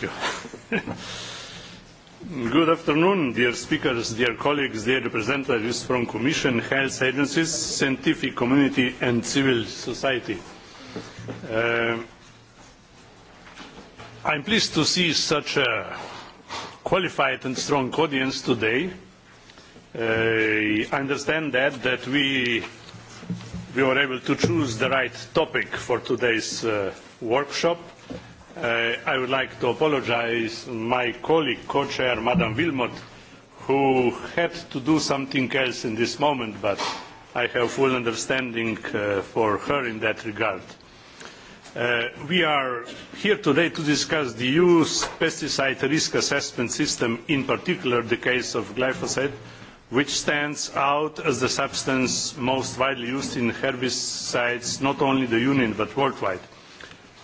Good afternoon, dear speakers, dear colleagues, dear representatives from Commission, health agencies, scientific community and civil society. I am pleased to see such a qualified and strong audience today. I understand that we were able to choose the right topic for today's workshop I would like to apologize my colleague, co-chair, Madam Wilmot, who had to do something else in this moment, but I have full understanding for her in that regard. We are here today to discuss the EU's pesticide risk assessment system, in particular the case of glyphosate, which stands out as the substance most widely used in herbicides, not only in the Union but worldwide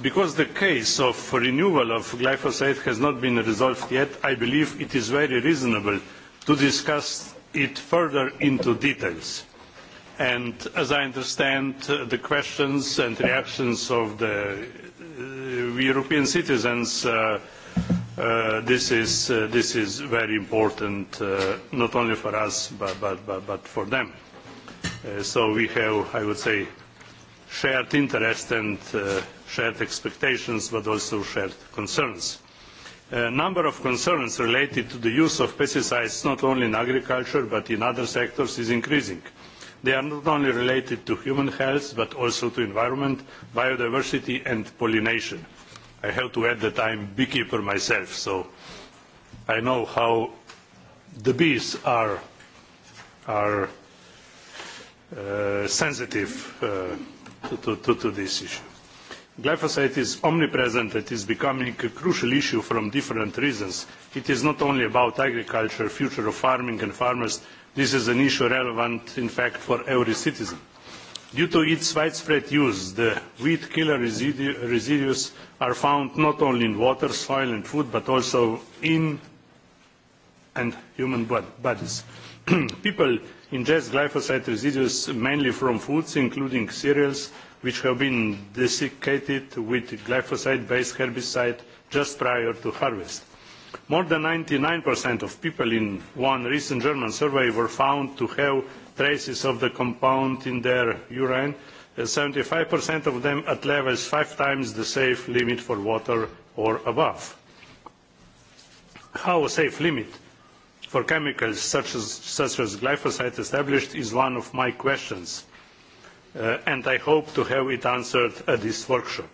Because the case of renewal of glyphosate has not been resolved yet, I believe it is very reasonable to discuss it further into details. And as I understand the questions and reactions of the European citizens, this is very important, not only for us, but for them. So we have, I would say, shared interest and shared expectations but also shared concerns. A number of concerns related to the use of pesticides not only in agriculture but in other sectors is increasing. They are not only related to human health but also to environment, biodiversity and pollination. I have to add that I am beekeeper myself, so I know how the bees are sensitive to this issue. Glyphosate is omnipresent. It is becoming a crucial issue from different reasons. It is not only about agriculture, future of farming and farmers. This is an issue relevant, in fact, for every citizen. Due to its widespread use, the weed killer residues are found not only in water, soil and food, but also in and human bodies. People ingest glyphosate residues mainly from foods, including cereals which have been desiccated with glyphosate-based herbicide just prior to harvest. More than 99% of people in one recent German survey were found to have traces of the compound in their urine, and 75% of them at levels five times the safe limit for water or above. How a safe limit for chemicals such as glyphosate established is one of my questions and I hope to have it answered at this workshop.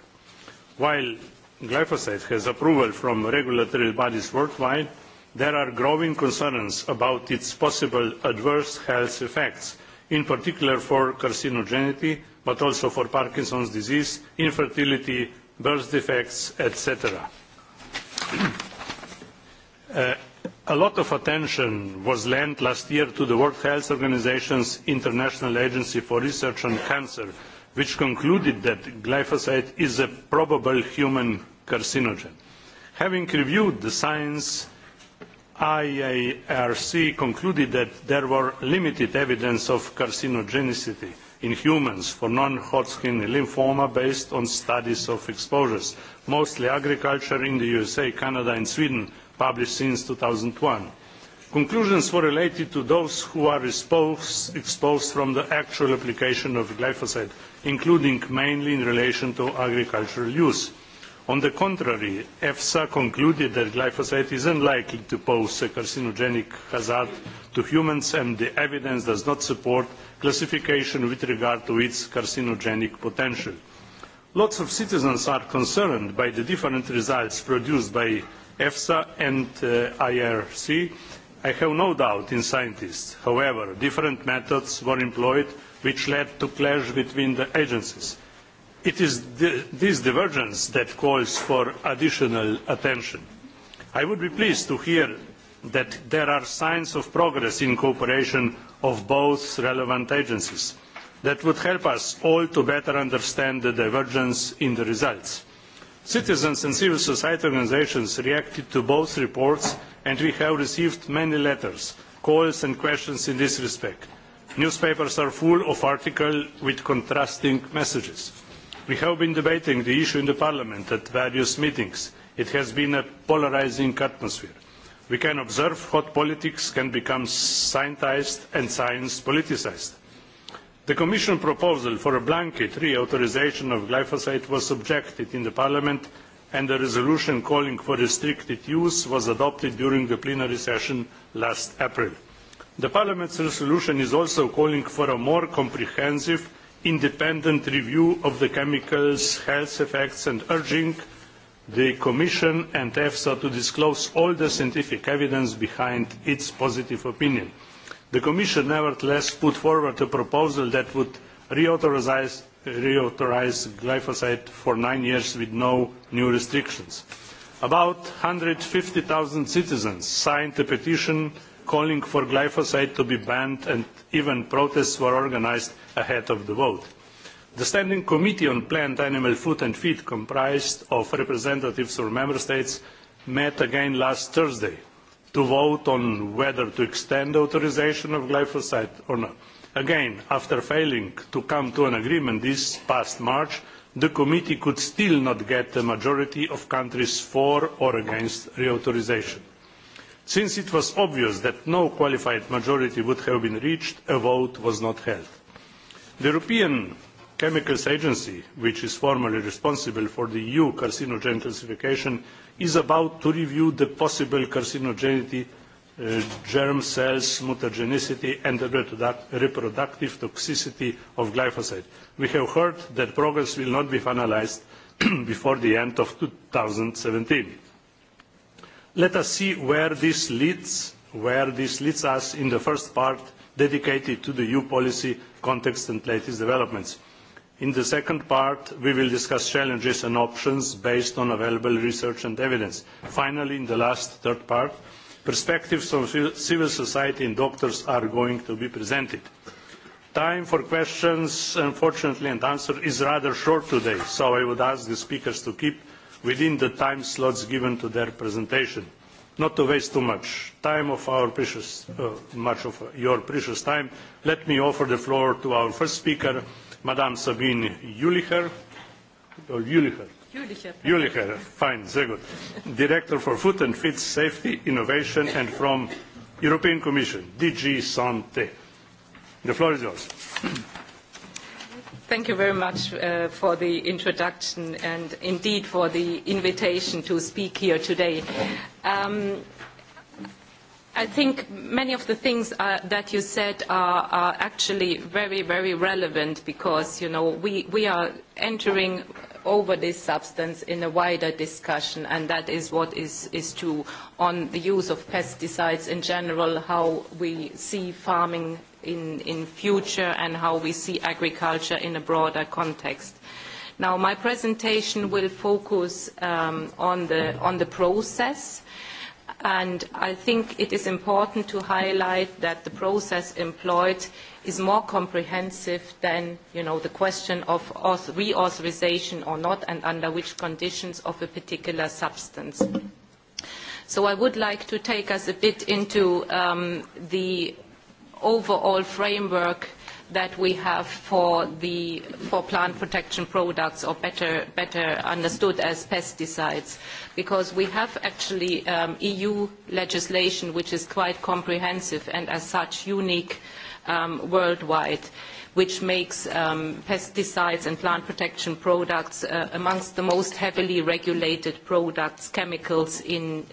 While glyphosate has approval from regulatory bodies worldwide, there are growing concerns about its possible adverse health effects, in particular for carcinogenity, but also for Parkinson's disease, infertility, birth defects, etc. A lot of attention was lent last year to the World Health Organization's International Agency for Research on Cancer, which concluded that glyphosate is a probable human carcinogen. Having reviewed the science, IARC concluded that there were limited evidence of carcinogenicity in humans for non-Hodgkin lymphoma based on studies of exposures, mostly agriculture in the USA, Canada and Sweden published since 2001. Conclusions were related to those who are exposed from the actual application of glyphosate, including mainly in relation to agricultural use. On the contrary, EFSA concluded that glyphosate is unlikely to pose a carcinogenic hazard to humans and the evidence does not support classification with regard to its carcinogenic potential. Lots of citizens are concerned by the different results produced by EFSA and IRC. I have no doubt in scientists. However, different methods were employed which led to clash between the agencies. It is this divergence that calls for additional attention. I would be pleased to hear that there are signs of progress in cooperation of both relevant agencies. That would help us all to better understand the divergence in the results. Citizens and civil society organisations reacted to both reports and we have received many letters, calls and questions in this respect. Newspapers are full of articles with contrasting messages. We have been debating the issue in Parliament at various meetings. It has been a polarising atmosphere. We can observe how politics can become scientised and science politicised. The Commission proposal for a blanket reauthorisation of glyphosate was subjected in Parliament and a resolution calling for restricted use was adopted during the plenary session last April. The Parliament's resolution is also calling for a more comprehensive, independent review of the chemical's health effects and urging the Commission and EFSA to disclose all the scientific evidence behind its positive opinion. The Commission nevertheless put forward a proposal that would reauthorize glyphosate for nine years with no new restrictions. About 150,000 citizens signed a petition calling for glyphosate to be banned and even protests were organised ahead of the vote. The Standing Committee on Plant, Animal, Food and Feed, comprised of representatives from Member States, met again last Thursday to vote on whether to extend authorisation of glyphosate or not. Again, after failing to come to an agreement this past March, the committee could still not get a majority of countries for or against reauthorization. Since it was obvious that no qualified majority would have been reached, a vote was not held. The European Chemicals Agency, which is formally responsible for the EU carcinogen classification, is about to review the possible carcinogenity, germ cells, mutagenicity and the reproductive toxicity of glyphosate. We have heard that progress will not be finalised before the end of 2017. Let us see where this leads, where this leads us in the first part dedicated to the EU policy context and latest developments. In the second part, we will discuss challenges and options based on available research and evidence. Finally, in the last third part, perspectives from civil society and doctors are going to be presented. Time for questions, unfortunately, and answer is rather short today, so I would ask the speakers to keep within the time slots given to their presentation, not to waste too much time of our precious, much of your precious time. Let me offer the floor to our first speaker. Madame Sabine Jülicher, Jülicher, fine, sehr Director for Food and Feed Safety Innovation and from European Commission, DG Sante. The floor is yours. Thank you very much for the introduction and indeed for the invitation to speak here today. Um, I think many of the things that you said are actually very, very relevant because, you know, we are entering over this substance in a wider discussion and that is what is true on the use of pesticides in general, how we see farming in future and how we see agriculture in a broader context. Now, my presentation will focus on the process and I think it is important to highlight that the process employed is more comprehensive than the question of reauthorization or not and under which conditions of a particular substance. So I would like to take us a bit into the overall framework that we have for plant protection products or better understood as pesticides because we have actually eu legislation which is quite comprehensive and as such unique worldwide which makes pesticides and plant protection products amongst the most heavily regulated products chemicals in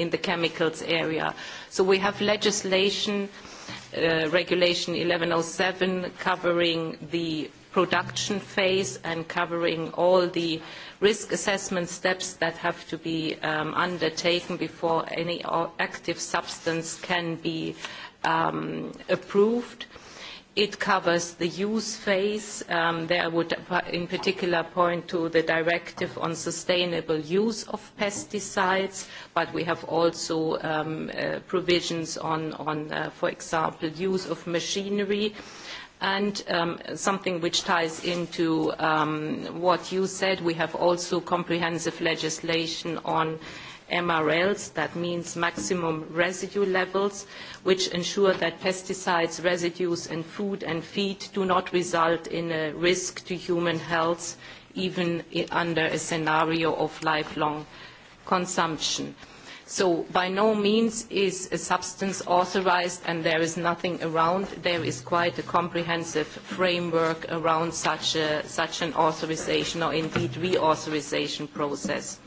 in the chemicals area so we have legislation Regulation 1107 covering the production phase and covering all the risk assessment steps that have to be undertaken before any active substance can be approved It covers the use phase. There I would in particular point to the directive on sustainable use of pesticides, but we have also provisions on, for example, use of machinery. And something which ties into what you said, we have also comprehensive legislation on MRLs, that means maximum residue levels, which ensure that pesticides residues in food and feed do not result in a risk to human health, even under a scenario of lifelong consumption. So by no means is a substance authorized and there is nothing around. There is quite a comprehensive framework around such an authorization or indeed reauthorization process.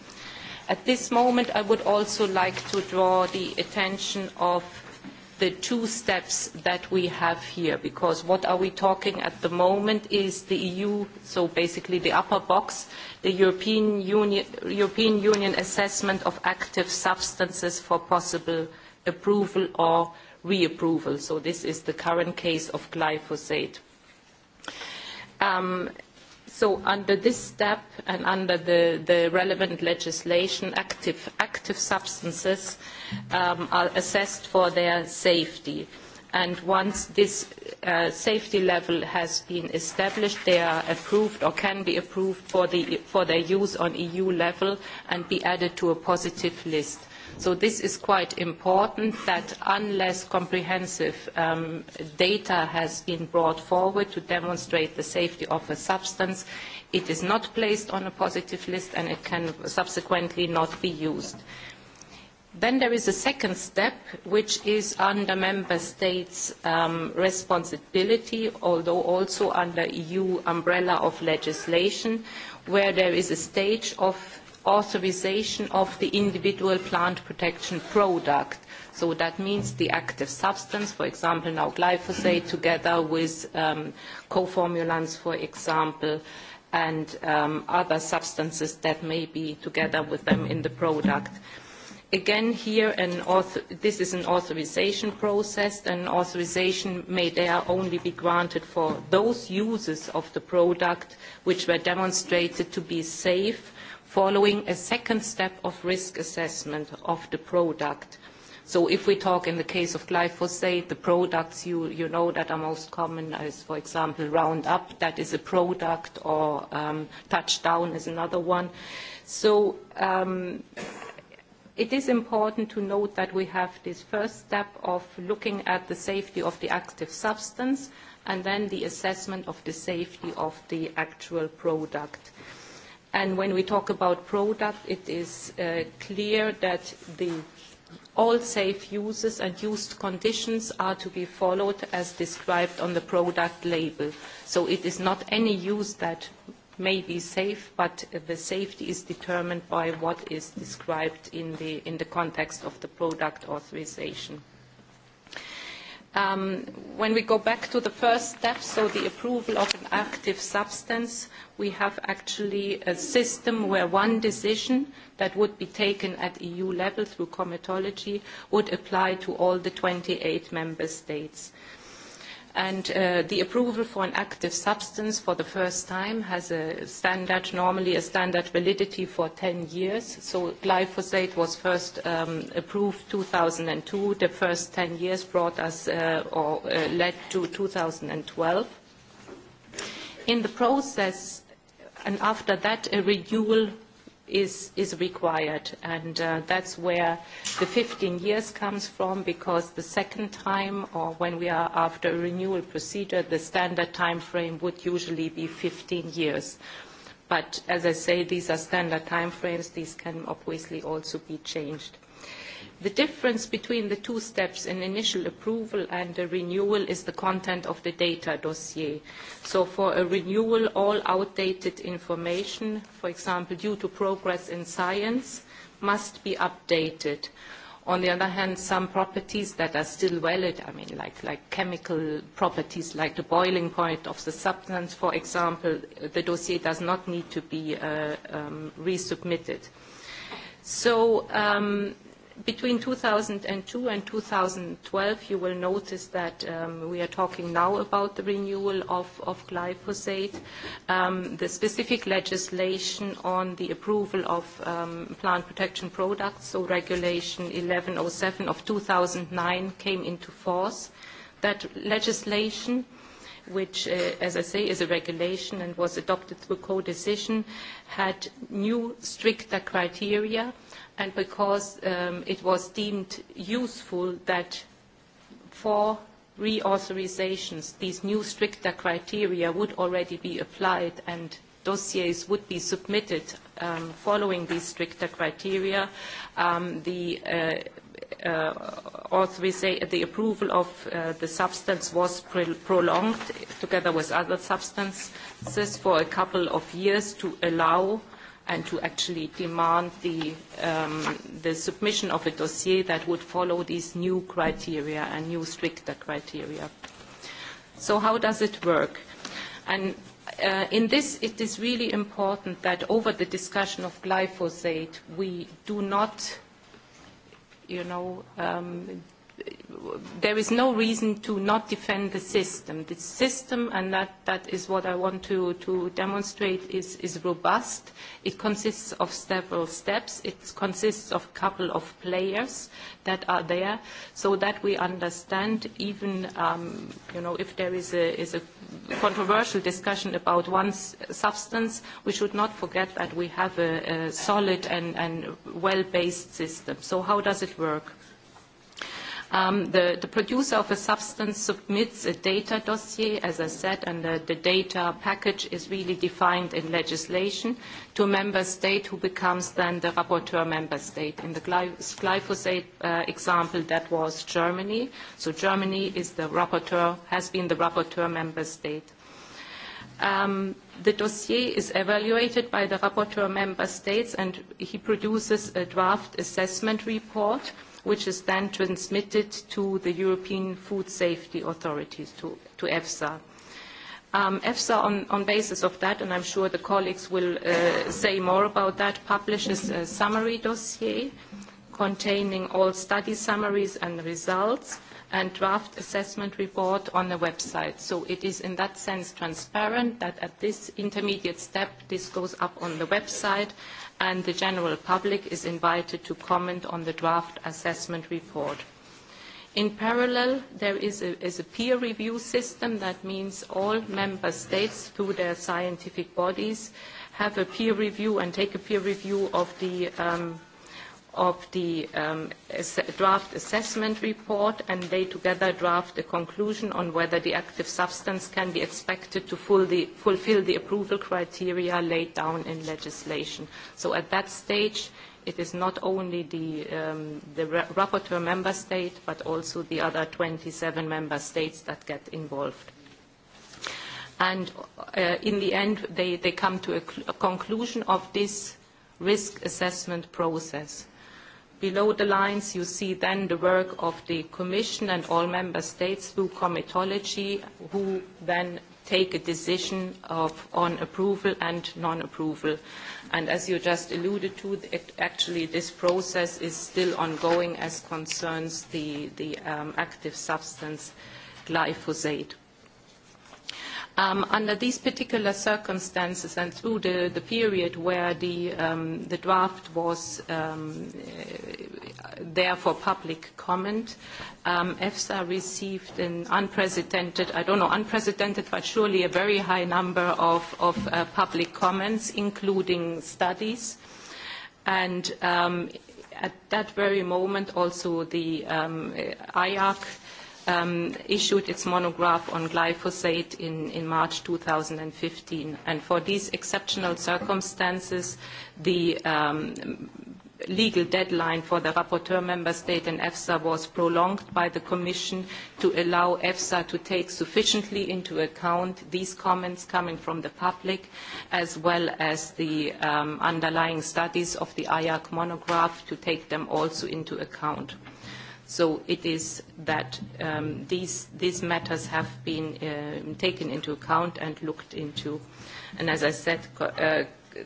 At this moment, I would also like to draw the attention of the two steps that we have here, because what are we talking at the moment is the EU, so basically the upper box, the European Union assessment of active substances for possible approval or reapproval. So this is the current case of glyphosate. So under this step and under the relevant legislation, active substances are assessed for their safety. And once this safety level has been established, they are approved or can be approved for their use on EU level and be added to a positive list. So this is quite important that unless comprehensive data has been brought forward to demonstrate the safety of a substance, it is not placed on a positive list and it can subsequently not be used. Then there is a second step, which is under member states' responsibility, although also under EU umbrella of legislation, where there is a stage of authorization of the individual plant protection product. So that means the active substance, for example, now glyphosate together with co-formulants, for example, and other substances that may be together with them in the product. Again, here this is an authorization process, and authorization may there only be granted for those uses of the product which were demonstrated to be safe following a second step of risk assessment of the product. So if we talk in the case of glyphosate, the products you know that are most common is, for example, Roundup, that is a product, or Touchdown is another one. So it is important to note that we have this first step of looking at the safety of the active substance and then the assessment of the safety of the actual product. And when we talk about product, it is clear that all safe uses and used conditions are to be followed as described on the product label. So it is not any use that may be safe, but the safety is determined by what is described in the context of the product authorization. When we go back to the first step, so the approval of an active substance, we have actually a system where one decision that would be taken at EU level through comitology would apply to all the 28 member states and the approval for an active substance for the first time has a standard, normally a standard validity for 10 years. So glyphosate was first approved 2002. The first 10 years brought us or led to 2012. In the process and after that, a renewal is is required and that's where the 15 years comes from because the second time or when we are after a renewal procedure the standard time frame would usually be 15 years but as i say these are standard time frames these can obviously also be changed The difference between the two steps in initial approval and a renewal is the content of the data dossier. So for a renewal, all outdated information, for example, due to progress in science, must be updated. On the other hand, some properties that are still valid, I mean, like, like chemical properties, like the boiling point of the substance, for example, the dossier does not need to be resubmitted. So Between 2002 and 2012, you will notice that we are talking now about the renewal of glyphosate. The specific legislation on the approval of plant protection products, so Regulation 1107 of 2009, came into force. That legislation which, as I say, is a regulation and was adopted through co-decision, had new stricter criteria and because it was deemed useful that for reauthorizations these new stricter criteria would already be applied and dossiers would be submitted following these stricter criteria, the approval of the substance was prolonged, together with other substances, for a couple of years to allow and to actually demand the submission of a dossier that would follow these new criteria and new stricter criteria. So how does it work? And in this, it is really important that over the discussion of glyphosate, we do not, you know, there is no reason to not defend the system. The system, and that is what I want to demonstrate, is robust. It consists of several steps. It consists of a couple of players that are there so that we understand even if there is a controversial discussion about one substance, we should not forget that we have a solid and well-based system. So how does it work? The producer of a substance submits a data dossier, as I said, and the data package is really defined in legislation to a member state who becomes then the rapporteur member state. In the glyphosate example, that was Germany. So Germany is the rapporteur, has been the rapporteur member state. The dossier is evaluated by the rapporteur member states and he produces a draft assessment report which is then transmitted to the European Food Safety Authorities, to EFSA. EFSA, on basis of that, and I'm sure the colleagues will say more about that, publishes a summary dossier containing all study summaries and results and draft assessment report on the website. So it is in that sense transparent that at this intermediate step this goes up on the website and the general public is invited to comment on the draft assessment report. In parallel, there is a peer review system. That means all member states, through their scientific bodies, have a peer review and take a peer review of the of the draft assessment report and they together draft a conclusion on whether the active substance can be expected to fulfill the approval criteria laid down in legislation. So at that stage it is not only the rapporteur member state but also the other 27 member states that get involved. And in the end they come to a conclusion of this risk assessment process. Below the lines, you see then the work of the Commission and all member states through comitology, who then take a decision on approval and non-approval. And as you just alluded to, actually this process is still ongoing as concerns the active substance glyphosate. Under these particular circumstances and through the period where the draft was there for public comment, EFSA received an unprecedented, I don't know, unprecedented, but surely a very high number of public comments, including studies. And at that very moment, also the IARC issued its monograph on glyphosate in March 2015. And for these exceptional circumstances, the legal deadline for the rapporteur member state and EFSA was prolonged by the Commission to allow EFSA to take sufficiently into account these comments coming from the public as well as the underlying studies of the IAC monograph to take them also into account. So it is that these matters have been taken into account and looked into. And as I said,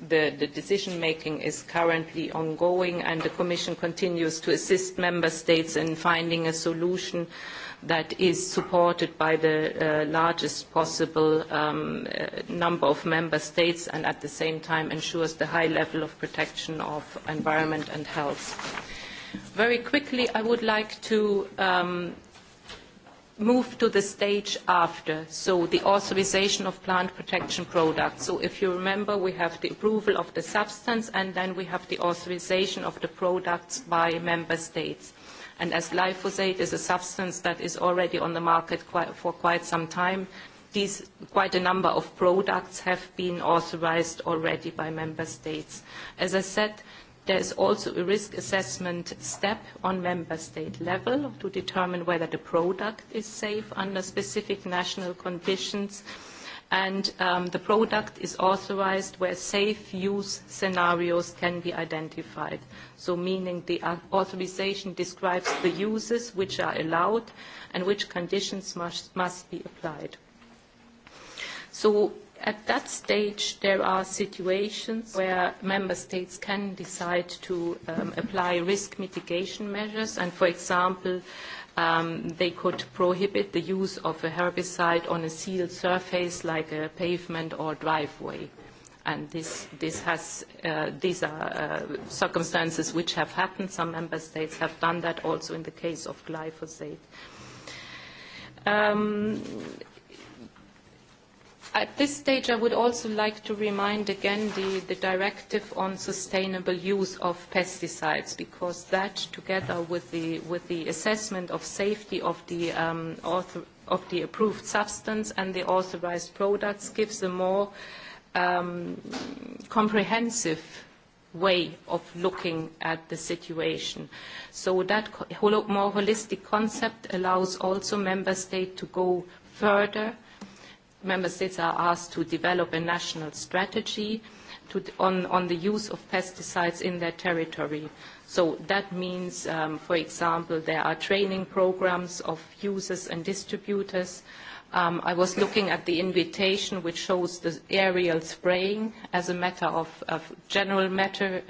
the decision-making is currently ongoing, and the Commission continues to assist member states in finding a solution that is supported by the largest possible number of member states and at the same time ensures the high level of protection of environment and health. Very quickly, I would like to move to the stage after, so the authorization of plant protection products. So if you remember, we have the approval of the substance, and then we have the authorization of the products by member states. And as glyphosate is a substance that is already on the market for quite some time, these quite a number of products have been authorized already by member states. As I said, There is also a risk assessment step on member state level to determine whether the product is safe under specific national conditions and the product is authorized where safe use scenarios can be identified. So meaning the authorization describes the uses which are allowed and which conditions must be applied. So At that stage, there are situations where member states can decide to apply risk mitigation measures, and, for example, they could prohibit the use of a herbicide on a sealed surface like a pavement or driveway. And these are circumstances which have happened. Some member states have done that also in the case of glyphosate. At this stage, I would also like to remind again the directive on sustainable use of pesticides, because that, together with the assessment of safety of the approved substance and the authorized products, gives a more comprehensive way of looking at the situation. So that more holistic concept allows also member states to go further member states are asked to develop a national strategy on the use of pesticides in their territory. So that means, for example, there are training programs of users and distributors. I was looking at the invitation which shows the aerial spraying as a matter of general matter.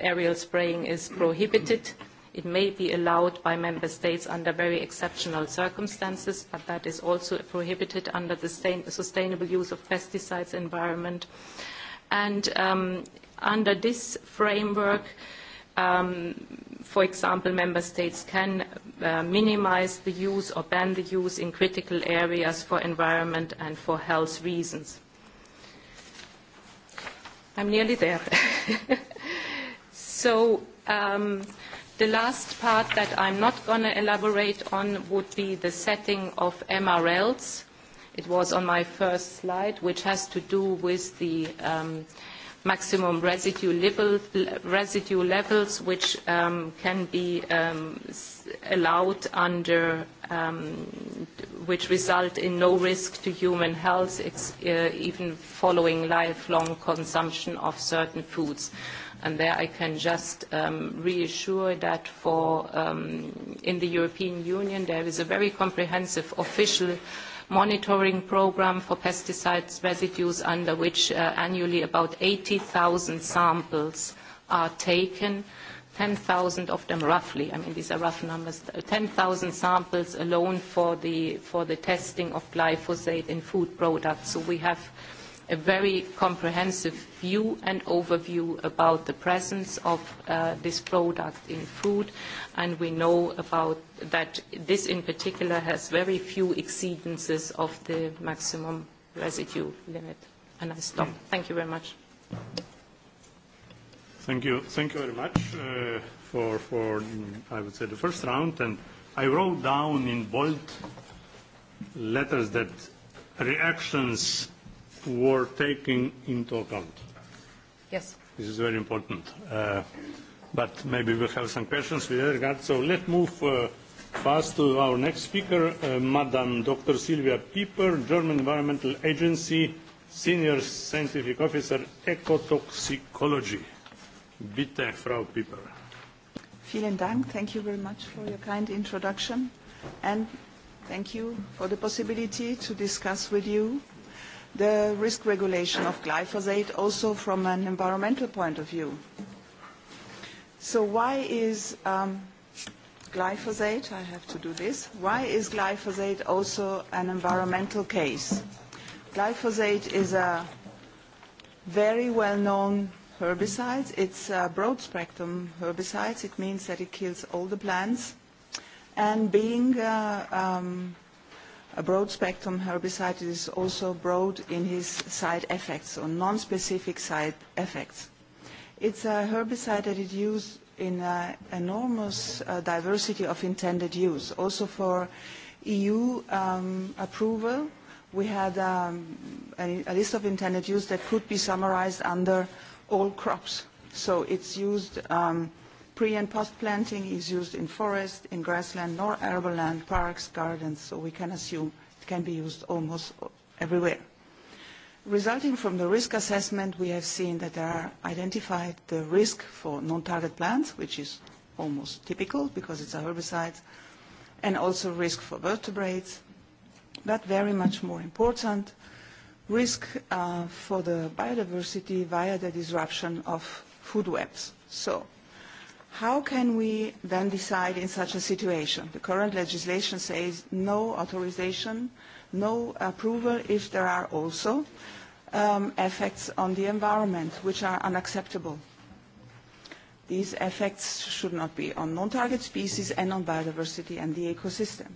Aerial spraying is prohibited It may be allowed by member states under very exceptional circumstances, but that is also prohibited under the sustainable use of pesticides environment. And under this framework, for example, member states can minimize the use or ban the use in critical areas for environment and for health reasons. I'm nearly there. So The last part that I'm not going to elaborate on would be the setting of MRLs. It was on my first slide, which has to do with the maximum residue levels which can be allowed under which result in no risk to human health even following lifelong consumption of certain foods. And there I can just reassure that in the European Union there is a very comprehensive official monitoring program for pesticides residues under which annually about 80,000 samples are taken. 10,000 of them roughly, I mean these are rough numbers, 10,000 samples alone for the testing of glyphosate in food products. So we have a very comprehensive view and overview about the presence of this product in food and we know about that this in particular has very few exceedances of the maximum residue limit and I stop. Thank you very much. Thank you. Thank you very much for, for I would say, the first round. And I wrote down in bold letters that reactions were taken into account. Yes. This is very important. But maybe we have some questions with regard. So let's move fast to our next speaker, Madam Dr. Silvia Pieper, German Environmental Agency, Senior Scientific Officer, Ecotoxicology. Bitte, Frau Pieper. Vielen Dank. Thank you very much for your kind introduction. And thank you for the possibility to discuss with you the risk regulation of glyphosate also from an environmental point of view. So why is glyphosate, I have to do this, why is glyphosate also an environmental case? Glyphosate is a very well-known herbicide. It's a broad-spectrum herbicide. It means that it kills all the plants. And being a broad-spectrum herbicide is also broad in his side effects or non-specific side effects. It's a herbicide that is used in an enormous diversity of intended use. Also for EU approval, we had a list of intended use that could be summarized under all crops. So it's used Pre and post planting is used in forest, in grassland, nor arable land, parks, gardens, so we can assume it can be used almost everywhere. Resulting from the risk assessment, we have seen that there are identified the risk for non-target plants, which is almost typical because it's a herbicide, and also risk for vertebrates, but very much more important, risk for the biodiversity via the disruption of food webs. So How can we then decide in such a situation? The current legislation says no authorization, no approval if there are also effects on the environment which are unacceptable. These effects should not be on non-target species and on biodiversity and the ecosystem.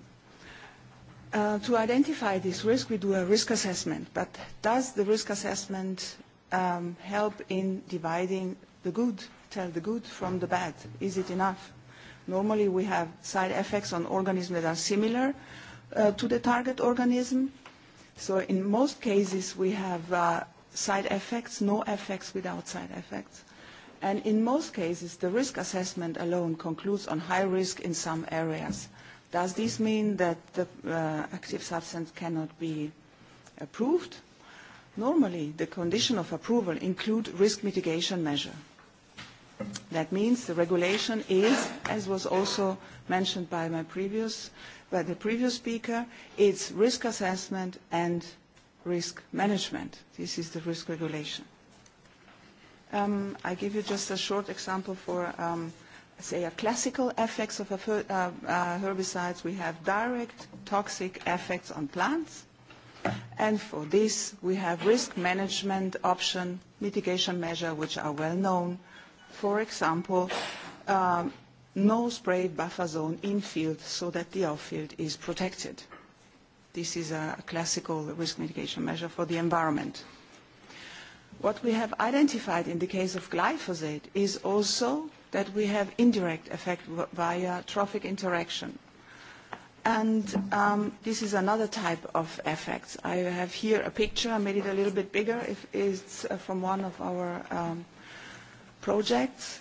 To identify this risk, we do a risk assessment, but does the risk assessment help in dividing the good tell the good from the bad. Is it enough? Normally we have side effects on organisms that are similar to the target organism. So in most cases we have side effects, no effects without side effects. And in most cases the risk assessment alone concludes on high risk in some areas. Does this mean that the active substance cannot be approved? Normally the condition of approval include risk mitigation measure. That means the regulation is, as was also mentioned by my previous, by the previous speaker, it's risk assessment and risk management. This is the risk regulation. I give you just a short example for, say, a classical effects of herbicides. We have direct toxic effects on plants, and for this we have risk management option, mitigation measure, which are well known for example, no spray buffer zone in field so that the outfield is protected. This is a classical risk mitigation measure for the environment. What we have identified in the case of glyphosate is also that we have indirect effect via trophic interaction. And this is another type of effect. I have here a picture. I made it a little bit bigger. It's from one of our projects.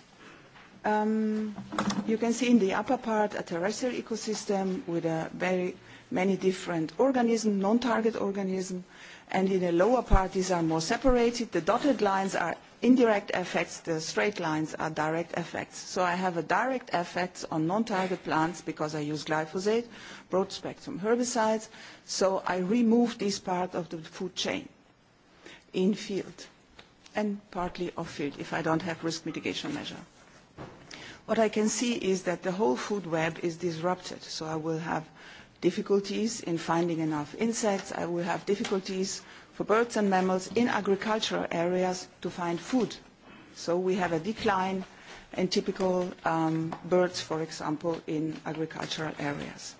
You can see in the upper part a terrestrial ecosystem with very many different organisms, non-target organisms, and in the lower part these are more separated. The dotted lines are indirect effects, the straight lines are direct effects. So I have a direct effect on non-target plants because I use glyphosate, broad-spectrum herbicides, so I remove this part of the food chain in field and partly off-field if I don't have risk mitigation measure. What I can see is that the whole food web is disrupted, so I will have difficulties in finding enough insects, I will have difficulties for birds and mammals in agricultural areas to find food. So we have a decline in typical birds, for example, in agricultural areas.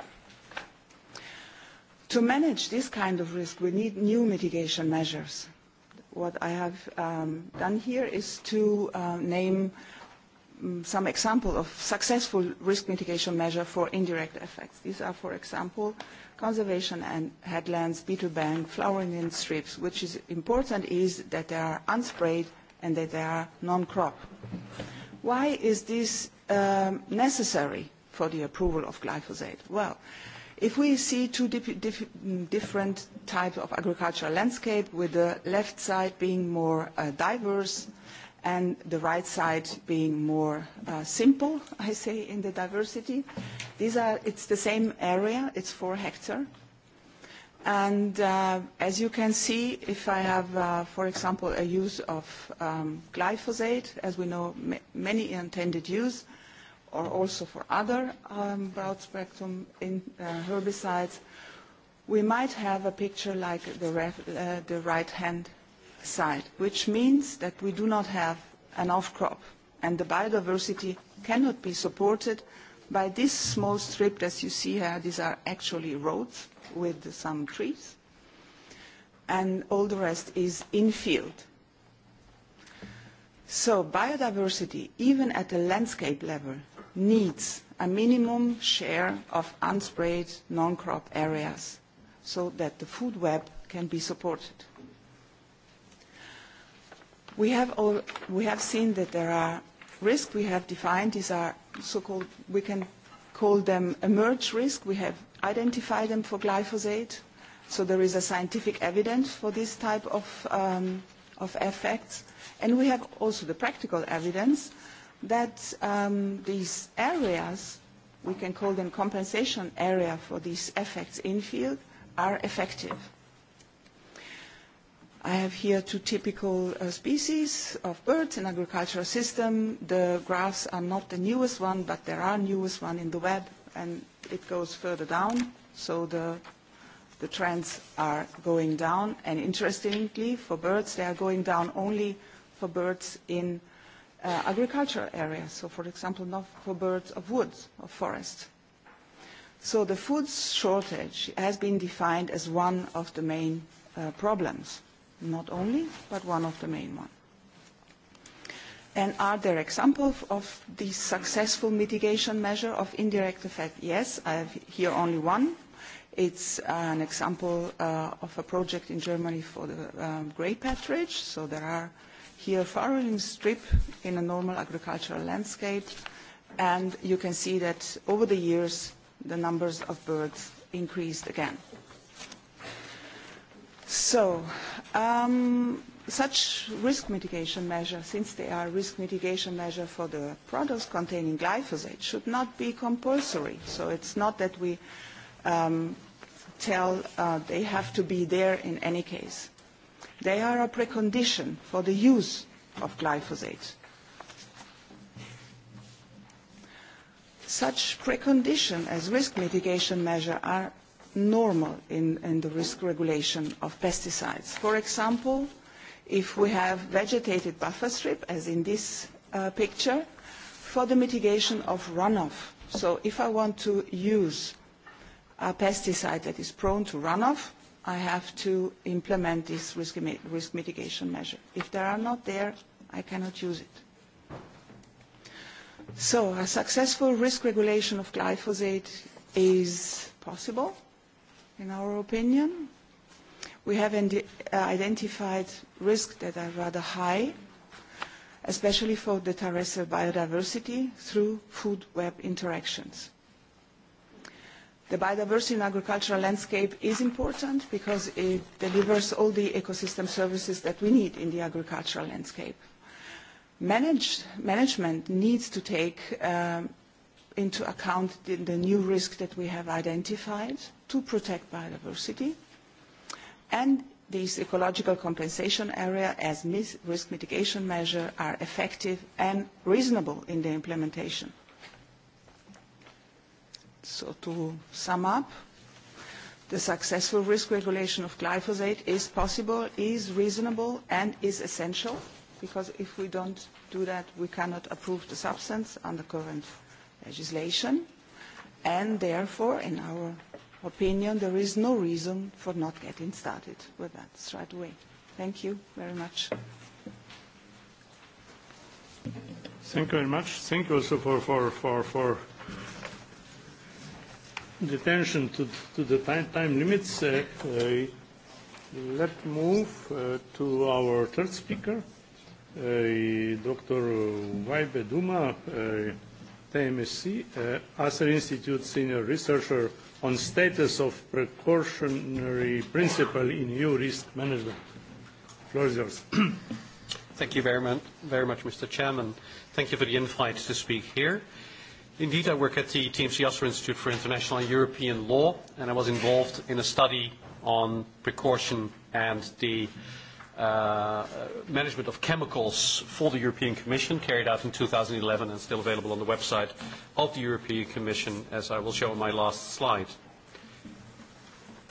To manage this kind of risk, we need new mitigation measures What I have done here is to name some example of successful risk mitigation measure for indirect effects. These are, for example, conservation and headlands, beetle bank, flowering in strips, which is important is that they are unsprayed and that they are non-crop. Why is this necessary for the approval of glyphosate? Well, If we see two different types of agricultural landscape, with the left side being more diverse and the right side being more simple, I say, in the diversity, these are it's the same area, it's four hectare. And as you can see, if I have, for example, a use of glyphosate, as we know, many intended use, or also for other broad spectrum herbicides, we might have a picture like the the right-hand side, which means that we do not have an off-crop, and the biodiversity cannot be supported by this small strip that you see here. These are actually roads with some trees, and all the rest is in-field. So biodiversity, even at the landscape level, needs a minimum share of unsprayed non-crop areas so that the food web can be supported. We have seen that there are risks we have defined. These are so-called, we can call them emerge risk. We have identified them for glyphosate. So there is a scientific evidence for this type of effects. And we have also the practical evidence that these areas, we can call them compensation area for these effects in field, are effective. I have here two typical species of birds in agricultural system. The graphs are not the newest one, but there are newest one in the web, and it goes further down. So the the trends are going down, and interestingly, for birds, they are going down only for birds in agricultural areas, so for example not for birds of woods or forest. So the food shortage has been defined as one of the main problems, not only, but one of the main ones. And are there examples of the successful mitigation measure of indirect effect? Yes, I have here only one. It's an example of a project in Germany for the grey patridge. So there are here farrowing strip in a normal agricultural landscape, and you can see that over the years the numbers of birds increased again. So such risk mitigation measures, since they are risk mitigation measures for the products containing glyphosate, should not be compulsory. So it's not that we tell they have to be there in any case. They are a precondition for the use of glyphosate. Such precondition as risk mitigation measure are normal in the risk regulation of pesticides. For example, if we have vegetated buffer strip, as in this picture, for the mitigation of runoff. So if I want to use a pesticide that is prone to runoff, I have to implement this risk mitigation measure. If they are not there, I cannot use it. So a successful risk regulation of glyphosate is possible, in our opinion. We have identified risks that are rather high, especially for the terrestrial biodiversity, through food web interactions. The biodiversity in agricultural landscape is important because it delivers all the ecosystem services that we need in the agricultural landscape. Management needs to take into account the new risk that we have identified to protect biodiversity and these ecological compensation area as risk mitigation measure are effective and reasonable in the implementation. So to sum up, the successful risk regulation of glyphosate is possible, is reasonable, and is essential, because if we don't do that, we cannot approve the substance under current legislation. And therefore, in our opinion, there is no reason for not getting started with that straight away. Thank you very much. Thank you very much. Thank you also for detention to the time time limits, let's move to our third speaker, Dr. Waibe Duma, TMSC, Asser Institute Senior Researcher on Status of Precautionary Principle in EU Risk Management. floor is yours. Thank you very much, Mr. Chairman. Thank you for the invite to speak here. Indeed, I work at the TMC Institute for International and European Law, and I was involved in a study on precaution and the management of chemicals for the European Commission, carried out in 2011 and still available on the website of the European Commission, as I will show in my last slide.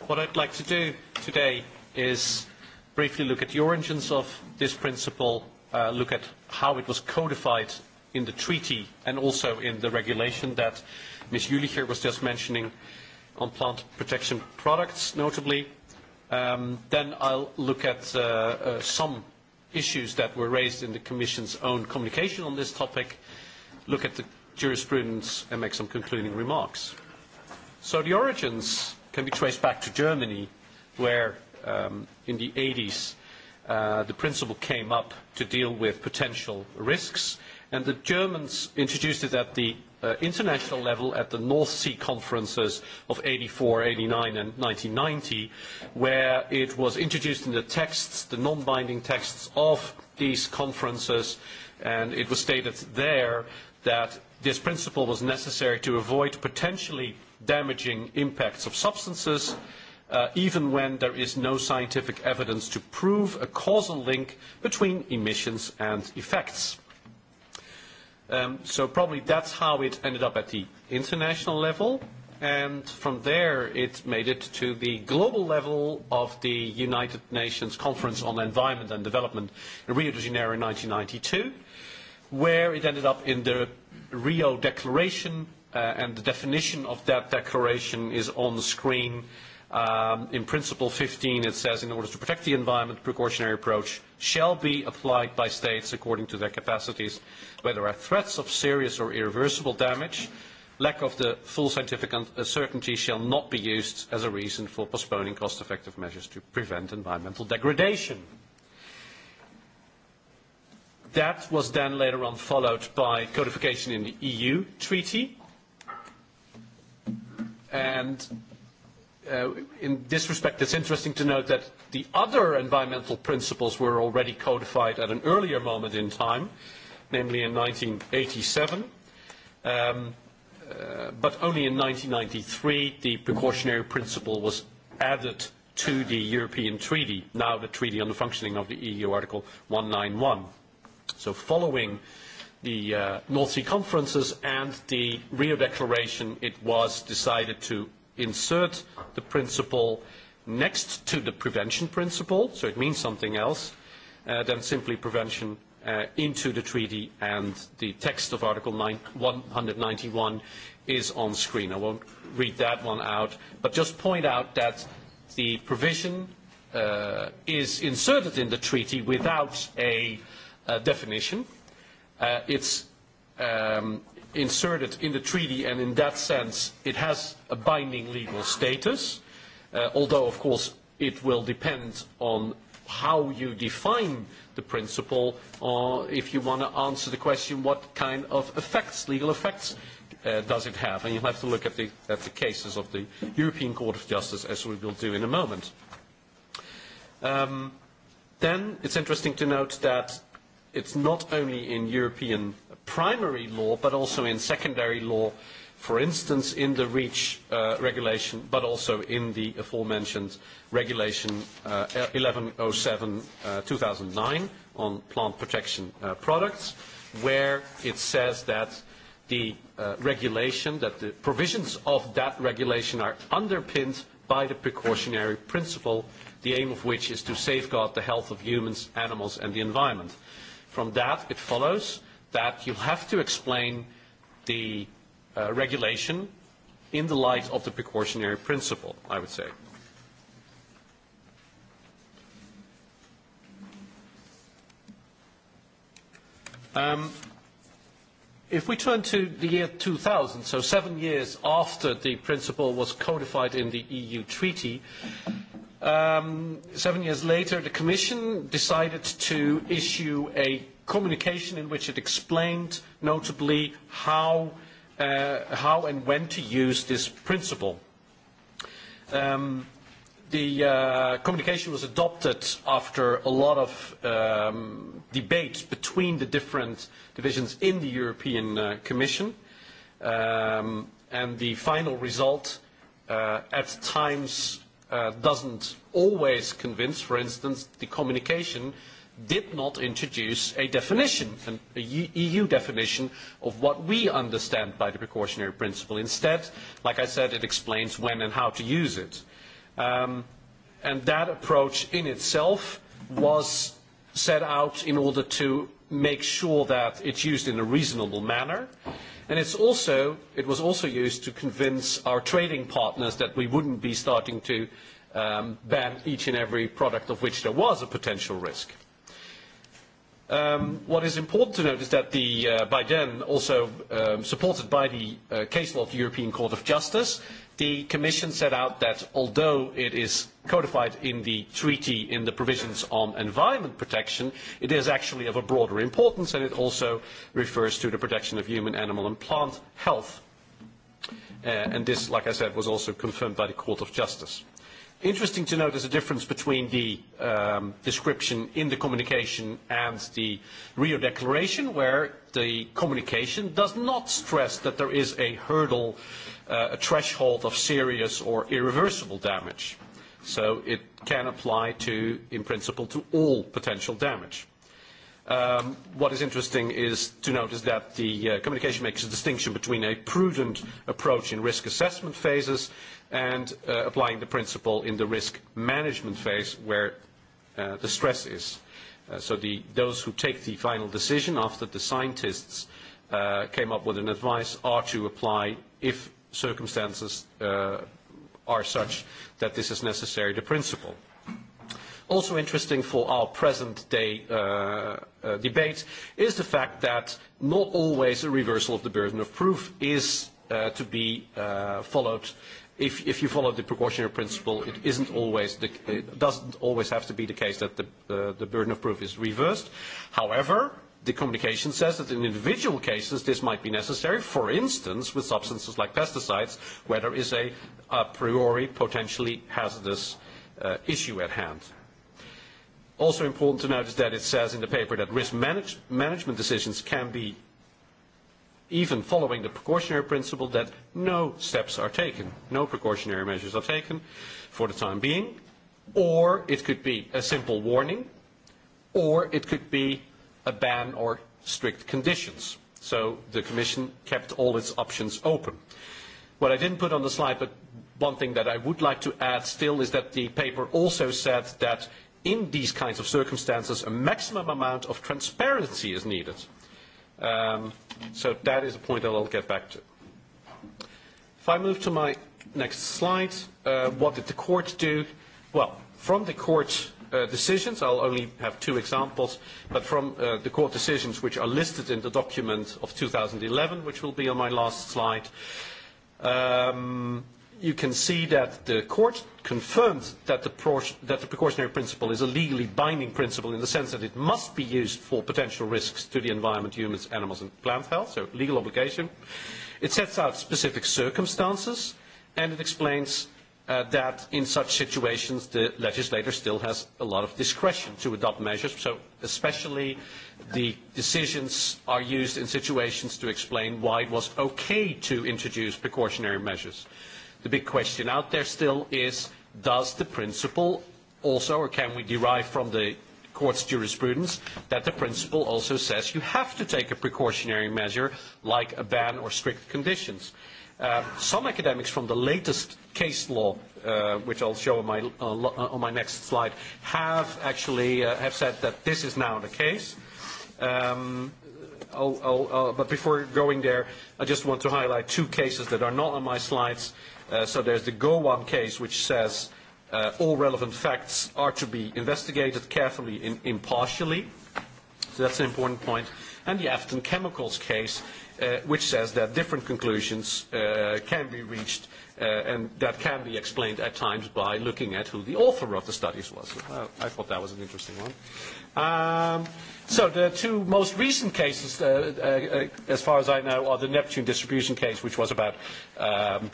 What I'd like to do today is briefly look at the origins of this principle, look at how it was codified in the treaty and also in the regulation that Ms. Jülicher was just mentioning on plant protection products, notably. Then I'll look at some issues that were raised in the Commission's own communication on this topic, look at the jurisprudence and make some concluding remarks. So the origins can be traced back to Germany, where in the 80s the principle came up to deal with potential risks and the Germans introduced it at the international level at the North Sea conferences of 84, 89 and 1990, where it was introduced in the texts, the non-binding texts of these conferences, and it was stated there that this principle was necessary to avoid potentially damaging impacts of substances, even when there is no scientific evidence to prove a causal link between emissions and effects. So probably that's how it ended up at the international level. And from there, it made it to the global level of the United Nations Conference on Environment and Development in Rio de Janeiro in 1992, where it ended up in the Rio Declaration. And the definition of that declaration is on the screen. In Principle 15, it says, in order to protect the environment, precautionary approach shall be applied by states according to their capacities where there are threats of serious or irreversible damage lack of the full scientific certainty shall not be used as a reason for postponing cost effective measures to prevent environmental degradation that was then later on followed by codification in the eu treaty and In this respect, it's interesting to note that the other environmental principles were already codified at an earlier moment in time, namely in 1987, but only in 1993 the precautionary principle was added to the European Treaty, now the Treaty on the Functioning of the EU, Article 191. So following the North Sea conferences and the Rio Declaration, it was decided to insert the principle next to the prevention principle, so it means something else than simply prevention into the treaty and the text of Article 191 is on screen. I won't read that one out, but just point out that the provision is inserted in the treaty without a definition. It's inserted in the treaty and in that sense it has a binding legal status, although of course it will depend on how you define the principle or if you want to answer the question what kind of effects, legal effects does it have. And you'll have to look at the cases of the European Court of Justice as we will do in a moment. Then it's interesting to note that it's not only in European primary law but also in secondary law, for instance in the REACH regulation but also in the aforementioned regulation 1107-2009 on plant protection products where it says that the regulation, that the provisions of that regulation are underpinned by the precautionary principle, the aim of which is to safeguard the health of humans, animals and the environment. From that it follows that you have to explain the regulation in the light of the precautionary principle, I would say. If we turn to the year 2000, so seven years after the principle was codified in the EU treaty, seven years later the Commission decided to issue a communication in which it explained notably how and when to use this principle. The communication was adopted after a lot of debates between the different divisions in the European Commission, and the final result at times doesn't always convince. For instance, the communication did not introduce a definition, an EU definition of what we understand by the precautionary principle. Instead, like I said, it explains when and how to use it. And that approach in itself was set out in order to make sure that it's used in a reasonable manner. And it's also, it was also used to convince our trading partners that we wouldn't be starting to ban each and every product of which there was a potential risk. What is important to note is that by then, also supported by the case law of the European Court of Justice, the Commission set out that although it is codified in the treaty in the provisions on environment protection, it is actually of a broader importance and it also refers to the protection of human, animal and plant health. And this, like I said, was also confirmed by the Court of Justice. Interesting to note is a difference between the description in the communication and the Rio Declaration, where the communication does not stress that there is a hurdle, a threshold of serious or irreversible damage. So it can apply to, in principle, to all potential damage. What is interesting is to is that the communication makes a distinction between a prudent approach in risk assessment phases and applying the principle in the risk management phase where the stress is. So those who take the final decision after the scientists came up with an advice are to apply, if circumstances are such that this is necessary, the principle. Also interesting for our present-day debate is the fact that not always a reversal of the burden of proof is to be followed if you follow the precautionary principle, it isn't always the, it doesn't always have to be the case that the, the burden of proof is reversed. However, the communication says that in individual cases this might be necessary, for instance, with substances like pesticides, where there is a a priori potentially hazardous issue at hand. Also important to note is that it says in the paper that risk management decisions can be even following the precautionary principle that no steps are taken, no precautionary measures are taken for the time being, or it could be a simple warning, or it could be a ban or strict conditions. So the Commission kept all its options open. What I didn't put on the slide, but one thing that I would like to add still, is that the paper also said that in these kinds of circumstances, a maximum amount of transparency is needed. So that is a point that I'll get back to. If I move to my next slide, what did the court do? Well, from the court's decisions, I'll only have two examples, but from the court decisions which are listed in the document of 2011, which will be on my last slide, you can see that the court confirmed that the precautionary principle is a legally binding principle in the sense that it must be used for potential risks to the environment, humans, animals and plant health, so legal obligation. It sets out specific circumstances and it explains that in such situations the legislator still has a lot of discretion to adopt measures, so especially the decisions are used in situations to explain why it was okay to introduce precautionary measures. The big question out there still is, does the principle also, or can we derive from the court's jurisprudence, that the principle also says you have to take a precautionary measure like a ban or strict conditions. Some academics from the latest case law, which I'll show on my next slide, have actually have said that this is now the case. But before going there, I just want to highlight two cases that are not on my slides So there's the go case which says all relevant facts are to be investigated carefully and impartially. So that's an important point. And the Afton Chemicals case which says that different conclusions can be reached and that can be explained at times by looking at who the author of the studies was. I thought that was an interesting one. So the two most recent cases, as far as I know, are the Neptune distribution case, which was about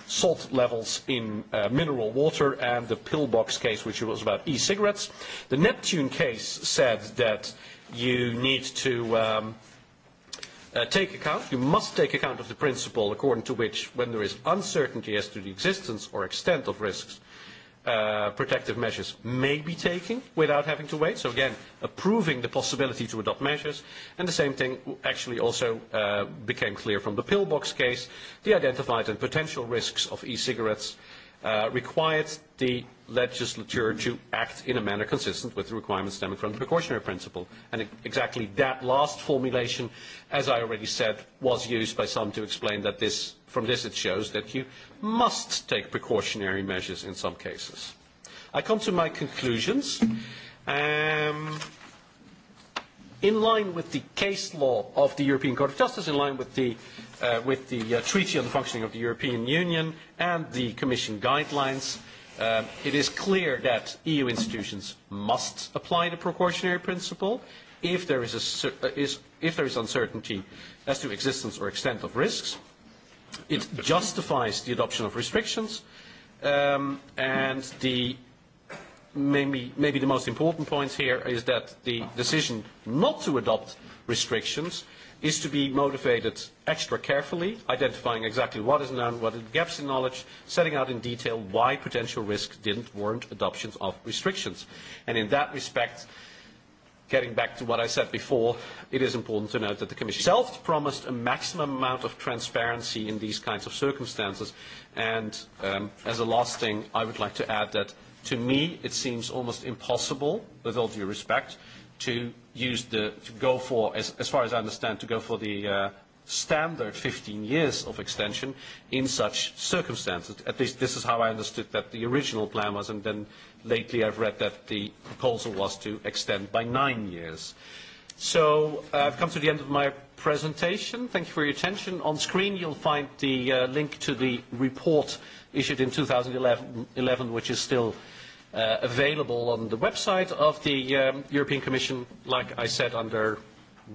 salt levels in mineral water, and the pillbox case, which was about e-cigarettes. The Neptune case said that you need to take account, you must take account of the principle according to which when there is uncertainty as to the existence or extent of risks, protective measures may be taken without having to wait. So again, approving the possibility to adopt measures. And the same thing actually also became clear from the pillbox case. The identified and potential risks of e-cigarettes required the legislature to act in a manner consistent with the requirements stemming from the precautionary principle. And exactly that last formulation, as I already said, was used by some to explain that this, from this it shows that you must take precautionary measures in some cases. I come to my conclusions. In line with the case law of the European Court of Justice, in line with the Treaty on the Functioning of the European Union and the Commission guidelines, it is clear that EU institutions must apply the precautionary principle if there is uncertainty as to existence or extent of risks It justifies the adoption of restrictions, and the maybe the most important point here is that the decision not to adopt restrictions is to be motivated extra carefully, identifying exactly what is known, what are the gaps in knowledge, setting out in detail why potential risks didn't warrant adoptions of restrictions. And in that respect, Getting back to what I said before, it is important to note that the Commission itself promised a maximum amount of transparency in these kinds of circumstances. And as a last thing, I would like to add that to me it seems almost impossible, with all due respect, to use the, to go for, as far as I understand, to go for the standard 15 years of extension in such circumstances. At least this is how I understood that the original plan was, and then Lately, I've read that the proposal was to extend by nine years. So I've come to the end of my presentation. Thank you for your attention. On screen, you'll find the link to the report issued in 2011, which is still available on the website of the European Commission, like I said, under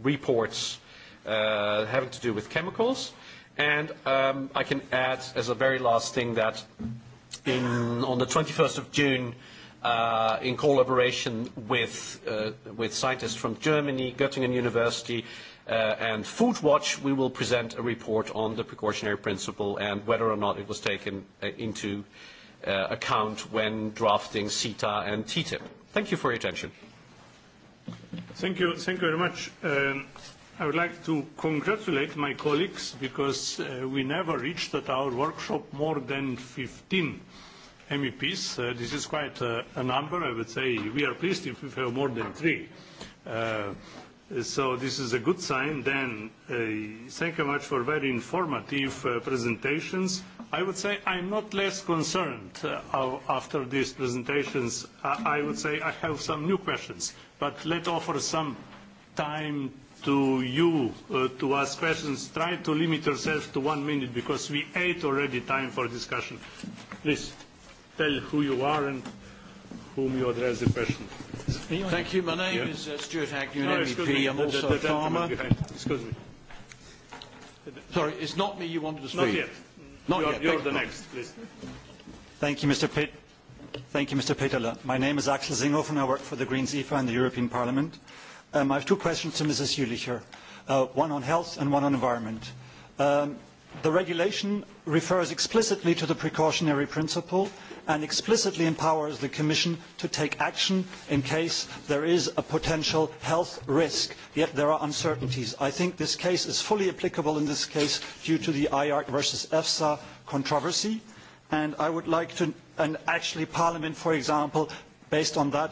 reports having to do with chemicals. And I can add, as a very last thing, that in on the 21st of June in collaboration with with scientists from Germany, Göttingen University and Food Watch, we will present a report on the precautionary principle and whether or not it was taken into account when drafting CETA and TTIP. Thank you for your attention. Thank you. Thank you very much. I would like to congratulate my colleagues because we never reached at our workshop more than 15 MEPs. This is quite a number. I would say we are pleased if we have more than three. So this is a good sign. Then thank you much for very informative presentations. I would say I'm not less concerned after these presentations. I would say I have some new questions, but let offer some time to you to ask questions. Try to limit yourself to one minute because we ate already time for discussion. Please tell who you are and whom you address the question. Thank you. My name is Stuart Agnew, MEP. I'm also a farmer. Excuse me. Sorry, it's not me you wanted to speak. Not yet. Not yet. You're the next, please. Thank you, Mr. Pitt. Thank you, Mr. My name is Axel Zingoff and I work for the Greens EFA in the European Parliament. I have two questions to Mrs. Jülicher, one on health and one on environment. The regulation refers explicitly to the precautionary principle and explicitly empowers the Commission to take action in case there is a potential health risk, yet there are uncertainties. I think this case is fully applicable in this case due to the IARC versus EFSA controversy, and I would like to, and actually Parliament, for example, based on that,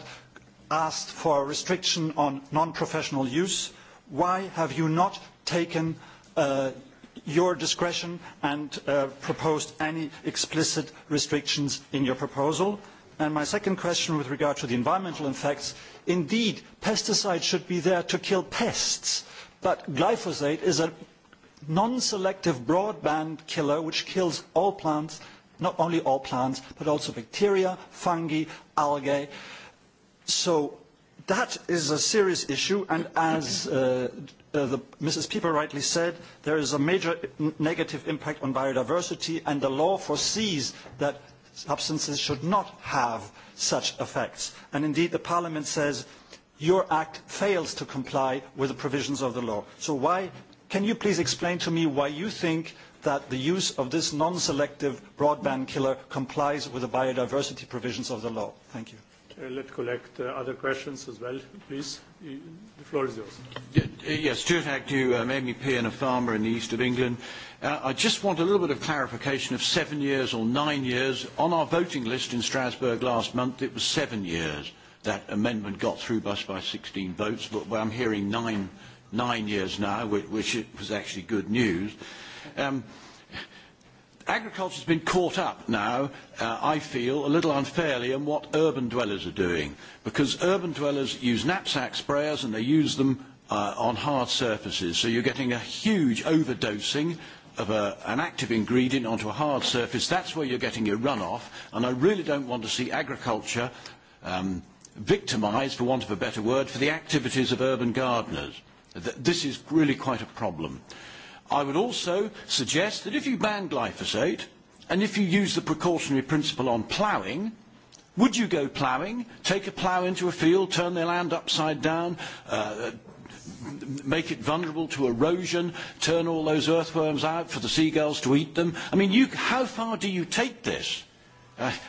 asked for a restriction on non-professional use. Why have you not taken your discretion and proposed any explicit restrictions in your proposal? And my second question with regard to the environmental effects, indeed, pesticides should be there to kill pests, but glyphosate is a non-selective broadband killer which kills all plants, not only all plants, but also bacteria, fungi, algae. So that is a serious issue, and as Mrs. Pieper rightly said, there is a major negative impact on biodiversity, and the law foresees that substances should not have such effects. And indeed, the Parliament says your act fails to comply with the provisions of the law. So why, can you please explain to me why you think that the use of this non-selective broadband killer complies with the biodiversity provisions of the law? Thank you. Let's collect other questions as well. Please, the floor is yours. Yes, Stuart Agnew, MEP and a farmer in the east of England. I just want a little bit of clarification of seven years or nine years. On our voting list in Strasbourg last month, it was seven years. That amendment got through us by 16 votes, but I'm hearing nine years now, which it was actually good news agriculture has been caught up now, I feel, a little unfairly in what urban dwellers are doing, because urban dwellers use knapsack sprayers and they use them on hard surfaces. So you're getting a huge overdosing of an active ingredient onto a hard surface. That's where you're getting your runoff, and I really don't want to see agriculture victimised, for want of a better word, for the activities of urban gardeners. This is really quite a problem. I would also suggest that if you ban glyphosate and if you use the precautionary principle on ploughing, would you go ploughing, take a plough into a field, turn their land upside down, make it vulnerable to erosion, turn all those earthworms out for the seagulls to eat them? I mean, how far do you take this?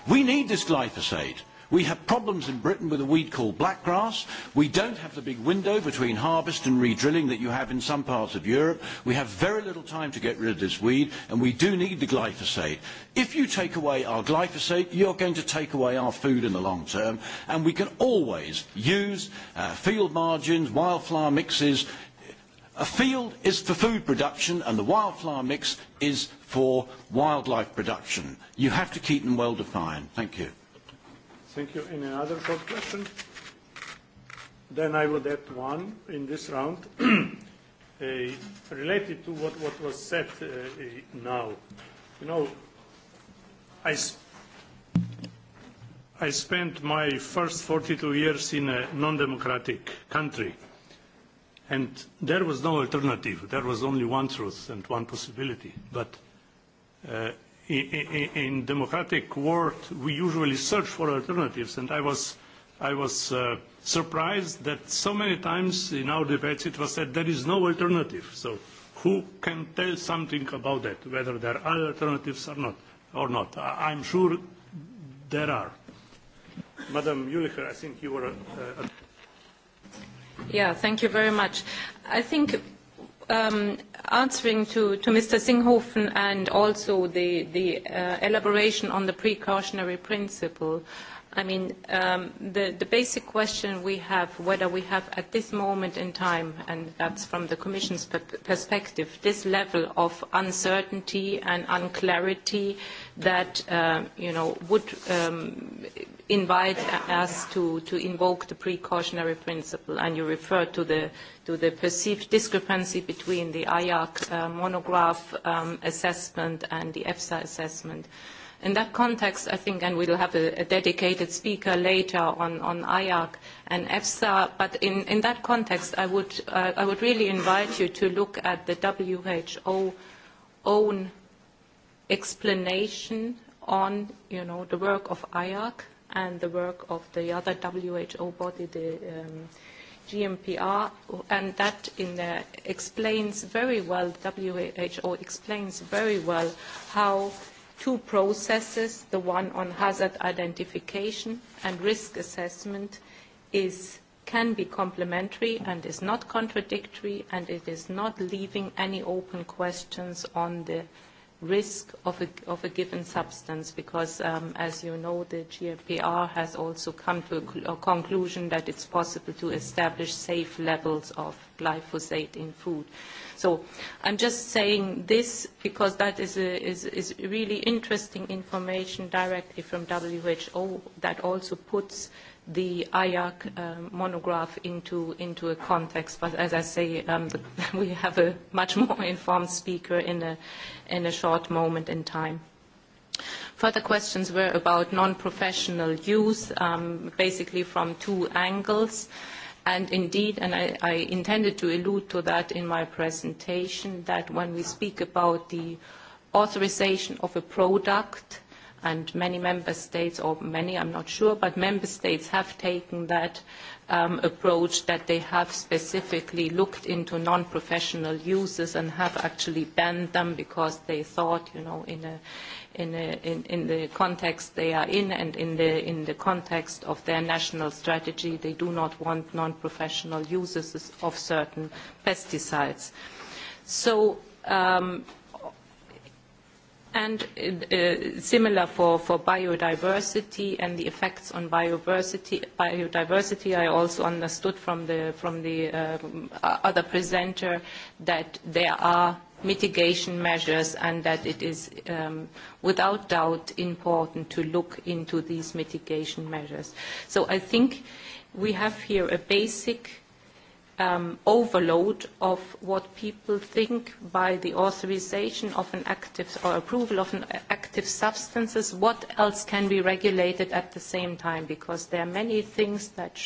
We need this glyphosate. We have problems in Britain with a weed called blackgrass. We don't have the big window between harvest and re-drilling that you have in some parts of Europe. We have very little time to get rid of this weed, and we do need the glyphosate. If you take away our glyphosate, you're going to take away our food in the long term, and we can always use field margins, wildflower mixes. A field is for food production and the wildflower mix is for wildlife production. You have to keep them well defined. Thank you. Thank you. Any other short question? Then I would add one in this round related to what what was said now. You know, I I spent my first 42 years in a non-democratic country, and there was no alternative. There was only one truth and one possibility. But in democratic world we usually search for alternatives and I was I was surprised that so many times in our debates it was said there is no alternative. So who can tell something about that, whether there are alternatives or not or not. I'm sure there are. Madam Ulicher, I think you were Yeah, thank you very much. I think answering to Mr. Singhofen and also the elaboration on the precautionary principle, I mean, the basic question we have, whether we have at this moment in time, and that's from the Commission's perspective, this level of uncertainty and unclarity that, you know, would invite us to invoke the precautionary principle, and you refer to the perceived discrepancy between the IARC monograph assessment and the EFSA assessment. In that context, I think, and we'll have a dedicated speaker later on IARC and EFSA, but in that context, I would really invite you to look at the WHO own explanation on the work of IARC and the work of the other WHO body, the GMPR, and that explains very well, WHO explains very well how two processes, the one on hazard identification and risk assessment, is can be complementary and is not contradictory and it is not leaving any open questions on the risk of a given substance because, as you know, the GFPR has also come to a conclusion that it's possible to establish safe levels of glyphosate in food. So I'm just saying this because that is really interesting information directly from WHO that also puts the IAC monograph into into a context. But as I say, we have a much more informed speaker in a in a short moment in time. Further questions were about non-professional use, basically from two angles. And indeed, and I intended to allude to that in my presentation, that when we speak about the authorization of a product, and many member states, or many, I'm not sure, but member states have taken that approach that they have specifically looked into non-professional uses and have actually banned them because they thought, you know, in the context they are in and in the context of their national strategy, they do not want non-professional uses of certain pesticides. So and similar for biodiversity and the effects on biodiversity. I also understood from the other presenter that there are mitigation measures and that it is without doubt important to look into these mitigation measures. So I think we have here a basic overload of what people think by the authorization of an active or approval of an active substances, what else can be regulated at the same time, because there are many things that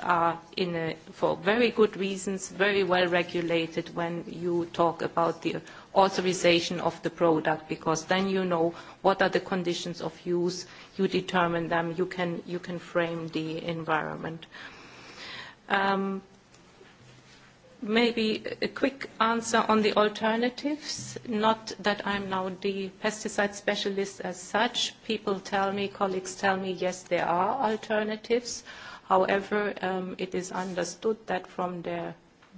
are, in for very good reasons, very well regulated when you talk about the authorization of the product, because then you know what are the conditions of use, you determine them, you can frame the environment. Maybe a quick answer on the alternatives. Not that I'm now the pesticide specialist as such. People tell me, colleagues tell me, yes, there are alternatives. However, it is understood that from their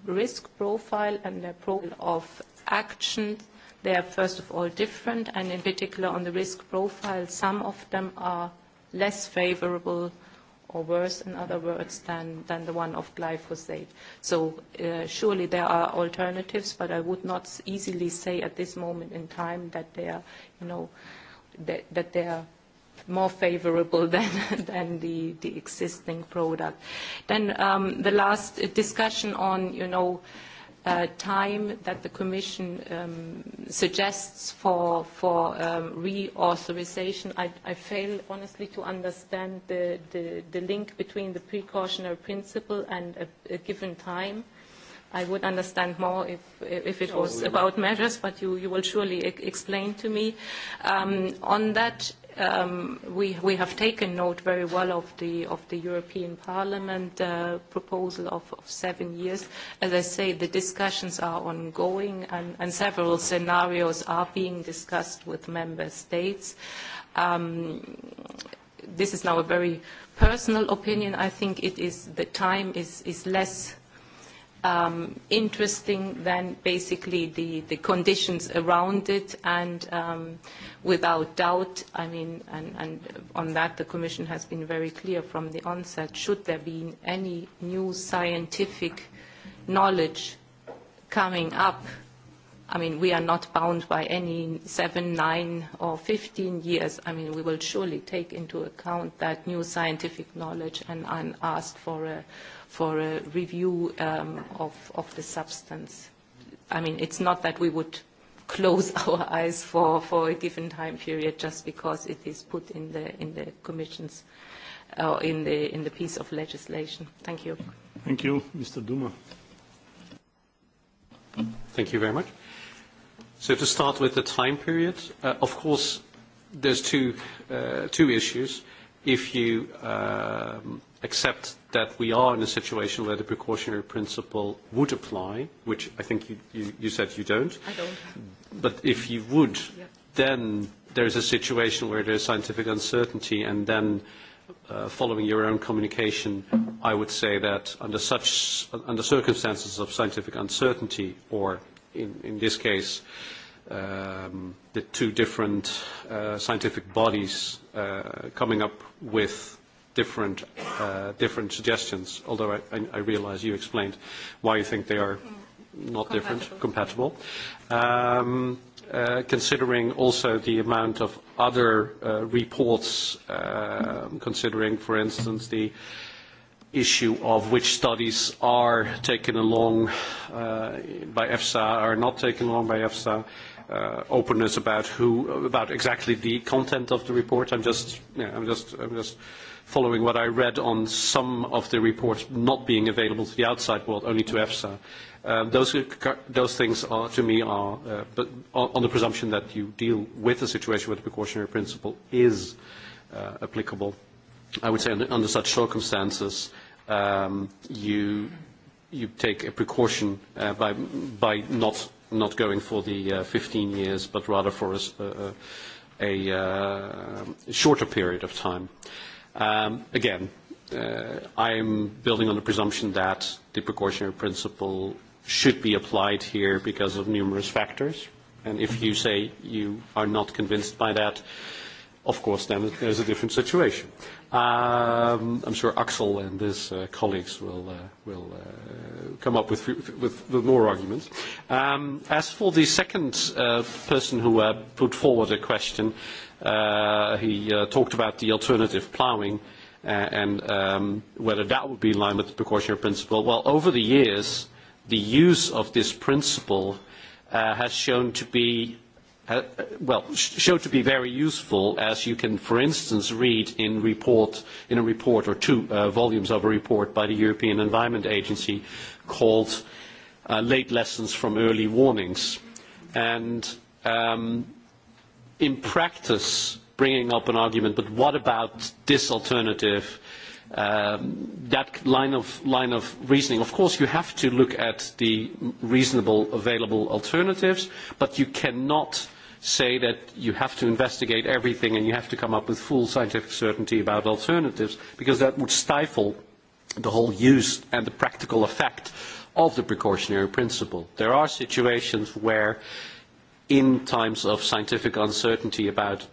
risk profile and their profile of action, they are first of all different, and in particular on the risk profile, some of them are less favorable or worse, in other words, than the one of glyphosate. So surely there are alternatives, but I would not easily say at this moment in time that they are, you know, that they are more favorable than the existing product. Then the last discussion on, you know, time that the Commission suggests for reauthorization. I fail, honestly, to understand the link between the precautionary principle and a given time. I would understand more if it was about measures, but you will surely explain to me. On that we have taken note very well of the of the European Parliament proposal of seven years. As I say, the discussions are ongoing and several scenarios are being discussed with member states. This is now a very personal opinion. I think it is the time is is less interesting than basically the the conditions around it and without doubt i mean and and on that the commission has been very clear from the onset should there be any new scientific knowledge coming up i mean we are not bound by any seven, nine or 15 years i mean we will surely take into account that new scientific knowledge and ask for a for a review of the substance. I mean, it's not that we would close our eyes for for a given time period just because it is put in the in the Commission's in the in the piece of legislation. Thank you. Thank you, Mr. Duma. Thank you very much. So to start with the time period, of course, there's two two issues. If you accept that we are in a situation where the precautionary principle would apply, which I think you said you don't. I don't. But if you would, then there is a situation where there is scientific uncertainty, and then following your own communication, I would say that under such under circumstances of scientific uncertainty, or in this case, the two different scientific bodies coming up with different different suggestions, although I realize you explained why you think they are not different, compatible. Considering also the amount of other reports, considering, for instance, the issue of which studies are taken along by EFSA, are not taken along by EFSA, openness about who, about exactly the content of the report. I'm just, I'm just, I'm just following what I read on some of the reports not being available to the outside world, only to EFSA. Those things to me are on the presumption that you deal with a situation where the precautionary principle is applicable. I would say under such circumstances, you take a precaution by not going for the 15 years, but rather for a shorter period of time. Again, I am building on the presumption that the precautionary principle should be applied here because of numerous factors. And if you say you are not convinced by that, of course, then there's a different situation. I'm sure Axel and his colleagues will will come up with with more arguments. As for the second person who put forward a question, He talked about the alternative ploughing and whether that would be in line with the precautionary principle. Well, over the years, the use of this principle has shown to be well shown to be very useful as you can for instance read in report in a report or two volumes of a report by the European Environment Agency called late lessons from early warnings and in practice bringing up an argument, but what about this alternative? That line of reasoning. Of course, you have to look at the reasonable available alternatives, but you cannot say that you have to investigate everything and you have to come up with full scientific certainty about alternatives, because that would stifle the whole use and the practical effect of the precautionary principle. There are situations where in times of scientific uncertainty about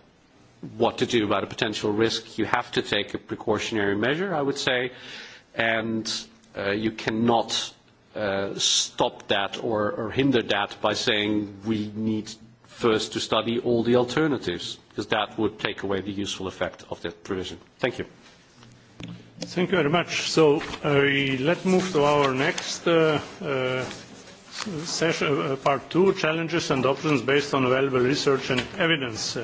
what to do about a potential risk, you have to take a precautionary measure, I would say, and you cannot stop that or hinder that by saying we need first to study all the alternatives, because that would take away the useful effect of that provision. Thank you. Thank you very much. So let's move to our next part two, challenges and options based on available research and evidence.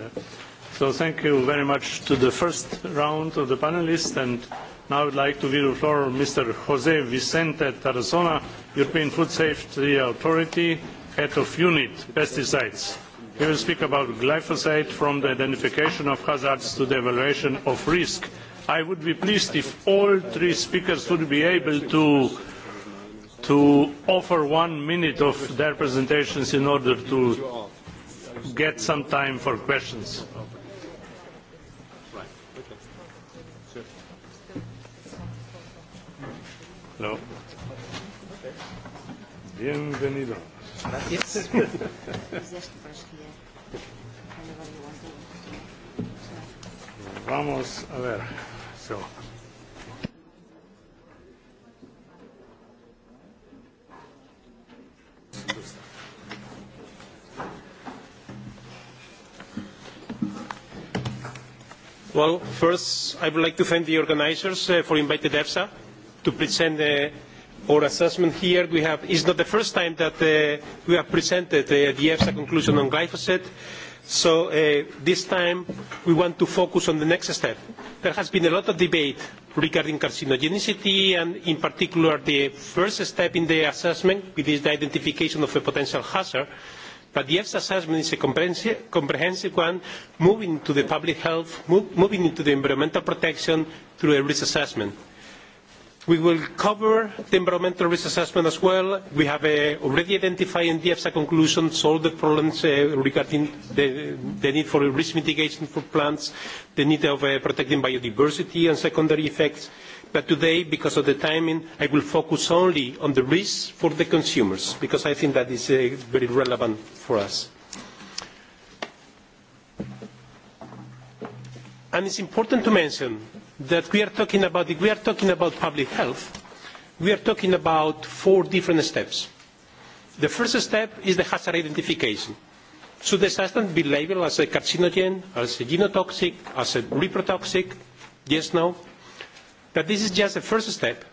So thank you very much to the first round of the panelists, and now I would like to give the floor to Mr. Jose Vicente Tarazona, European Food Safety Authority, Head of Unit Pesticides. He will speak about glyphosate from the identification of hazards to the evaluation of risk. I would be pleased if all three speakers would be able to to offer one minute of their presentations in order to get some time for questions. Hello. Bienvenido. Gracias. Vamos a ver. So. Well, first, I would like to thank the organizers for inviting EFSA to present our assessment here. We have, it's not the first time that we have presented the EFSA conclusion on glyphosate. So this time we want to focus on the next step. There has been a lot of debate regarding carcinogenicity and in particular the first step in the assessment, which is the identification of a potential hazard. But the EFSA assessment is a comprehensive one, moving to the public health, moving into the environmental protection through a risk assessment We will cover the environmental risk assessment as well. We have already identified in the EFSA conclusions all the problems regarding the need for risk mitigation for plants, the need of protecting biodiversity and secondary effects. But today, because of the timing, I will focus only on the risks for the consumers, because I think that is very relevant for us. And it's important to mention that we are talking about we are talking about public health we are talking about four different steps the first step is the hazard identification should the substance be labeled as a carcinogen as a genotoxic as a reprotoxic yes no But this is just the first step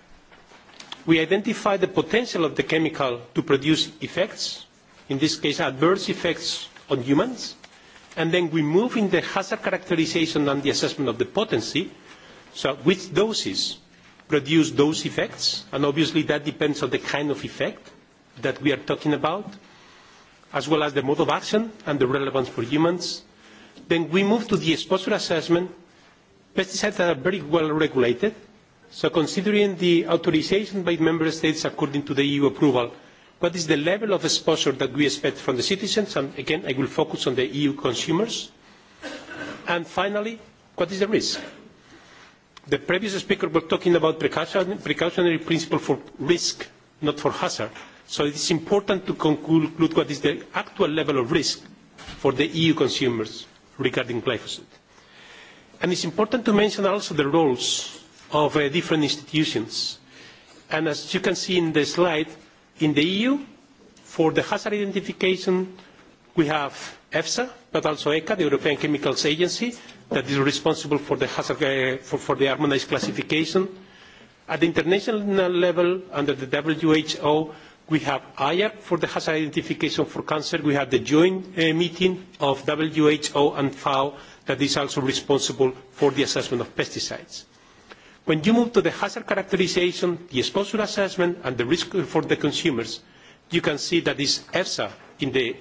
we identify the potential of the chemical to produce effects in this case adverse effects on humans and then we move in the hazard characterization and the assessment of the potency So which doses produce those effects? And obviously that depends on the kind of effect that we are talking about, as well as the mode of action and the relevance for humans. Then we move to the exposure assessment. Pesticides that are very well regulated. So considering the authorisation by member states according to the EU approval, what is the level of exposure that we expect from the citizens? And again, I will focus on the EU consumers. And finally, what is the risk? The previous speaker was talking about precautionary principle for risk, not for hazard. So it is important to conclude what is the actual level of risk for the EU consumers regarding glyphosate. And it's important to mention also the roles of different institutions. And as you can see in the slide, in the EU, for the hazard identification, we have EFSA, but also ECHA, the European Chemicals Agency, that is responsible for the harmonized classification. At the international level, under the WHO, we have IARC for the hazard identification for cancer. We have the joint meeting of WHO and FAO that is also responsible for the assessment of pesticides. When you move to the hazard characterization, the exposure assessment, and the risk for the consumers, you can see that this EFSA in the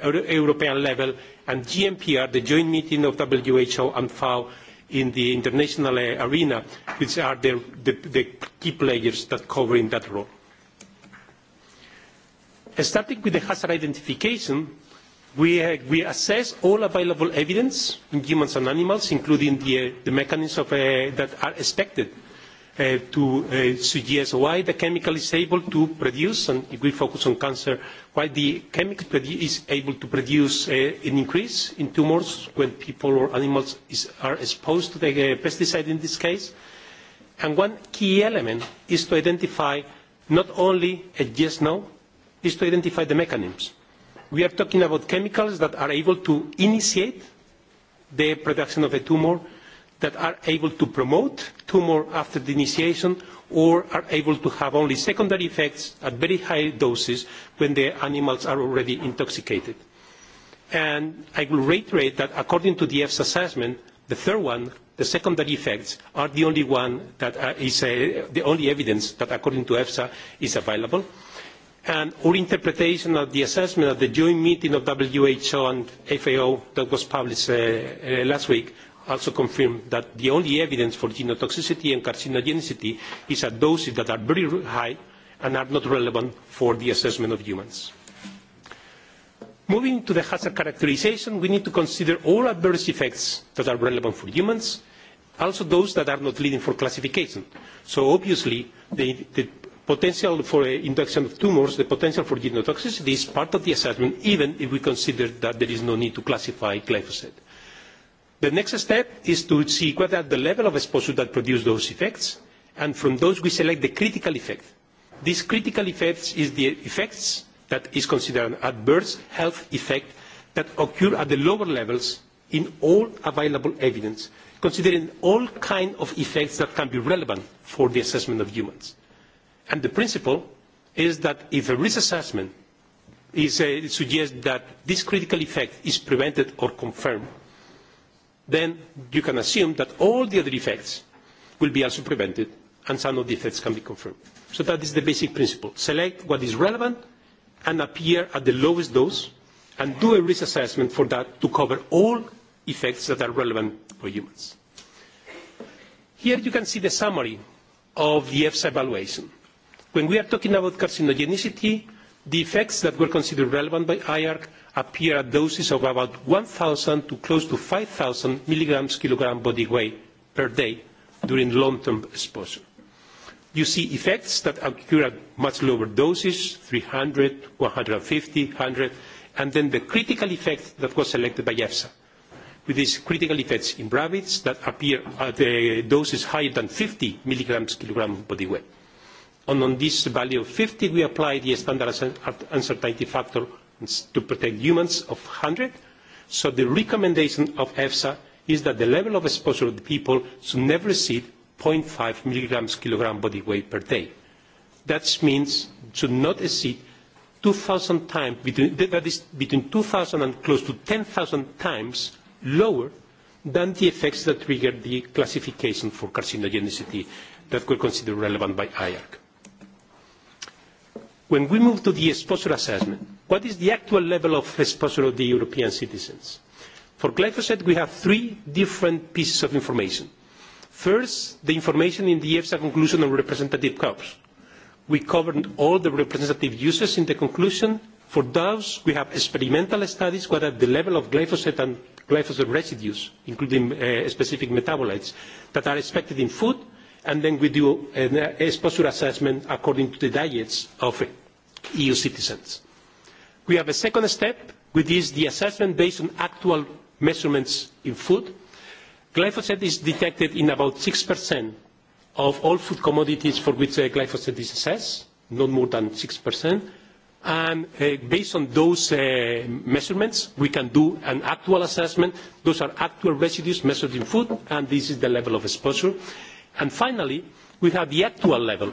European level, and GMPR, the joint meeting of WHO and FAO in the international arena, which are the key players that cover in that role. Starting with the hazard identification, we assess all available evidence in humans and animals, including the mechanisms that are expected to suggest why the chemical is able to produce, and if we focus on cancer, why the chemical is able to produce an increase in tumors when people or animals are exposed to the pesticide in this case. And one key element is to identify not only a yes/no, is to identify the mechanisms. We are talking about chemicals that are able to initiate the production of a tumor that are able to promote tumour after the initiation or are able to have only secondary effects at very high doses when the animals are already intoxicated. And I will reiterate that according to the EFSA assessment, the third one, the secondary effects, are the only one that is the only evidence that according to EFSA is available. And our interpretation of the assessment at the joint meeting of WHO and FAO that was published last week also confirmed that the only evidence for genotoxicity and carcinogenicity is at doses that are very high and are not relevant for the assessment of humans. Moving to the hazard characterization, we need to consider all adverse effects that are relevant for humans, also those that are not leading for classification. So obviously, the potential for induction of tumors, the potential for genotoxicity is part of the assessment, even if we consider that there is no need to classify glyphosate. The next step is to see what are the level of exposure that produce those effects, and from those we select the critical effect. This critical effect is the effects that is considered an adverse health effect that occur at the lower levels in all available evidence, considering all kinds of effects that can be relevant for the assessment of humans. And the principle is that if a risk assessment suggests that this critical effect is prevented or confirmed, then you can assume that all the other effects will be also prevented and some of the effects can be confirmed. So that is the basic principle. Select what is relevant and appear at the lowest dose and do a risk assessment for that to cover all effects that are relevant for humans. Here you can see the summary of the EFSA evaluation. When we are talking about carcinogenicity, The effects that were considered relevant by IARC appear at doses of about 1,000 to close to 5,000 milligrams kilogram body weight per day during long-term exposure. You see effects that occur at much lower doses, 300, 150, 100, and then the critical effect that was selected by EFSA, with these critical effects in rabbits that appear at doses higher than 50 milligrams kilogram body weight on this value of 50 we apply the standard uncertainty factor to protect humans of 100. So the recommendation of EFSA is that the level of exposure of the people should never exceed 0.5 milligrams kilogram body weight per day. That means it should not exceed 2,000 times, that is between 2,000 and close to 10,000 times lower than the effects that trigger the classification for carcinogenicity that were considered relevant by IARC. When we move to the exposure assessment, what is the actual level of exposure of the European citizens? For glyphosate, we have three different pieces of information. First, the information in the EFSA conclusion on representative crops. We covered all the representative uses in the conclusion. For those, we have experimental studies what are the level of glyphosate and glyphosate residues, including specific metabolites, that are expected in food, and then we do an exposure assessment according to the diets of EU citizens. We have a second step, which is the assessment based on actual measurements in food. Glyphosate is detected in about 6% of all food commodities for which glyphosate is assessed, not more than 6%. And based on those measurements, we can do an actual assessment. Those are actual residues measured in food, and this is the level of exposure. And finally, we have the actual level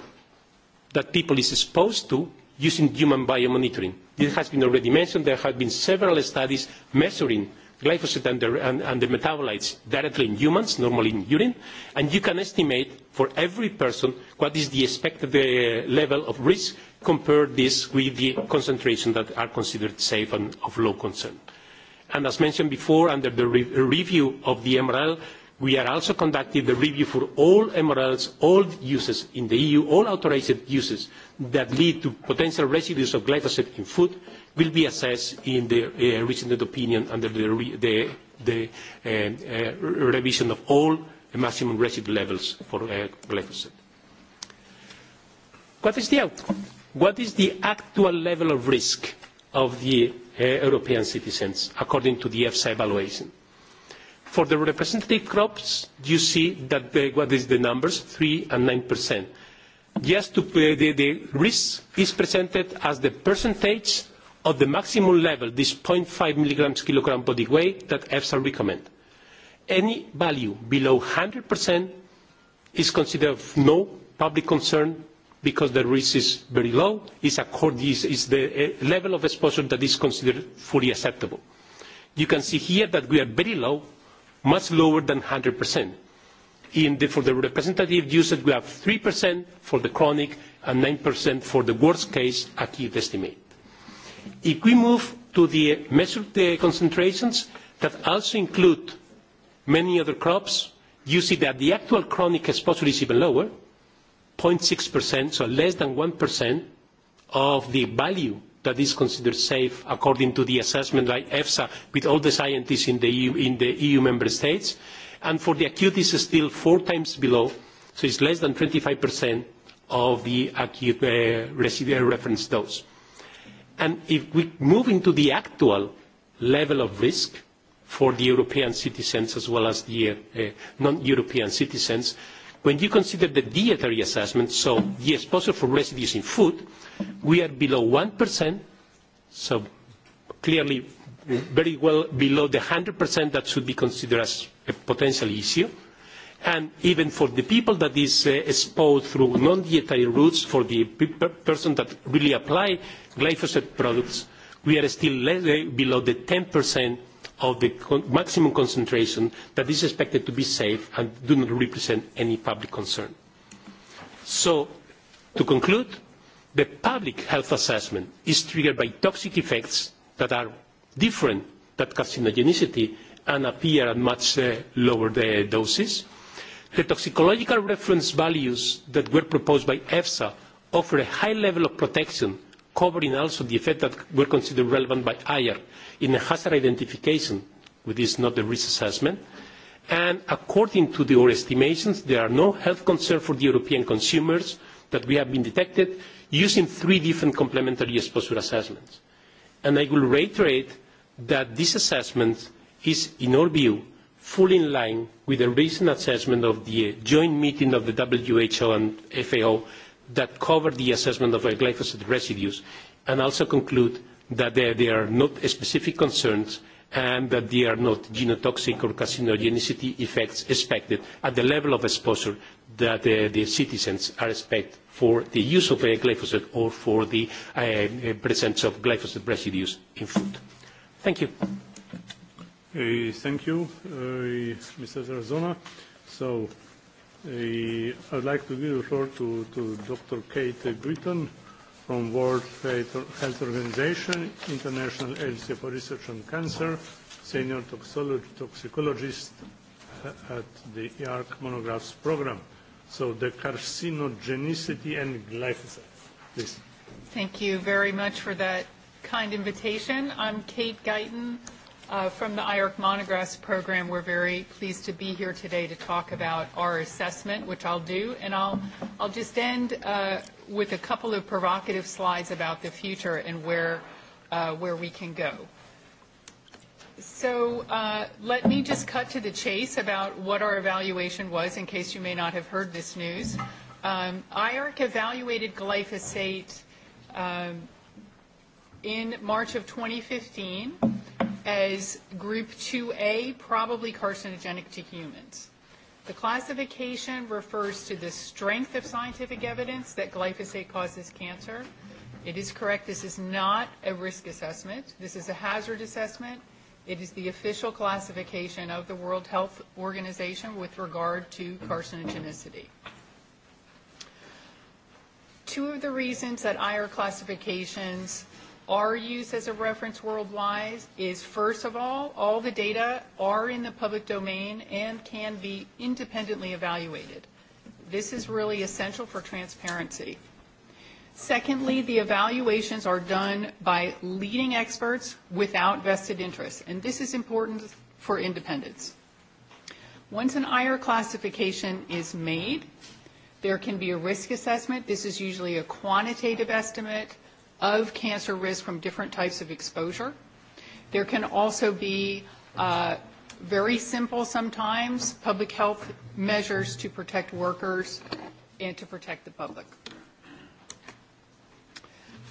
that people is exposed to using human biomonitoring. This has been already mentioned. There have been several studies measuring glyphosate and the metabolites directly in humans, normally in urine, and you can estimate for every person what is the expected level of risk, compared this with the concentration that are considered safe and of low concern. And as mentioned before, under the review of the MRL, We are also conducting the review for all MRLs, all uses in the EU, all authorized uses that lead to potential residues of glyphosate in food will be assessed in the recent opinion under the revision of all maximum residue levels for glyphosate. What is the outcome? What is the actual level of risk of the European citizens according to the EFSA evaluation? For the representative crops, you see that what is the numbers, 3 and 9%. Just the risk is presented as the percentage of the maximum level, this 0.5 milligrams kilogram body weight that EFSA recommend. Any value below 100% is considered of no public concern because the risk is very low, is the level of exposure that is considered fully acceptable. You can see here that we are very low much lower than 100%. the for the representative usage, we have 3% for the chronic and 9% for the worst case acute estimate. If we move to the measured concentrations that also include many other crops, you see that the actual chronic exposure is even lower, 0.6%, so less than 1% of the value that is considered safe according to the assessment by EFSA with all the scientists in the EU member states. And for the acute is still four times below, so it's less than 25% of the acute reference dose. And if we move into the actual level of risk for the European citizens as well as the non-European citizens, When you consider the dietary assessment, so the exposure for residues in food, we are below 1%, so clearly very well below the 100% that should be considered as a potential issue. And even for the people that is exposed through non-dietary routes, for the person that really apply glyphosate products, we are still below the 10% of the maximum concentration that is expected to be safe and do not represent any public concern. So, to conclude, the public health assessment is triggered by toxic effects that are different than carcinogenicity and appear at much lower doses. The toxicological reference values that were proposed by EFSA offer a high level of protection, covering also the effects that were considered relevant by IARC in a hazard identification, which is not a risk assessment, and according to our estimations, there are no health concerns for the European consumers that we have been detected using three different complementary exposure assessments. And I will reiterate that this assessment is, in our view, fully in line with the recent assessment of the joint meeting of the WHO and FAO that covered the assessment of glyphosate residues and also conclude that there are not specific concerns and that there are not genotoxic or carcinogenicity effects expected at the level of exposure that the citizens are expected for the use of glyphosate or for the presence of glyphosate residues in food. Thank you. Thank you, Mr. Zarazona. So I would like to give the floor to Dr. Kate Britton from World Health Organization, International Agency for Research on Cancer, senior toxicologist at the IARC monographs program. So the carcinogenicity and glyphosate. Thank you very much for that kind invitation. I'm Kate Guyton From the IARC Monographs Program, we're very pleased to be here today to talk about our assessment, which I'll do. And I'll just end with a couple of provocative slides about the future and where we can go. So let me just cut to the chase about what our evaluation was, in case you may not have heard this news. IARC evaluated glyphosate in March of 2015 as group 2A, probably carcinogenic to humans. The classification refers to the strength of scientific evidence that glyphosate causes cancer. It is correct, this is not a risk assessment. This is a hazard assessment. It is the official classification of the World Health Organization with regard to carcinogenicity. Two of the reasons that IR classifications are used as a reference worldwide is, first of all, all the data are in the public domain and can be independently evaluated. This is really essential for transparency. Secondly, the evaluations are done by leading experts without vested interests, and this is important for independence. Once an IR classification is made, there can be a risk assessment. This is usually a quantitative estimate of cancer risk from different types of exposure. There can also be very simple sometimes public health measures to protect workers and to protect the public.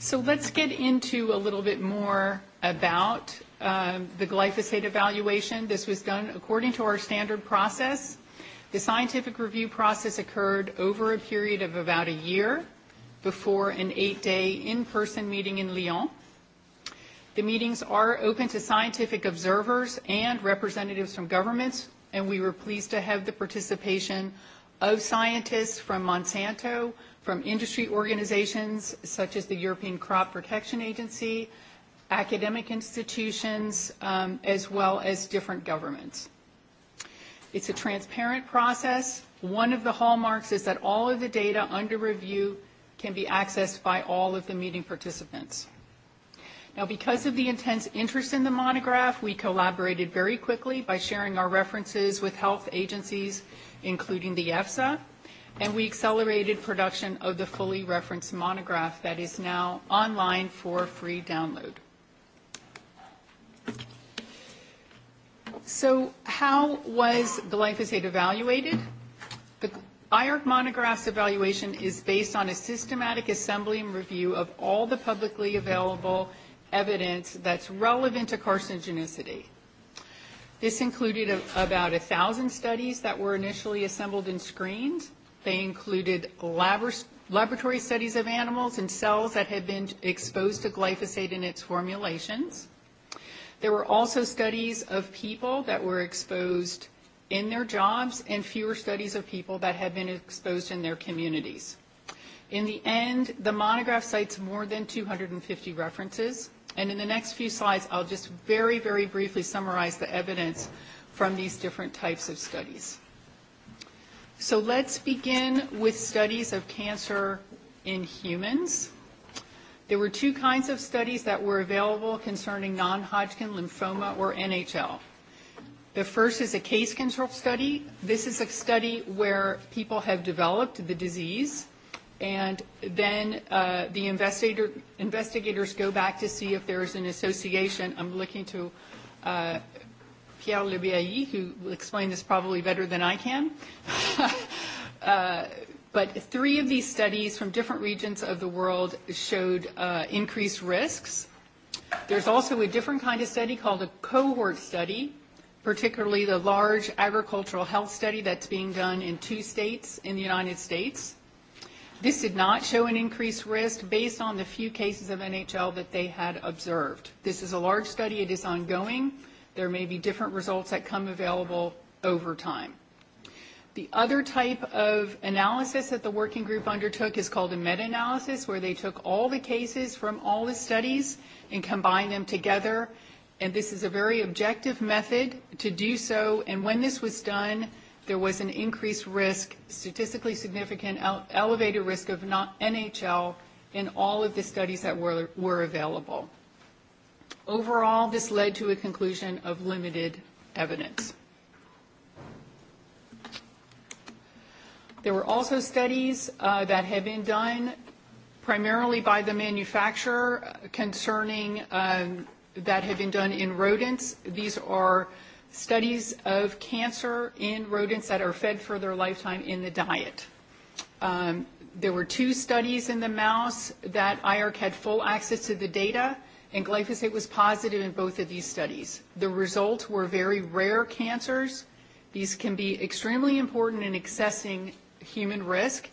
So let's get into a little bit more about the glyphosate evaluation. This was done according to our standard process. The scientific review process occurred over a period of about a year before an eight-day in-person meeting in Lyon. The meetings are open to scientific observers and representatives from governments, and we were pleased to have the participation of scientists from Monsanto, from industry organizations such as the European Crop Protection Agency, academic institutions, as well as different governments. It's a transparent process. One of the hallmarks is that all of the data under review can be accessed by all of the meeting participants. Now, because of the intense interest in the monograph, we collaborated very quickly by sharing our references with health agencies, including the EFSA, and we accelerated production of the fully referenced monograph that is now online for free download. So how was glyphosate evaluated? IARC Monograph's evaluation is based on a systematic assembly and review of all the publicly available evidence that's relevant to carcinogenicity. This included about 1,000 studies that were initially assembled and screened. They included laboratory studies of animals and cells that had been exposed to glyphosate in its formulations. There were also studies of people that were exposed in their jobs and fewer studies of people that have been exposed in their communities. In the end, the monograph cites more than 250 references, and in the next few slides, I'll just very, very briefly summarize the evidence from these different types of studies. So let's begin with studies of cancer in humans. There were two kinds of studies that were available concerning non-Hodgkin lymphoma or NHL. The first is a case control study. This is a study where people have developed the disease, and then the investigator investigators go back to see if there is an association. I'm looking to Pierre Lebiailly, who will explain this probably better than I can. But three of these studies from different regions of the world showed increased risks. There's also a different kind of study called a cohort study, particularly the large agricultural health study that's being done in two states in the United States. This did not show an increased risk based on the few cases of NHL that they had observed. This is a large study. It is ongoing. There may be different results that come available over time. The other type of analysis that the working group undertook is called a meta-analysis, where they took all the cases from all the studies and combined them together and this is a very objective method to do so. And when this was done, there was an increased risk, statistically significant, elevated risk of NHL in all of the studies that were available. Overall, this led to a conclusion of limited evidence. There were also studies that had been done primarily by the manufacturer concerning that have been done in rodents. These are studies of cancer in rodents that are fed for their lifetime in the diet. There were two studies in the mouse that IARC had full access to the data, and glyphosate was positive in both of these studies. The results were very rare cancers. These can be extremely important in assessing human risk,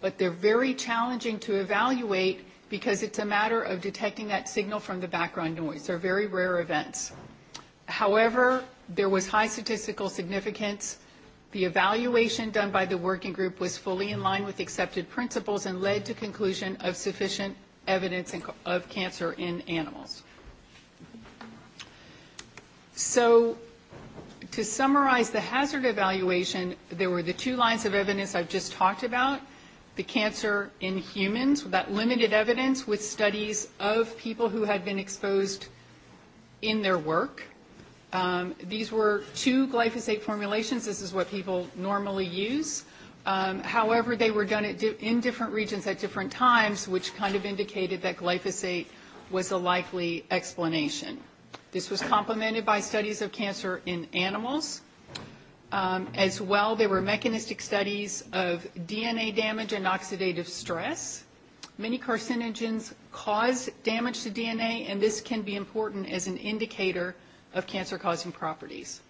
but they're very challenging to evaluate because it's a matter of detecting that signal from the background noise. They're very rare events. However, there was high statistical significance. The evaluation done by the working group was fully in line with accepted principles and led to conclusion of sufficient evidence of cancer in animals. So to summarize the hazard evaluation, there were the two lines of evidence I've just talked about, the cancer in humans, that limited evidence with studies of people who had been exposed in their work. These were two glyphosate formulations. This is what people normally use. However, they were done in different regions at different times, which kind of indicated that glyphosate was a likely explanation. This was complemented by studies of cancer in animals As well, there were mechanistic studies of DNA damage and oxidative stress. Many carcinogens cause damage to DNA, and this can be important as an indicator of cancer-causing properties.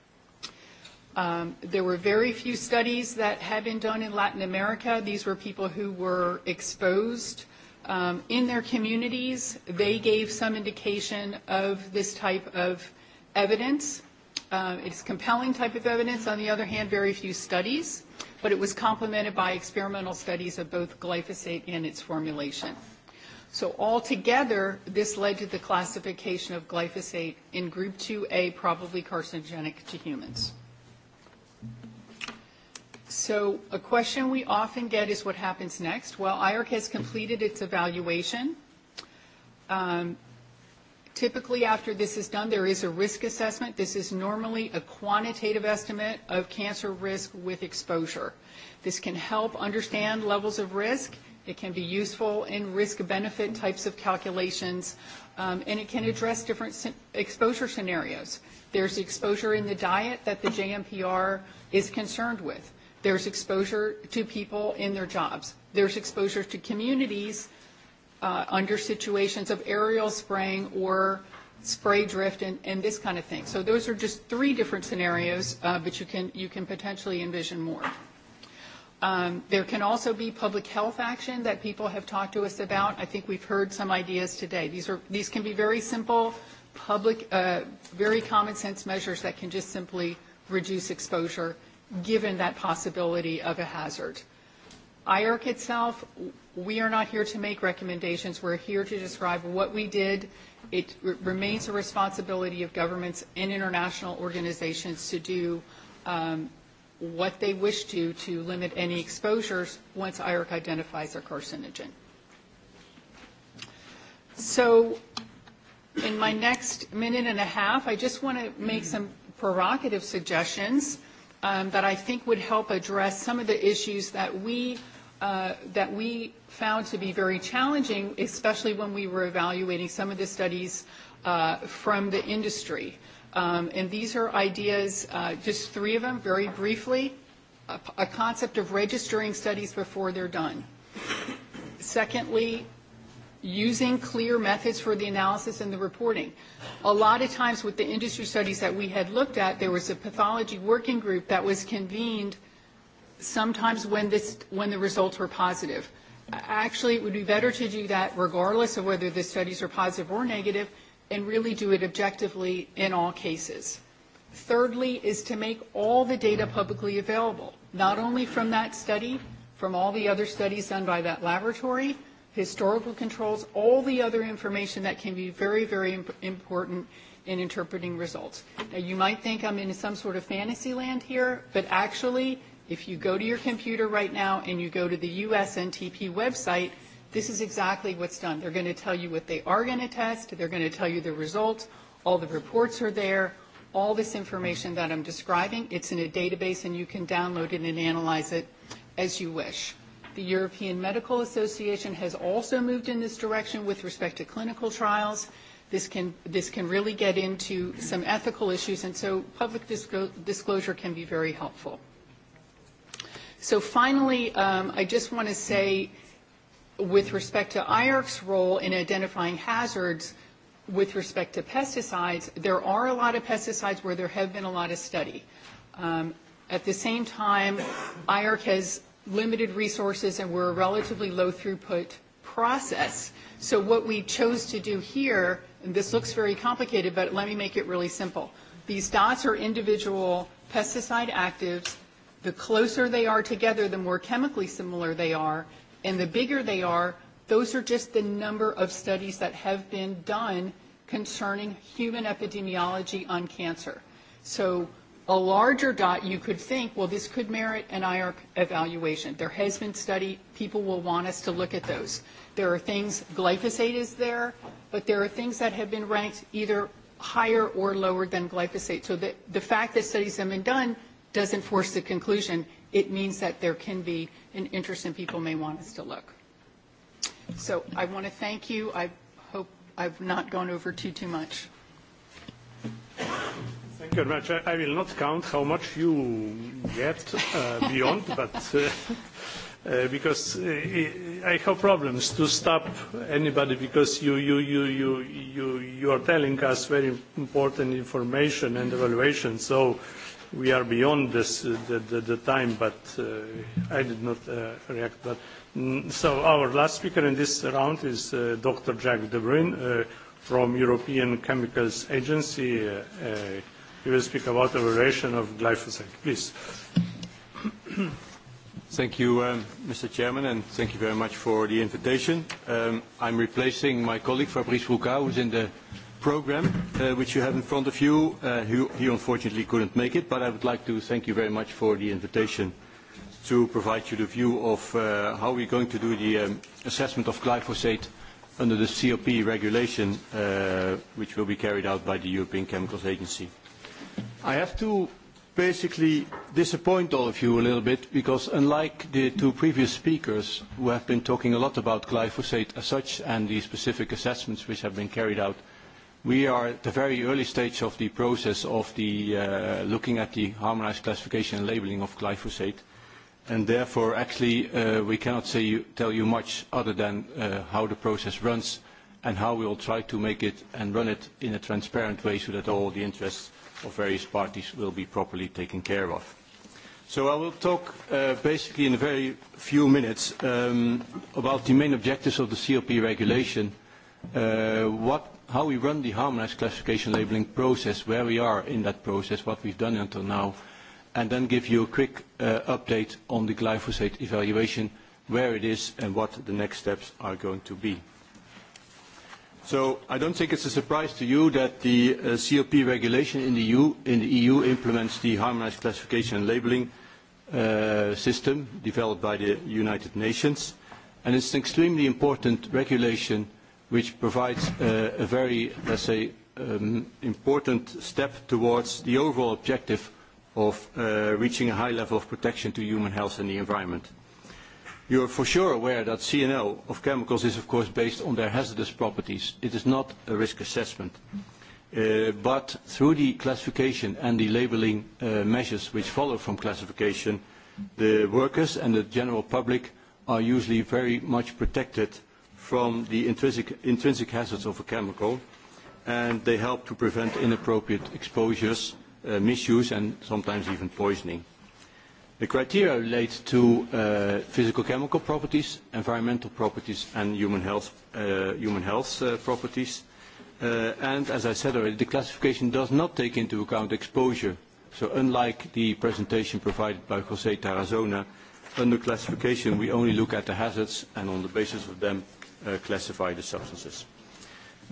There were very few studies that had been done in Latin America. These were people who were exposed in their communities. They gave some indication of this type of evidence. It's compelling type of evidence. On the other hand, very few studies, but it was complemented by experimental studies of both glyphosate and its formulation. So altogether, this led to the classification of glyphosate in group 2A, probably carcinogenic to humans. So a question we often get is what happens next. Well, IARC has completed its evaluation. Typically, after this is done, there is a risk assessment. This is normally a quantitative estimate of cancer risk with exposure. This can help understand levels of risk. It can be useful in risk-benefit types of calculations, and it can address different exposure scenarios. There's exposure in the diet that the JMPR is concerned with. There's exposure to people in their jobs. There's exposure to communities under situations of aerial spraying or spray drift and this kind of thing. So those are just three different scenarios, but you can you can potentially envision more. There can also be public health action that people have talked to us about. I think we've heard some ideas today. These are these can be very simple, public, very common sense measures that can just simply reduce exposure, given that possibility of a hazard. IARC itself We are not here to make recommendations. We're here to describe what we did. It remains a responsibility of governments and international organizations to do what they wish to to limit any exposures once IARC identifies a carcinogen. So in my next minute and a half, I just want to make some provocative suggestions that I think would help address some of the issues that we that we found to be very challenging, especially when we were evaluating some of the studies from the industry. And these are ideas, just three of them, very briefly. A concept of registering studies before they're done. Secondly, using clear methods for the analysis and the reporting. A lot of times with the industry studies that we had looked at, there was a pathology working group that was convened sometimes when the results were positive. Actually, it would be better to do that regardless of whether the studies are positive or negative and really do it objectively in all cases. Thirdly is to make all the data publicly available, not only from that study, from all the other studies done by that laboratory, historical controls, all the other information that can be very, very important in interpreting results. Now, you might think I'm in some sort of fantasy land here, but actually If you go to your computer right now and you go to the USNTP website, this is exactly what's done. They're going to tell you what they are going to test. They're going to tell you the results. All the reports are there. All this information that I'm describing, it's in a database, and you can download it and analyze it as you wish. The European Medical Association has also moved in this direction with respect to clinical trials. This can this can really get into some ethical issues, and so public disclosure can be very helpful. So finally, I just want to say with respect to IARC's role in identifying hazards with respect to pesticides, there are a lot of pesticides where there have been a lot of study. At the same time, IARC has limited resources and we're a relatively low throughput process. So what we chose to do here, and this looks very complicated, but let me make it really simple. These dots are individual pesticide actives The closer they are together, the more chemically similar they are, and the bigger they are, those are just the number of studies that have been done concerning human epidemiology on cancer. So a larger dot, you could think, well, this could merit an IARC evaluation. There has been study. People will want us to look at those. There are things, glyphosate is there, but there are things that have been ranked either higher or lower than glyphosate. So the fact that studies have been done Doesn't force the conclusion, it means that there can be an interest and people may want us to look. So I want to thank you. I hope I've not gone over too, too much. Thank you very much. I will not count how much you get beyond, but because I have problems to stop anybody because you you you you you you are telling us very important information and evaluation. So we are beyond this the time, but I did not react. But So our last speaker in this round is Dr. Jack De Bruin from European Chemicals Agency. He will speak about the variation of glyphosate. Please. Thank you, Mr. Chairman, and thank you very much for the invitation. I'm replacing my colleague Fabrice Rouca, who's in the program, which you have in front of you. He unfortunately couldn't make it, but I would like to thank you very much for the invitation to provide you the view of how we're going to do the assessment of glyphosate under the COP regulation, which will be carried out by the European Chemicals Agency. I have to basically disappoint all of you a little bit, because unlike the two previous speakers who have been talking a lot about glyphosate as such and the specific assessments which have been carried out We are at the very early stage of the process of looking at the harmonized classification and labeling of glyphosate, and therefore actually we cannot tell you much other than how the process runs and how we will try to make it and run it in a transparent way so that all the interests of various parties will be properly taken care of. So I will talk basically in a very few minutes about the main objectives of the CLP regulation, what how we run the harmonized classification labeling process, where we are in that process, what we've done until now, and then give you a quick update on the glyphosate evaluation, where it is and what the next steps are going to be. So I don't think it's a surprise to you that the COP regulation in the EU implements the harmonized classification and labeling system developed by the United Nations, and it's an extremely important regulation which provides a very, let's say, important step towards the overall objective of reaching a high level of protection to human health and the environment. You are for sure aware that CNO of chemicals is, of course, based on their hazardous properties. It is not a risk assessment. But through the classification and the labeling measures which follow from classification, the workers and the general public are usually very much protected from the intrinsic hazards of a chemical, and they help to prevent inappropriate exposures, misuse, and sometimes even poisoning. The criteria relate to physical chemical properties, environmental properties, and human health properties. And, as I said already, the classification does not take into account exposure. So, unlike the presentation provided by José Tarazona, under classification we only look at the hazards and on the basis of them classify the substances.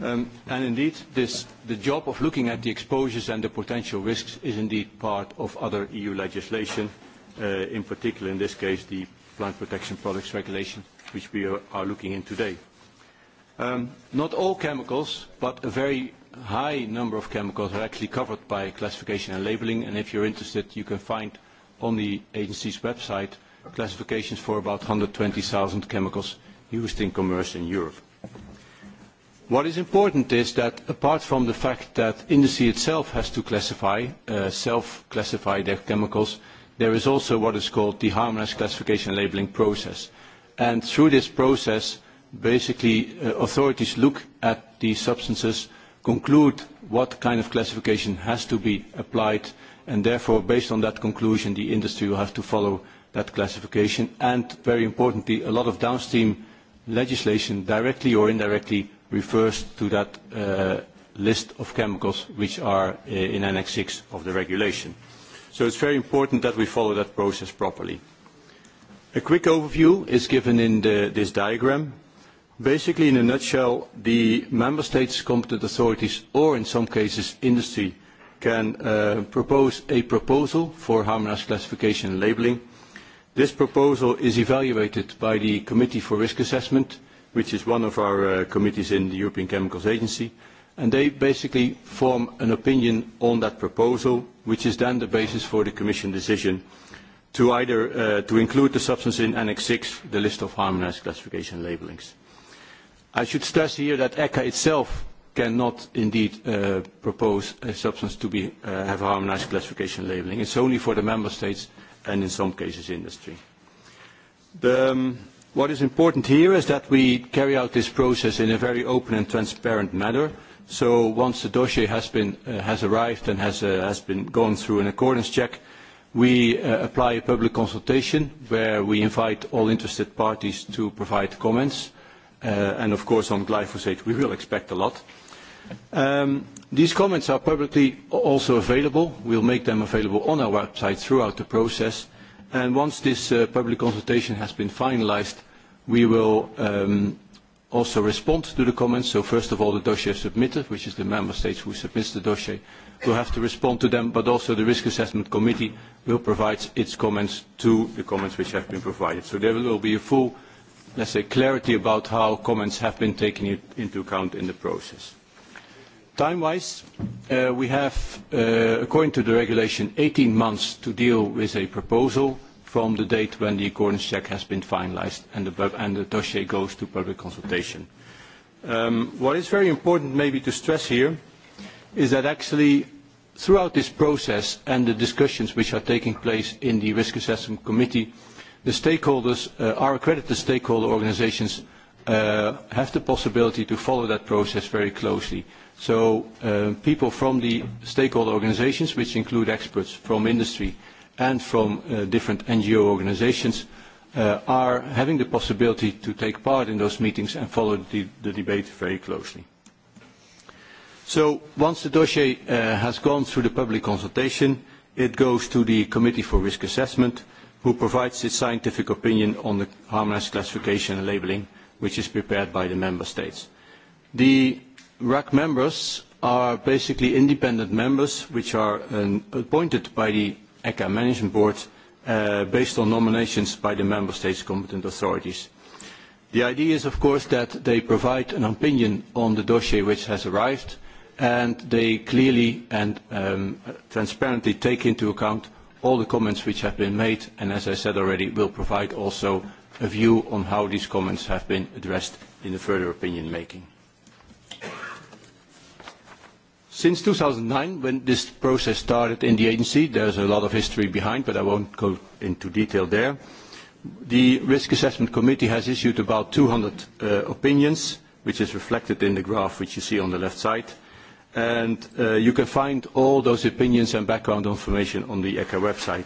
And indeed, the job of looking at the exposures and the potential risks is indeed part of other EU legislation, in particular in this case the Plant Protection Products Regulation, which we are looking in today. Not all chemicals, but a very high number of chemicals are actually covered by classification and labelling, and if you're interested, you can find on the agency's website classifications for about 120,000 chemicals used in commerce in Europe. What is important is that apart from the fact that industry itself has to classify, self-classify their chemicals, there is also what is called the harmonized classification labeling process. And through this process, basically authorities look at the substances, conclude what kind of classification has to be applied, and therefore based on that conclusion the industry will have to follow that classification. And very importantly, a lot of downstream legislation directly or indirectly refers to that list of chemicals which are in Annex 6 of the regulation. So it's very important that we follow that process properly. A quick overview is given in this diagram. Basically, in a nutshell, the member states' competent authorities, or in some cases industry, can propose a proposal for harmonised classification and labelling This proposal is evaluated by the Committee for Risk Assessment, which is one of our committees in the European Chemicals Agency, and they basically form an opinion on that proposal, which is then the basis for the Commission decision to either to include the substance in Annex 6, the list of harmonised classification labelings. I should stress here that ECHA itself cannot indeed propose a substance to be have harmonised classification labelling. It's only for the member states and in some cases industry. What is important here is that we carry out this process in a very open and transparent manner. So once the dossier has been has arrived and has been gone through an accordance check, we apply a public consultation where we invite all interested parties to provide comments. And of course on glyphosate we will expect a lot. These comments are publicly also available. We will make them available on our website throughout the process. And once this public consultation has been finalized, we will also respond to the comments. So first of all, the dossier submitted, which is the member states who submits the dossier, will have to respond to them, but also the Risk Assessment Committee will provide its comments to the comments which have been provided. So there will be a full, let's say, clarity about how comments have been taken into account in the process. Time-wise, we have, according to the regulation, 18 months to deal with a proposal from the date when the accordance check has been finalized and the dossier goes to public consultation. What is very important maybe to stress here is that actually throughout this process and the discussions which are taking place in the Risk Assessment Committee, the stakeholders, our accredited stakeholder organizations, have the possibility to follow that process very closely So people from the stakeholder organizations, which include experts from industry and from different NGO organizations, are having the possibility to take part in those meetings and follow the debate very closely. So once the dossier has gone through the public consultation, it goes to the Committee for Risk Assessment, who provides its scientific opinion on the harmonized classification and labelling, which is prepared by the Member States. The RAC members are basically independent members which are appointed by the ECA Management Board based on nominations by the member states' competent authorities. The idea is, of course, that they provide an opinion on the dossier which has arrived and they clearly and transparently take into account all the comments which have been made and, as I said already, will provide also a view on how these comments have been addressed in the further opinion making. Since 2009, when this process started in the agency, there is a lot of history behind, but I won't go into detail there. The Risk Assessment Committee has issued about 200 opinions, which is reflected in the graph which you see on the left side. And you can find all those opinions and background information on the ECHA website.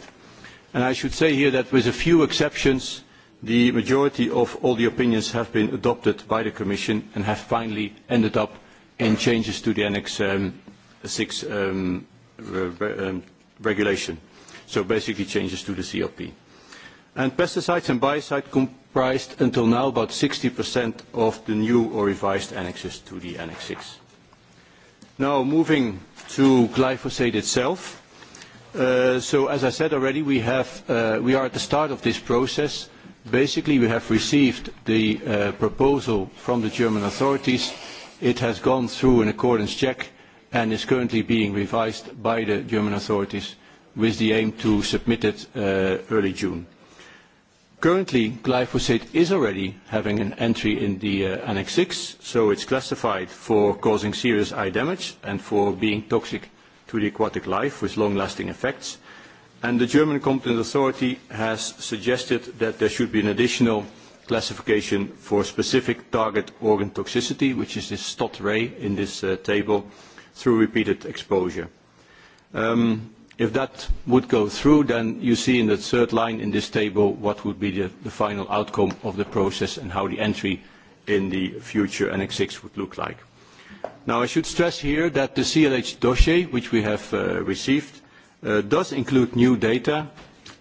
And I should say here that with a few exceptions, the majority of all the opinions have been adopted by the Commission and have finally ended up in changes to the Annex 6 regulation, so basically changes to the CLP. And pesticides and biocides comprised until now about 60% of the new or revised annexes to the Annex 6. Now moving to glyphosate itself. So as I said already, we are at the start of this process. Basically, we have received the proposal from the German authorities It has gone through an accordance check and is currently being revised by the German authorities with the aim to submit it early June. Currently, glyphosate is already having an entry in the Annex 6, so it's classified for causing serious eye damage and for being toxic to the aquatic life with long-lasting effects. And the German competent authority has suggested that there should be an additional classification for specific target organ toxicity, which is this STOT-RAY in this table, through repeated exposure. If that would go through, then you see in the third line in this table what would be the final outcome of the process and how the entry in the future NX 6 would look like. Now, I should stress here that the CLH dossier, which we have received, does include new data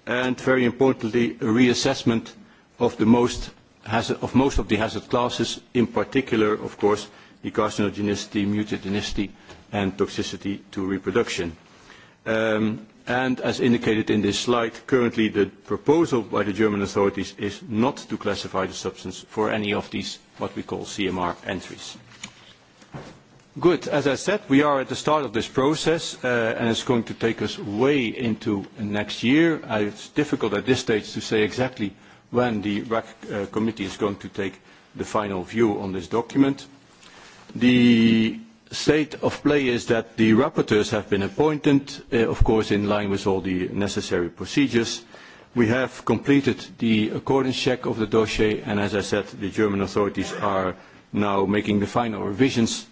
and, very importantly, a reassessment of the most of most of the hazard classes, in particular, of course, the carcinogenicity, mutagenicity, and toxicity to reproduction. And as indicated in this slide, currently the proposal by the German authorities is not to classify the substance for any of these what we call CMR entries. Good. As I said, we are at the start of this process, and it's going to take us way into next year. It's difficult at this stage to say exactly when the RAC committee is going to take the final view on this document. The state of play is that the rapporteurs have been appointed, of course in line with all the necessary procedures. We have completed the accordance check of the dossier and as I said the German authorities are now making the final revisions.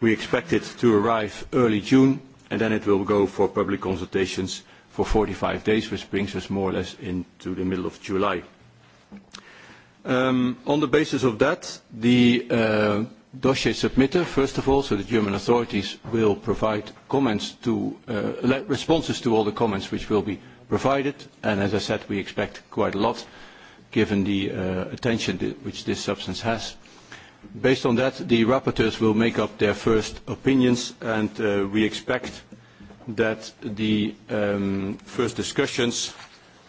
We expect it to arrive early June and then it will go for public consultations for 45 days which brings us more or less into the middle of July. On the basis of that, the dossier submitter, first of all, so the German authorities will provide comments to, responses to all the comments which will be provided, and as I said, we expect quite a lot, given the attention which this substance has. Based on that, the rapporteurs will make up their first opinions, and we expect that the first discussions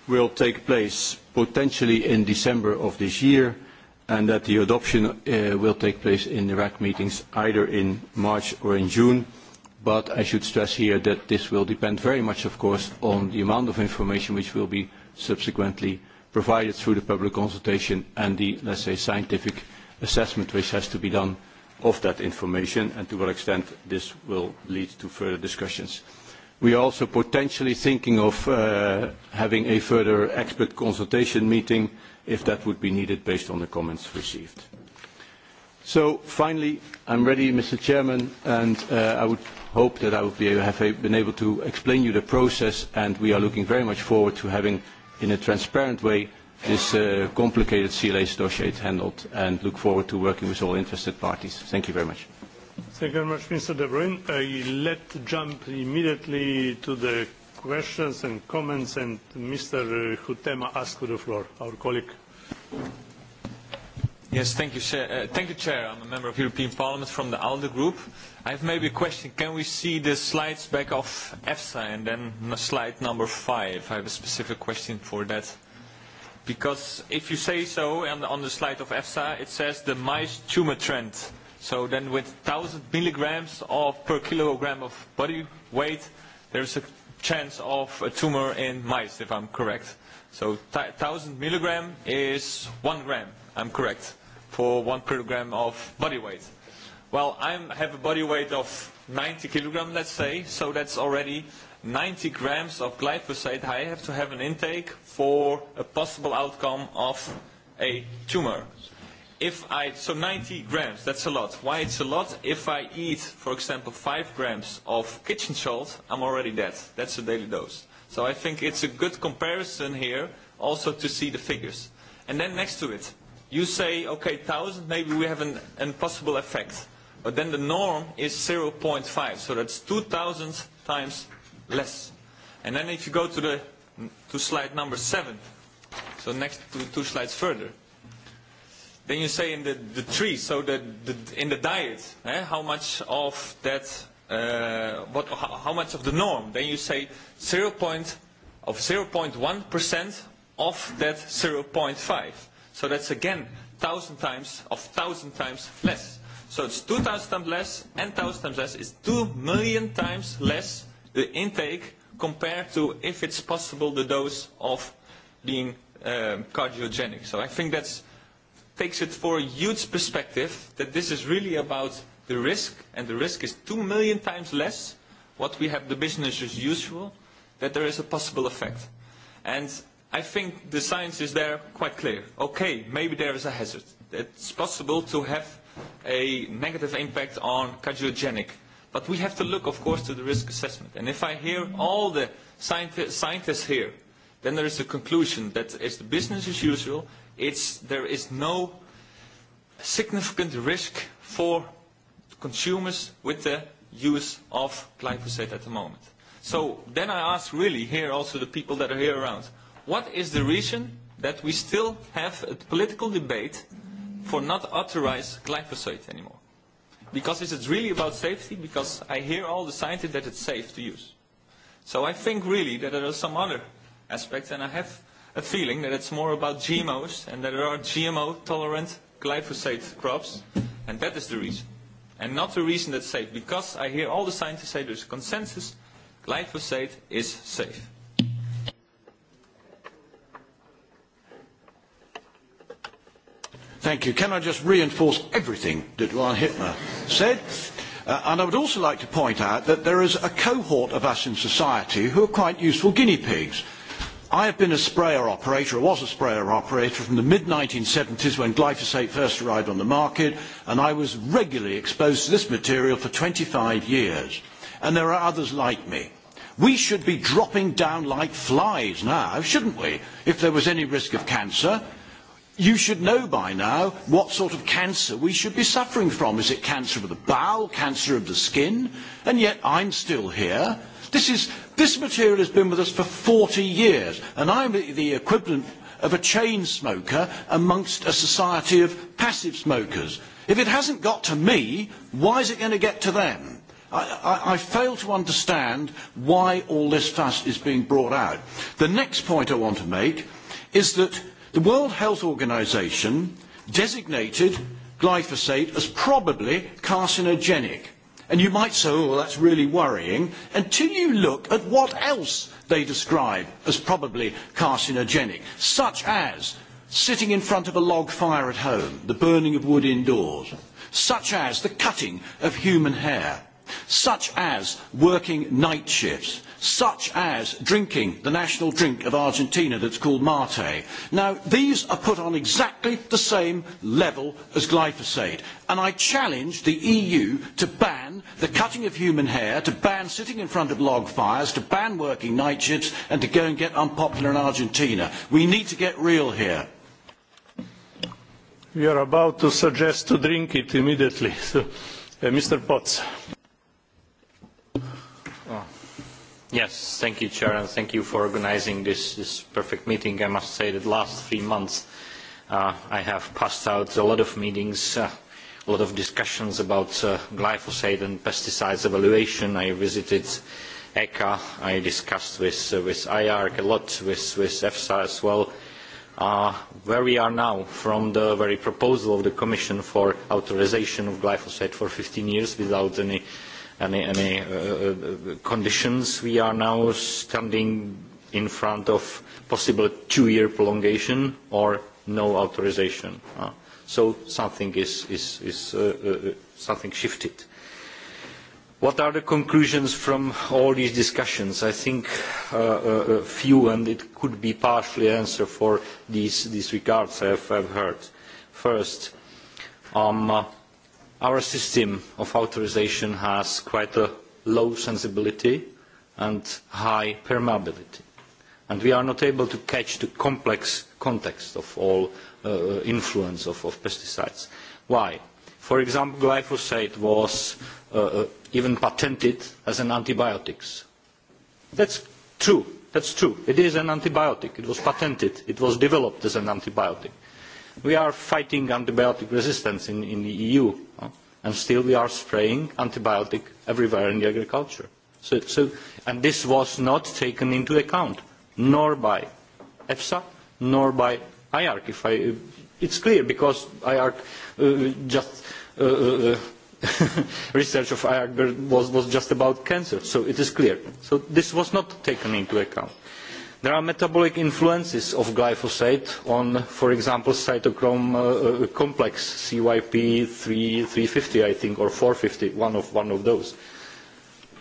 will take place potentially in December of this year, and that the adoption will take place in the RAC meetings either in March or in June. But I should stress here that this will depend very much, of course, on the amount of information which will be subsequently provided through the public consultation and the, let's say, scientific assessment which has to be done of that information and to what extent this will lead to further discussions. We are also potentially thinking of having a further expert consultation meeting if that would be needed based on the comments received. So finally, I'm ready, Mr. Chairman, and I would hope that I would have been able to explain you the process, and we are looking very much forward to having, in a transparent way, this complicated CLA dossier handled, and look forward to working with all interested parties. Thank you very much. Thank you very much, Mr. De Bruyne. Let's jump immediately to the questions and comments, and Mr. Hutema asks for the floor, our colleague. Yes, thank you, Chair. I'm a member of European Parliament from the ALDE Group. I have maybe a question. Can we see the slides back of EFSA and then slide number five? I have a specific question for that. Because if you say so, on the slide of EFSA, it says the mice tumor trend So then with 1,000 milligrams of per kilogram of body weight, there's a chance of a tumor in mice, if I'm correct. So 1,000 milligram is one gram, I'm correct, for one kilogram of body weight. Well, I have a body weight of 90 kilograms, let's say, so that's already 90 grams of glyphosate I have to have an intake for a possible outcome of a tumor if I, so 90 grams, that's a lot. Why it's a lot? If I eat, for example, five grams of kitchen salt, I'm already dead. That's a daily dose. So I think it's a good comparison here also to see the figures. And then next to it, you say, okay, 1,000, maybe we have an impossible effect. But then the norm is 0.5, so that's 2,000 times less. And then if you go to, the, to slide number seven, so next to two slides further, Then you say in the, the tree, so the, the, in the diet, eh, how much of that, uh, what, how much of the norm? Then you say 0. Point of 0.1% of that 0.5. So that's again 1,000 times of 1,000 times less. So it's 2,000 times less and 1,000 times less it's 2 million times less the intake compared to if it's possible the dose of being um, cardiogenic. So I think that's takes it for a huge perspective that this is really about the risk, and the risk is two million times less what we have the business as usual, that there is a possible effect. And I think the science is there quite clear. Okay, maybe there is a hazard. It's possible to have a negative impact on cardiogenic. But we have to look, of course, to the risk assessment. And if I hear all the scientists here, then there is a conclusion that it's the business as usual There is no significant risk for consumers with the use of glyphosate at the moment. So then I ask really here also the people that are here around, what is the reason that we still have a political debate for not authorize glyphosate anymore? Because is it really about safety? Because I hear all the scientists that it's safe to use. So I think really that there are some other aspects, and I have a feeling that it's more about GMOs and that there are GMO-tolerant glyphosate crops, and that is the reason. And not the reason that's safe, because I hear all the scientists say there's a consensus, glyphosate is safe. Thank you. Can I just reinforce everything that Juan Hitler said? And I would also like to point out that there is a cohort of us in society who are quite useful guinea pigs I have been a sprayer operator, was a sprayer operator from the mid-1970s when glyphosate first arrived on the market, and I was regularly exposed to this material for 25 years. And there are others like me. We should be dropping down like flies now, shouldn't we, if there was any risk of cancer? You should know by now what sort of cancer we should be suffering from. Is it cancer of the bowel, cancer of the skin? And yet I'm still here. This is This material has been with us for 40 years, and I'm the equivalent of a chain smoker amongst a society of passive smokers. If it hasn't got to me, why is it going to get to them? I fail to understand why all this fuss is being brought out. The next point I want to make is that the World Health Organization designated glyphosate as probably carcinogenic. And you might say, oh, that's really worrying, until you look at what else they describe as probably carcinogenic, such as sitting in front of a log fire at home, the burning of wood indoors, such as the cutting of human hair, such as working night shifts, such as drinking the national drink of Argentina that's called mate. Now, these are put on exactly the same level as glyphosate, and I challenge the EU to ban the cutting of human hair, to ban sitting in front of log fires, to ban working night shifts, and to go and get unpopular in Argentina. We need to get real here. We are about to suggest to drink it immediately. Mr. Potts. Yes, thank you, Chair, thank you for organising this this perfect meeting. I must say that the last three months I have passed out a lot of meetings, a lot of discussions about glyphosate and pesticides evaluation. I visited ECHA, I discussed with IARC a lot, with EFSA as well. Where we are now, from the very proposal of the Commission for authorisation of glyphosate for 15 years without any any conditions. We are now standing in front of possible two-year prolongation or no authorization. So something is something shifted. What are the conclusions from all these discussions? I think a few, and it could be partially answered for these regards I have heard. First, Our system of authorization has quite a low sensibility and high permeability, and we are not able to catch the complex context of all influence of pesticides. Why? For example, glyphosate was even patented as an antibiotic. That's true. That's true. It is an antibiotic. It was patented. It was developed as an antibiotic. We are fighting antibiotic resistance in the EU, and still we are spraying antibiotic everywhere in the agriculture. And this was not taken into account, nor by EFSA, nor by IARC. It's clear because IARC just research of IARC was just about cancer, so it is clear. So this was not taken into account. There are metabolic influences of glyphosate on, for example, cytochrome complex CYP 350, I think, or 450, one of those.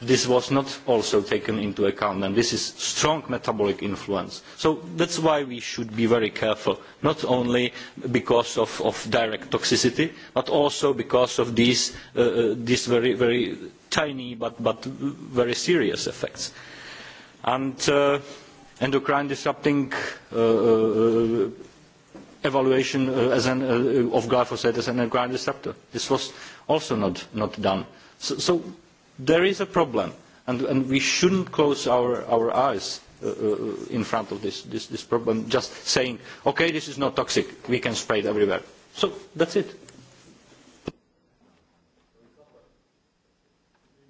This was not also taken into account, and this is strong metabolic influence. So that's why we should be very careful, not only because of direct toxicity, but also because of these very, very tiny but very serious effects. And endocrine disrupting evaluation of glyphosate as an endocrine disruptor. This was also not done. So there is a problem, and we shouldn't close our eyes in front of this problem, just saying, okay, this is not toxic, we can spray it everywhere. So that's it.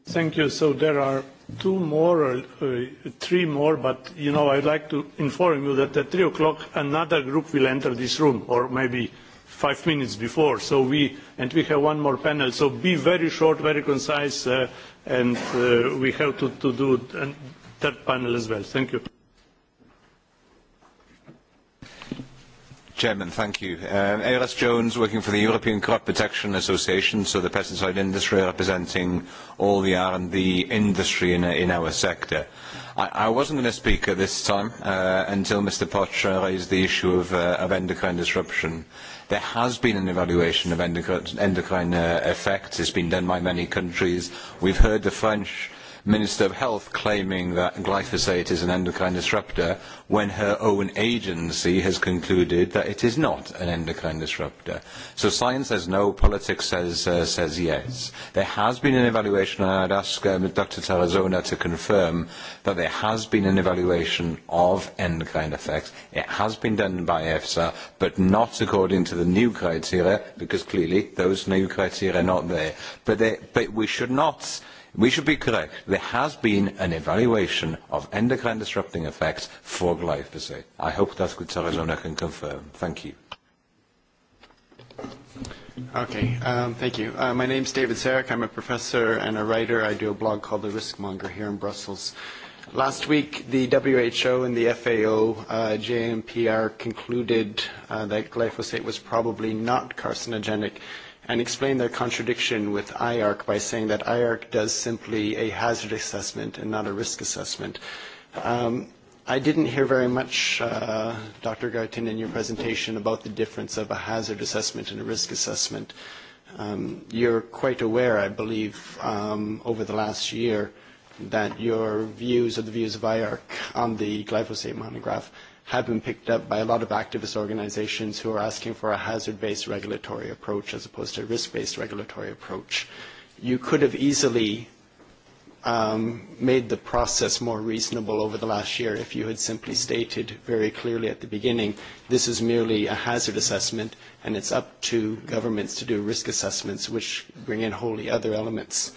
Thank you. So there are two more or three more, but you know I'd like to inform you that at three o'clock another group will enter this room, or maybe five minutes before. So we and we have one more panel. So be very short, very concise, and we have to do that panel as well. Thank you. Chairman, thank you. Jones, working for the European Crop Protection Association, so the pesticide industry representing all the R&D industry in our sector. I was not going to speak at this time until Mr. Pocher raised the issue of endocrine disruption. There has been an evaluation of endocrine effects. has been done by many countries. We've heard the French Minister of Health claiming that glyphosate is an endocrine disruptor when her own agency has concluded that it is not an endocrine disruptor. So science says no, politics says yes. There has been an evaluation, and I'd ask Dr. Tarazona to confirm that there has been an evaluation of endocrine effects. It has been done by EFSA, but not according to the new criteria, because clearly those new criteria are not there. But we should not We should be correct. There has been an evaluation of endocrine disrupting effects for glyphosate. I hope that Gutierrez can confirm. Thank you. Okay, thank you. My name is David Sarek. I'm a professor and a writer. I do a blog called The Riskmonger here in Brussels. Last week, the WHO and the FAO JMPR concluded that glyphosate was probably not carcinogenic and explain their contradiction with IARC by saying that IARC does simply a hazard assessment and not a risk assessment. I didn't hear very much, Dr. Gartin, in your presentation about the difference of a hazard assessment and a risk assessment. You're quite aware, I believe, over the last year that your views or the views of IARC on the glyphosate monograph have been picked up by a lot of activist organizations who are asking for a hazard-based regulatory approach as opposed to a risk-based regulatory approach. You could have easily made the process more reasonable over the last year if you had simply stated very clearly at the beginning, this is merely a hazard assessment and it's up to governments to do risk assessments which bring in wholly other elements.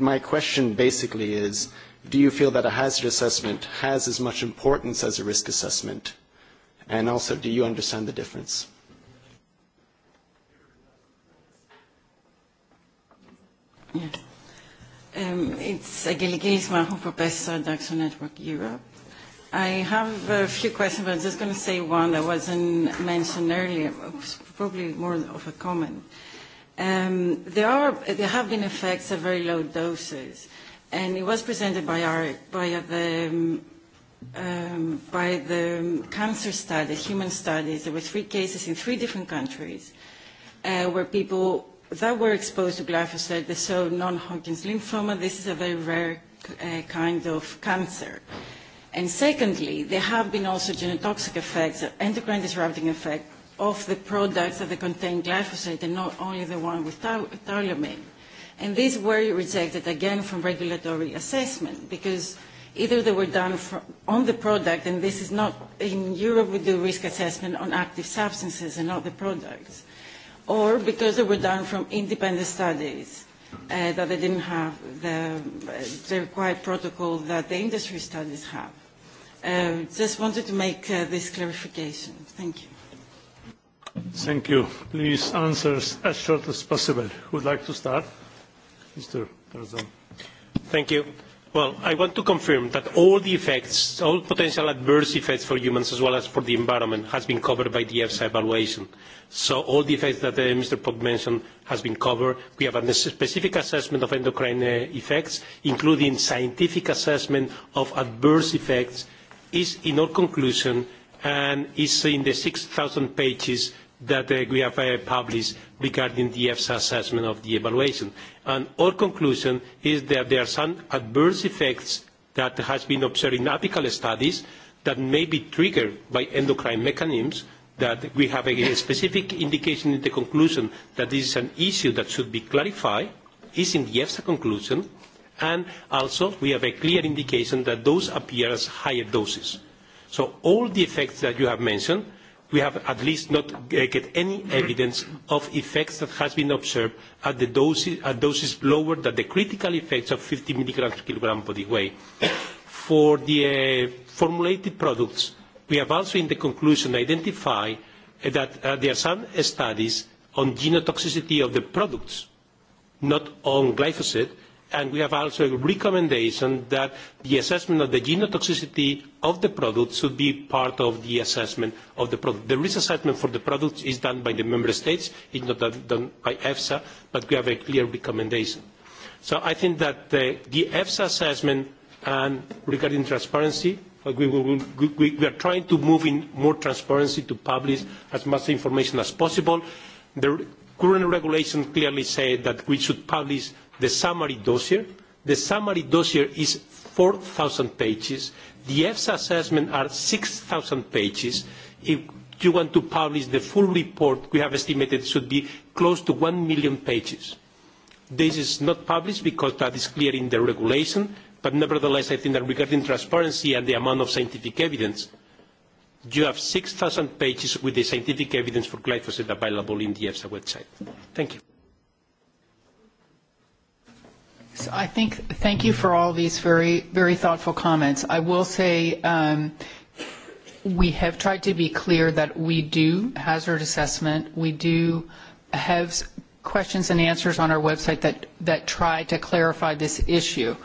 My question basically is, do you feel that a hazard assessment has as much importance as a risk assessment? And also, do you understand the difference? It's Angeliki who Professor at Network Europe. I have a few questions, but I'm just going to say one that wasn't mentioned earlier. Probably more of a comment. There have been effects at very low doses and it was presented by our by the by the cancer studies, human studies. There were three cases in three different countries where people that were exposed to glyphosate, they saw non-Hodgkin's lymphoma. This is a very rare kind of cancer. And secondly, there have been also genotoxic effects, endocrine disrupting effects of the products that contain glyphosate and not only the one with taulamine and these were rejected again from regulatory assessment because either they were done on the product, and this is not in Europe we do risk assessment on active substances and not the products, or because they were done from independent studies that they didn't have the required protocol that the industry studies have. Just wanted to make this clarification. Thank you. Thank you. Please answer as short as possible. Who would like to start? Mr. President, Thank you. Well, I want to confirm that all the effects, all potential adverse effects for humans as well as for the environment has been covered by the EFSA evaluation. So all the effects that Mr. Pog mentioned has been covered. We have a specific assessment of endocrine effects, including scientific assessment of adverse effects, is in our conclusion and is in the 6,000 pages that we have published regarding the EFSA assessment of the evaluation. And our conclusion is that there are some adverse effects that has been observed in apical studies that may be triggered by endocrine mechanisms, that we have a specific indication in the conclusion that this is an issue that should be clarified, is in the EFSA conclusion, and also we have a clear indication that those appear as higher doses. So all the effects that you have mentioned we have at least not get any evidence of effects that has been observed at doses lower than the critical effects of 50 milligrams per kilogram body weight. For the formulated products, we have also in the conclusion identified that there are some studies on genotoxicity of the products, not on glyphosate, and we have also a recommendation that the assessment of the genotoxicity of the product should be part of the assessment of the product. The risk assessment for the product is done by the member states, it's not done by EFSA, but we have a clear recommendation. So I think that the EFSA assessment and regarding transparency, we are trying to move in more transparency to publish as much information as possible. The current regulation clearly says that we should publish the summary dossier. The summary dossier is 4,000 pages. The EFSA assessment are 6,000 pages. If you want to publish the full report, we have estimated it should be close to 1 million pages. This is not published because that is clear in the regulation, but nevertheless I think that regarding transparency and the amount of scientific evidence, you have 6,000 pages with the scientific evidence for glyphosate available in the EFSA website. Thank you. I think thank you for all these very very thoughtful comments. I will say we have tried to be clear that we do hazard assessment. We do have questions and answers on our website that that try to clarify this issue.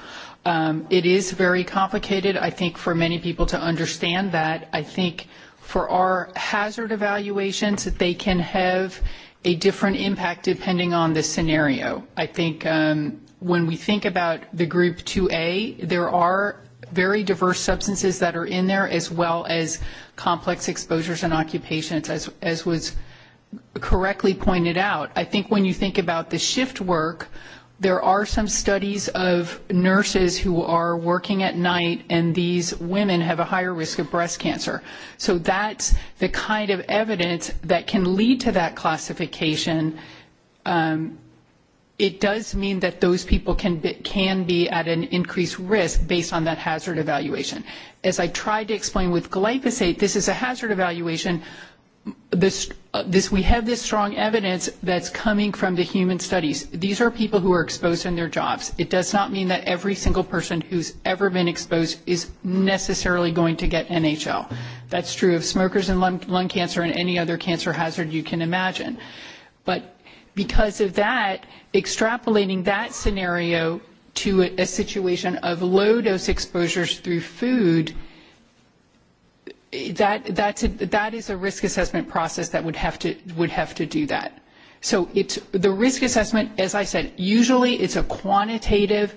It is very complicated, I think, for many people to understand that. I think for our hazard evaluations, they can have a different impact depending on the scenario. I think when we think about the group 2A, there are very diverse substances that are in there, as well as complex exposures and occupations, as was correctly pointed out. I think when you think about the shift work, there are some studies of nurses who are working at night, and these women have a higher risk of breast cancer. So that's the kind of evidence that can lead to that classification it does mean that those people can be at an increased risk based on that hazard evaluation. As I tried to explain with glyphosate, this is a hazard evaluation. We have this strong evidence that's coming from the human studies. These are people who are exposed in their jobs. It does not mean that every single person who's ever been exposed is necessarily going to get NHL. That's true of smokers and lung cancer and any other cancer hazard you can imagine. But because of that, extrapolating that scenario to a situation of low dose exposures through food, that is a risk assessment process that would have to do that. So the risk assessment, as I said, usually it's a quantitative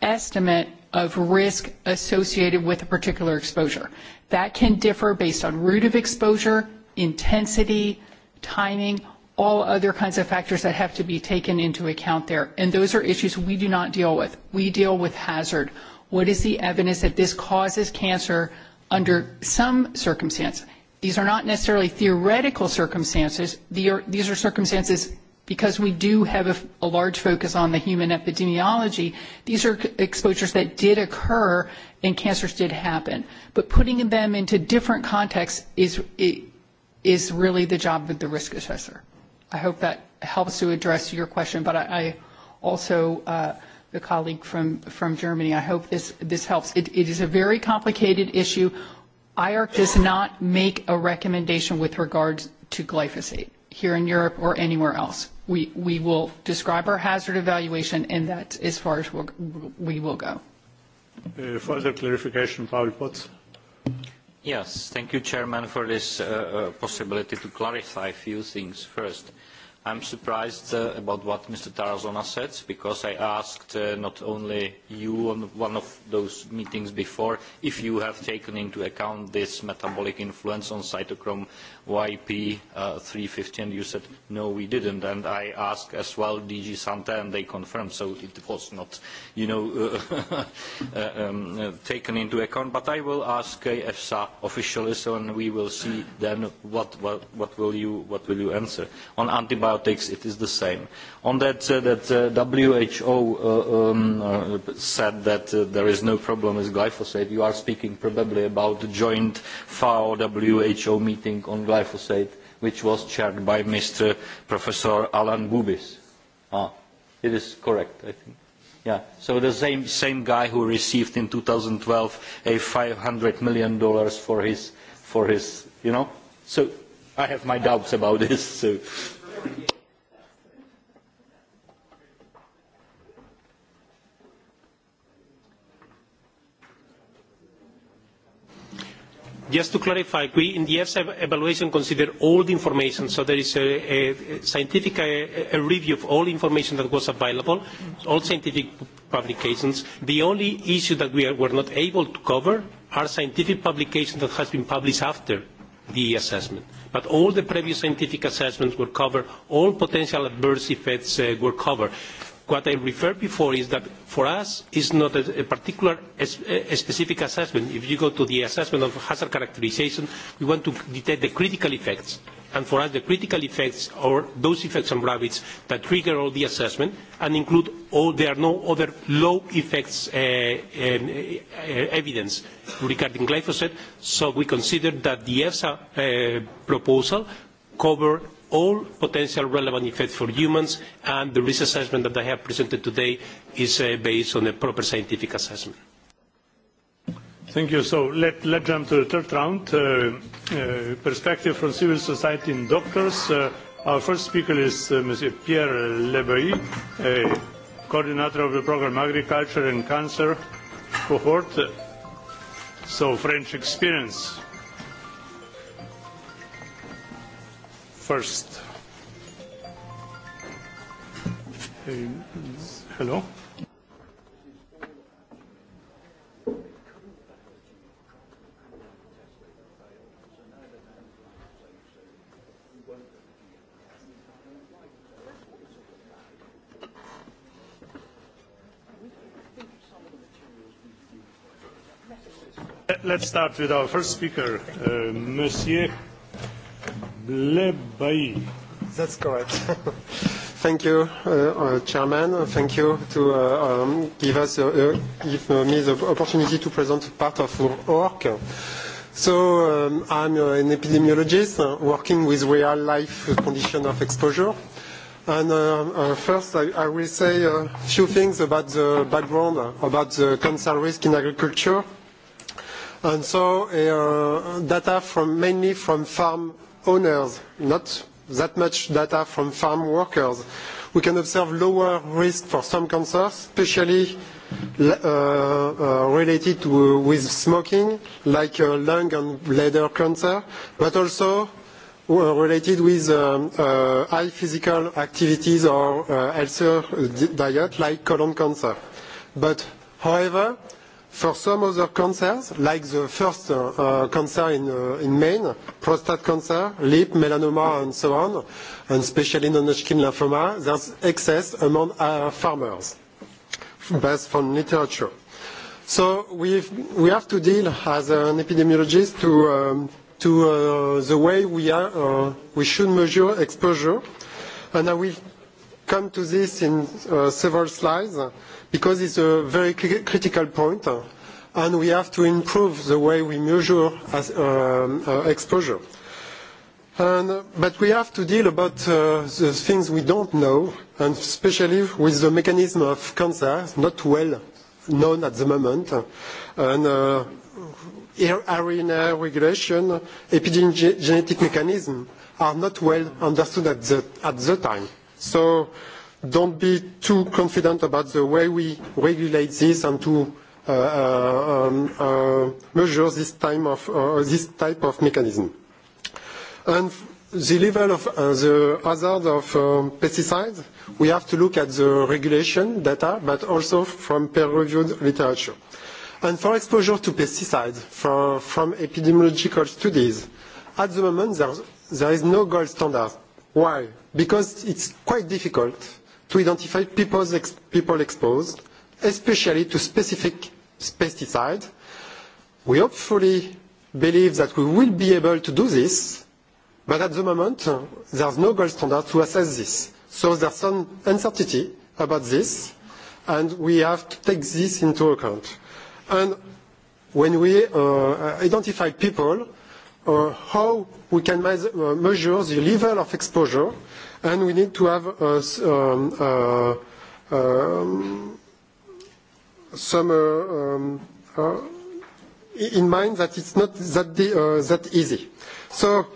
estimate of risk associated with a particular exposure. That can differ based on route of exposure, intensity, timing all other kinds of factors that have to be taken into account there. And those are issues we do not deal with. We deal with hazard. What is the evidence that this causes cancer under some circumstance? These are not necessarily theoretical circumstances. These are circumstances because we do have a large focus on the human epidemiology. These are exposures that did occur and cancers did happen. But putting them into different contexts is really the job of the risk assessor. I hope that helps to address your question, but I also, the colleague from Germany, I hope this helps. It is a very complicated issue. IARC does not make a recommendation with regards to glyphosate here in Europe or anywhere else. We will describe our hazard evaluation, and that's as far as we will go. Further clarification, Paul Potts. Yes, thank you, Chairman, for this possibility to clarify a few things. First, I'm surprised about what Mr. Tarazona said, because I asked not only you on one of those meetings before if you have taken into account this metabolic influence on cytochrome YP 350, and you said, no, we didn't. And I asked as well DG Santa, and they confirmed, so it was not, you know, taken into account. But I will ask EFSA officially, and we will see then what will you answer. On antibiotics, it is the same. On that, WHO said that there is no problem with glyphosate. You are speaking probably about the joint FAO-WHO meeting on glyphosate, which was chaired by Mr. Professor Alan Bubis. Ah, it is correct, I think. Yeah, so the same same guy who received in 2012 a 500 million dollars for his for his, you know. So I have my doubts about this. Just to clarify, we in the EFSA evaluation consider all the information, so there is a scientific review of all information that was available, all scientific publications. The only issue that we were not able to cover are scientific publications that has been published after the assessment. But all the previous scientific assessments were covered, all potential adverse effects were covered. What I referred before is that for us is not a particular specific assessment. If you go to the assessment of hazard characterization, we want to detect the critical effects. And for us, the critical effects are those effects on rabbits that trigger all the assessment and include all there are no other low effects evidence regarding glyphosate. So we consider that the EFSA proposal cover all potential relevant effects for humans, and the risk assessment that I have presented today is based on a proper scientific assessment. Thank you. So let's jump to the third round. Perspective from civil society and doctors. Our first speaker is Mr. Pierre Lebeuil, coordinator of the program Agriculture and Cancer Cohort. So French experience. First. Hello. Let's start with our first speaker, Monsieur That's correct. Thank you, Chairman. Thank you to give us give me the opportunity to present part of our work. So I'm an epidemiologist working with real life conditions of exposure. And first, I will say a few things about the background about the cancer risk in agriculture. And so data from mainly from farm owners, not that much data from farm workers. We can observe lower risk for some cancers, especially related with smoking, like lung and bladder cancer, but also related with high physical activities or healthier diet, like colon cancer. But, however, For some other cancers, like the first cancer in Maine, prostate cancer, lip, melanoma, and so on, and especially non-Hodgkin lymphoma, there's excess among farmers, based on literature. So we have to deal as an epidemiologist to the way we should measure exposure, and I will come to this in several slides because it's a very critical point, and we have to improve the way we measure exposure. But we have to deal about the things we don't know, and especially with the mechanism of cancer, not well known at the moment, and RNA regulation, epigenetic mechanism are not well understood at the time. So don't be too confident about the way we regulate this and to measure this type of mechanism. And the level of the hazard of pesticides, we have to look at the regulation data, but also from peer-reviewed literature. And for exposure to pesticides from epidemiological studies, at the moment there is no gold standard. Why? Because it's quite difficult to identify people people exposed, especially to specific pesticides. We hopefully believe that we will be able to do this, but at the moment there is no gold standard to assess this. So there is some uncertainty about this, and we have to take this into account. And when we identify people, how we can measure the level of exposure and we need to have some in mind that it's not that easy. So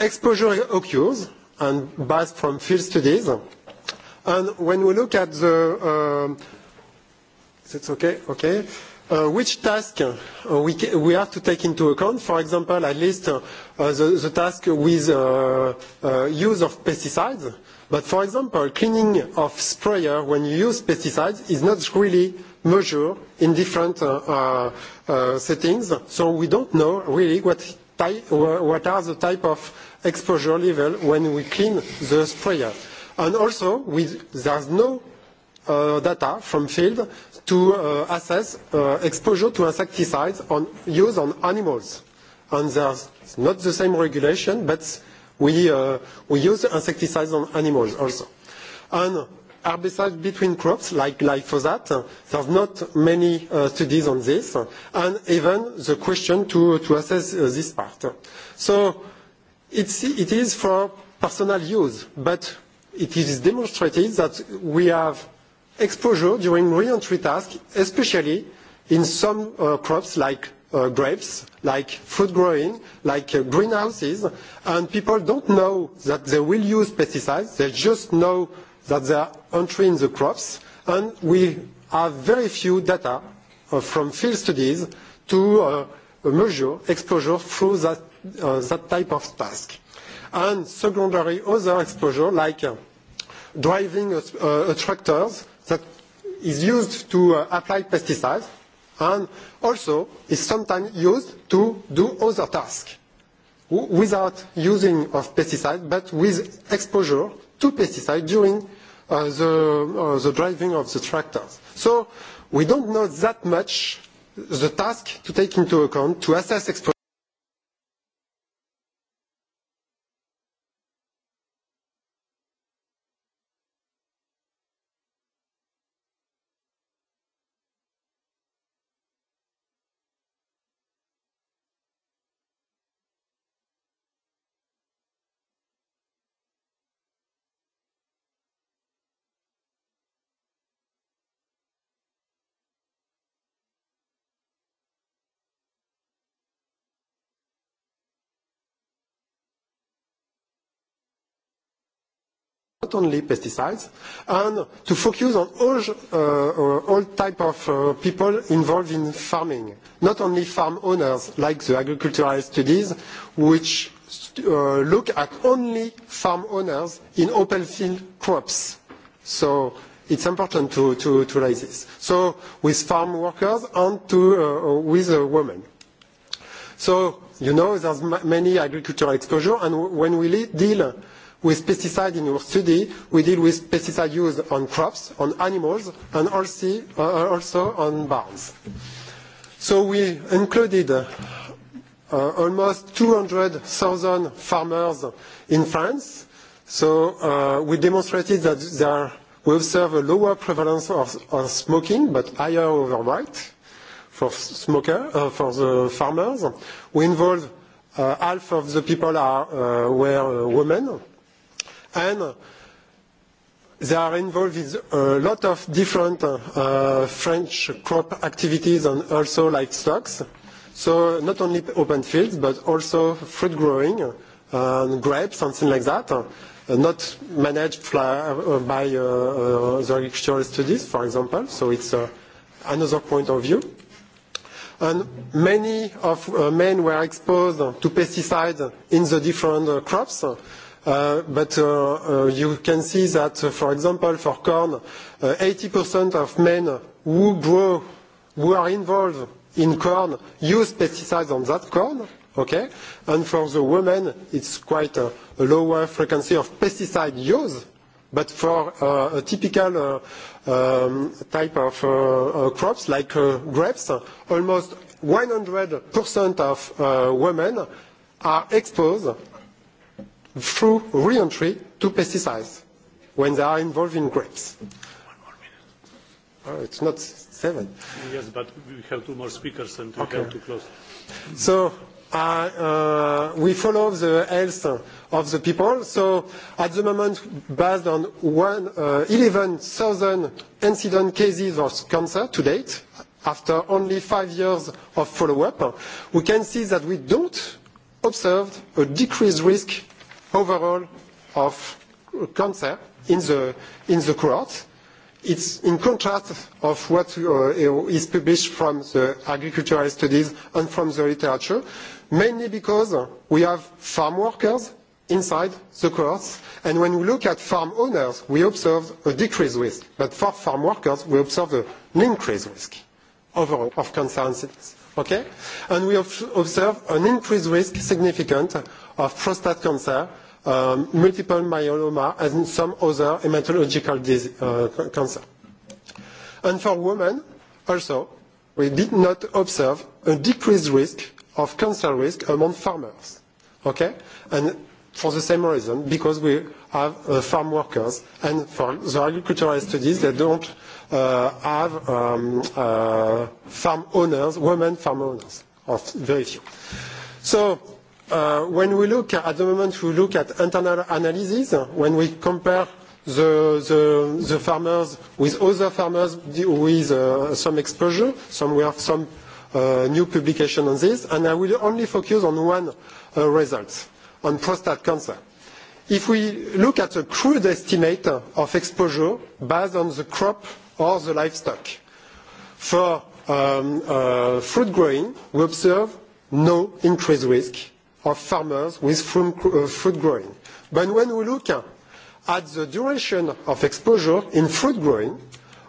exposure occurs and based from field studies. And when we look at the, it okay, okay. Which task we have to take into account? For example, at least the task with use of pesticides. But for example, cleaning of sprayer when you use pesticides is not really measured in different settings. So we don't know really what what are the type of exposure level when we clean the sprayer. And also, there's no data from field to assess exposure to insecticides on use on animals. And there's not the same regulation, but we use insecticides on animals also. And herbicides between crops, like glyphosate, there's not many studies on this, and even the question to assess this part. So it is for personal use, but it is demonstrated that we have exposure during re-entry tasks, especially in some crops like grapes, like food growing, like greenhouses, and people don't know that they will use pesticides. They just know that they are entering the crops, and we have very few data from field studies to measure exposure through that type of task. And secondary other exposure, like driving tractors that is used to apply pesticides and also is sometimes used to do other tasks without using of pesticides but with exposure to pesticides during the driving of the tractors. So we don't know that much the task to take into account to assess exposure. only pesticides, and to focus on all type of people involved in farming, not only farm owners, like the agricultural studies, which look at only farm owners in open field crops. So it's important to to raise this. So with farm workers and with women. So you know there's many agricultural exposure, and when we deal With pesticides in your study, we deal with pesticide use on crops, on animals, and also on barns. So we included almost 200,000 farmers in France. So we demonstrated that there we observe a lower prevalence of smoking, but higher overweight for the farmers. We involve half of the people were women and they are involved in a lot of different French crop activities and also livestock. So not only open fields, but also fruit growing, grapes, something like that, not managed by the agricultural studies, for example. So it's another point of view. And many of men were exposed to pesticides in the different crops. But you can see that, for example, for corn, 80% of men who grow, who are involved in corn, use pesticides on that corn. Okay, and for the women, it's quite a lower frequency of pesticide use. But for a typical type of crops like grapes, almost 100% of women are exposed through re-entry to pesticides when they are involved in grapes. It's not seven. Yes, but we have two more speakers and we have to close. So we follow the health of the people. So at the moment, based on 11,000 incident cases of cancer to date, after only five years of follow-up, we can see that we don't observe a decreased risk overall of cancer in the cohort. It's in contrast of what is published from the agricultural studies and from the literature, mainly because we have farm workers inside the courts and when we look at farm owners, we observe a decreased risk, but for farm workers, we observe an increased risk overall of cancer incidence. Okay? And we observe an increased risk significant of prostate cancer multiple myeloma and some other hematological cancer. And for women, also, we did not observe a decreased risk of cancer risk among farmers. Okay? And for the same reason, because we have farm workers, and for the agricultural studies, they don't have farm owners, women farm owners, of very few. So When we look at the moment, we look at internal analysis. When we compare the farmers with other farmers with some exposure, some we have some new publication on this, and I will only focus on one result, on prostate cancer. If we look at a crude estimate of exposure based on the crop or the livestock, for fruit growing, we observe no increased risk of farmers with fruit growing. But when we look at the duration of exposure in fruit growing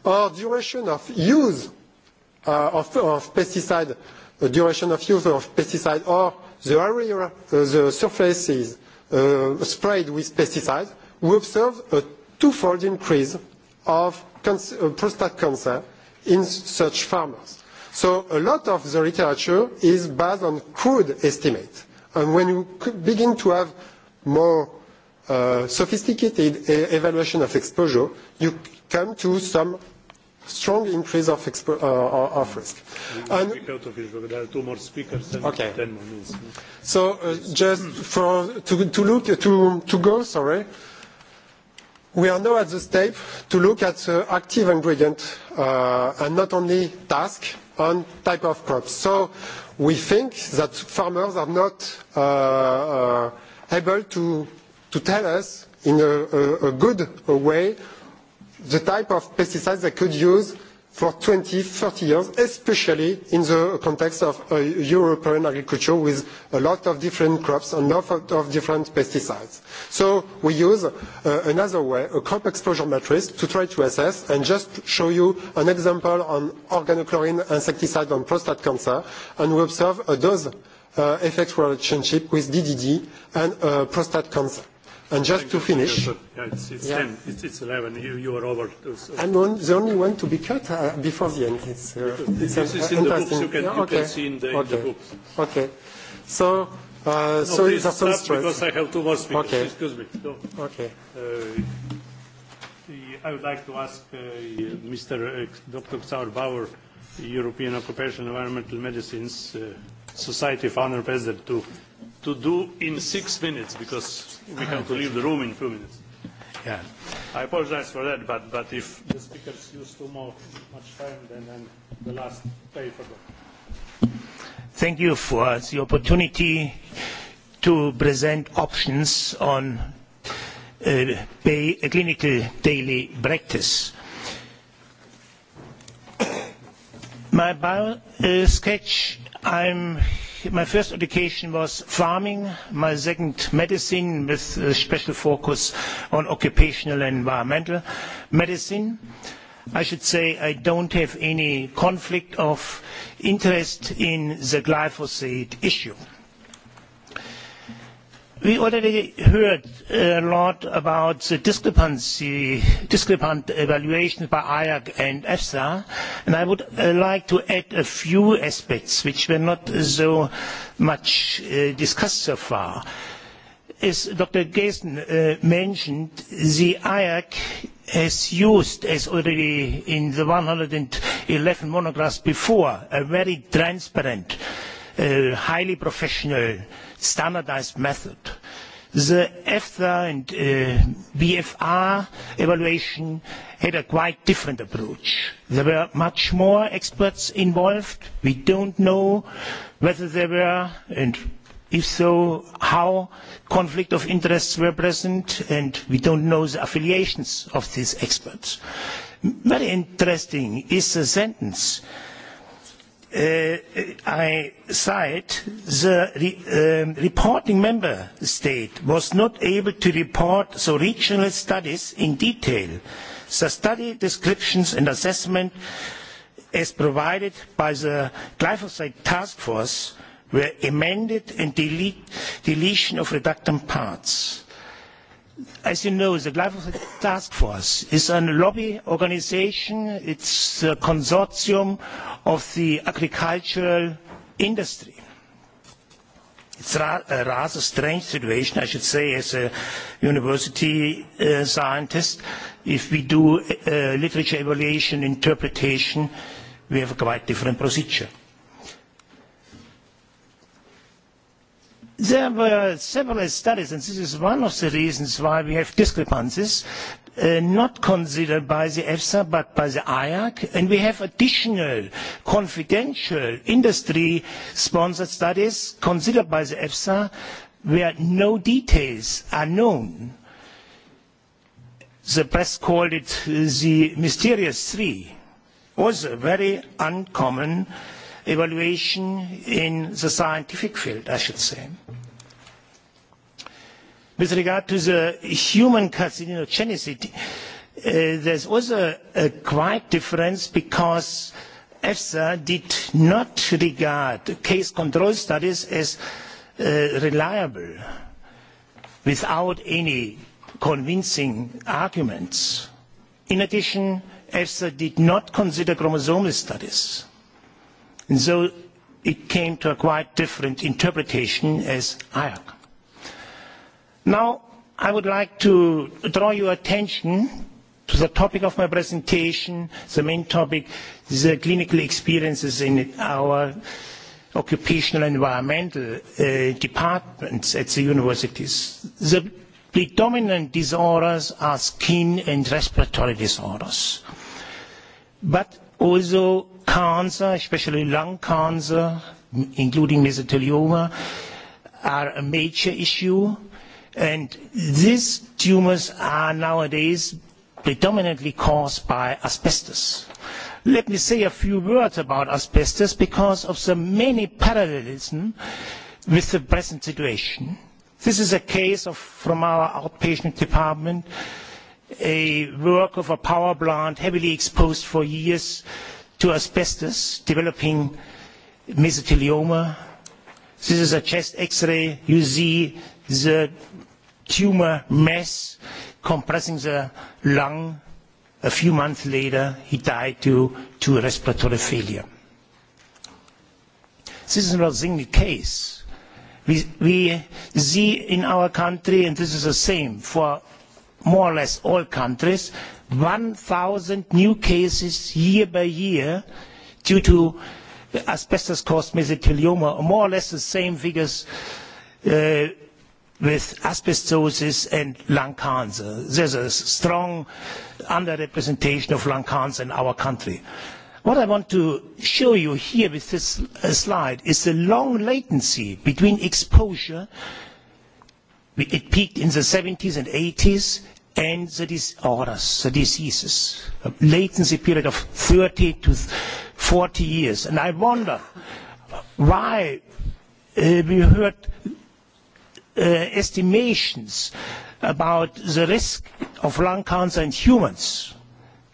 or duration of use of pesticide, the duration of use of pesticide or the area, the surfaces sprayed with pesticides, we observe a twofold increase of prostate cancer in such farmers. So a lot of the literature is based on crude estimates. And when you begin to have more sophisticated evaluation of exposure, you come to some strong increase of of risk. So just for to look to to go, sorry, we are now at the step to look at active ingredient and not only task on type of crops. So we think that farmers are not able to tell us in a good way the type of pesticides they could use for 20, 30 years, especially in the context of European agriculture with a lot of different crops and a lot of different pesticides. So we use another way, a crop exposure matrix, to try to assess and just show you an example on organochlorine insecticide on prostate cancer, and we observe a dose effect relationship with DDD and prostate cancer. And just to finish, it's 11. You are over. I'm the only one to be cut before the end. It's books. You can see in the books. Okay. So, sorry, it's some stress. Because I have two more speakers. Excuse me. Okay. I would like to ask Mr. Dr. Xaver Bauer, European Occupational Environmental Medicines Society founder president, to to do in six minutes because we have to leave the room in two minutes. Yeah. I apologize for that, but, but if the speakers use too much time, then, then the last pay for that. Thank you for the opportunity to present options on pay clinical daily practice. My bio sketch, I'm my first education was farming, my second medicine with a special focus on occupational and environmental medicine. I should say I don't have any conflict of interest in the glyphosate issue We already heard a lot about the discrepancy, discrepant evaluation by IAC and EFSA, and I would like to add a few aspects which were not so much discussed so far. As Dr. Gessen mentioned, the IAC has used, as already in the 111 monographs before, a very transparent A highly professional standardised method. The EFTA and BFR evaluation had a quite different approach. There were much more experts involved. We don't know whether there were, and if so, how conflict of interests were present, and we don't know the affiliations of these experts. Very interesting is the sentence I cite the reporting member state was not able to report the regional studies in detail. The study descriptions and assessment as provided by the glyphosate task force were amended and deletion of reductant parts. As you know, the Glyphosate Task Force is a lobby organisation. It's a consortium of the agricultural industry. It's a rather strange situation, I should say, as a university scientist. If we do literature evaluation interpretation, we have a quite different procedure. There were several studies, and this is one of the reasons why we have discrepancies, not considered by the EFSA but by the IAC, and we have additional confidential industry-sponsored studies considered by the EFSA where no details are known. The press called it the mysterious three. Was a very uncommon evaluation in the scientific field, I should say. With regard to the human carcinogenicity, there's also a quite difference because EFSA did not regard case control studies as reliable without any convincing arguments. In addition, EFSA did not consider chromosomal studies. And so it came to a quite different interpretation as IAC. Now, I would like to draw your attention to the topic of my presentation, the main topic, the clinical experiences in our occupational environmental departments at the universities. The predominant disorders are skin and respiratory disorders, but also cancer, especially lung cancer, including mesothelioma, are a major issue And these tumors are nowadays predominantly caused by asbestos. Let me say a few words about asbestos because of the many parallelism with the present situation. This is a case from our outpatient department, a work of a power plant heavily exposed for years to asbestos, developing mesothelioma. This is a chest X-ray. You see the tumor mass compressing the lung. A few months later, he died due to respiratory failure. This is not a single case. We see in our country, and this is the same for more or less all countries, 1,000 new cases year by year due to asbestos-caused mesothelioma, more or less the same figures with asbestosis and lung cancer. There's a strong underrepresentation of lung cancer in our country. What I want to show you here with this slide is the long latency between exposure, it peaked in the 70s and 80s, and the disorders, the diseases. A latency period of 30 to 40 years. And I wonder why we heard estimations about the risk of lung cancer in humans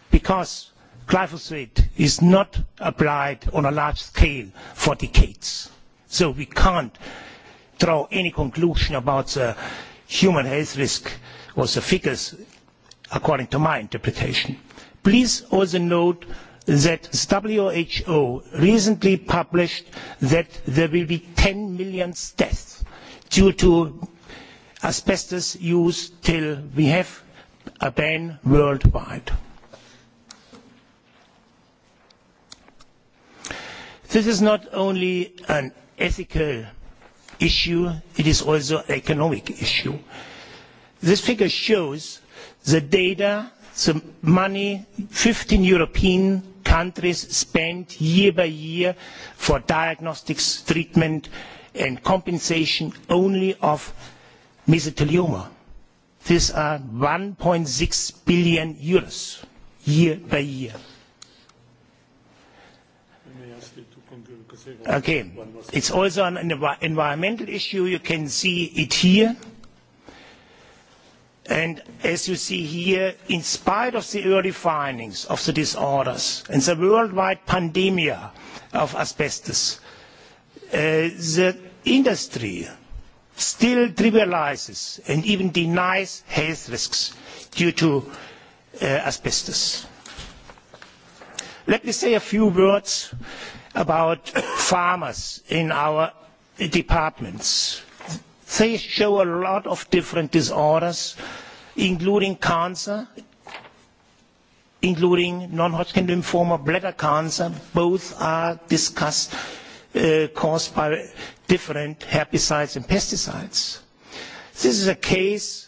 because glyphosate is not applied on a large scale for decades. So we can't draw any conclusion about the human health risk or the figures according to my interpretation. Please also note that WHO recently published that there will be 10 million deaths due to asbestos use till we have a ban worldwide. This is not only an ethical issue, it is also an economic issue. This figure shows the data, the money 15 European countries spend year by year for diagnostics treatment and compensation only of mesothelioma. These are 1.6 billion euros year by year. Okay, it's also an environmental issue. You can see it here. And as you see here, in spite of the early findings of the disorders and the worldwide pandemia of asbestos, the industry still trivializes and even denies health risks due to asbestos. Let me say a few words about farmers in our departments. They show a lot of different disorders, including cancer, including non-Hodgkin lymphoma, bladder cancer. Both are discussed caused by different herbicides and pesticides. This is a case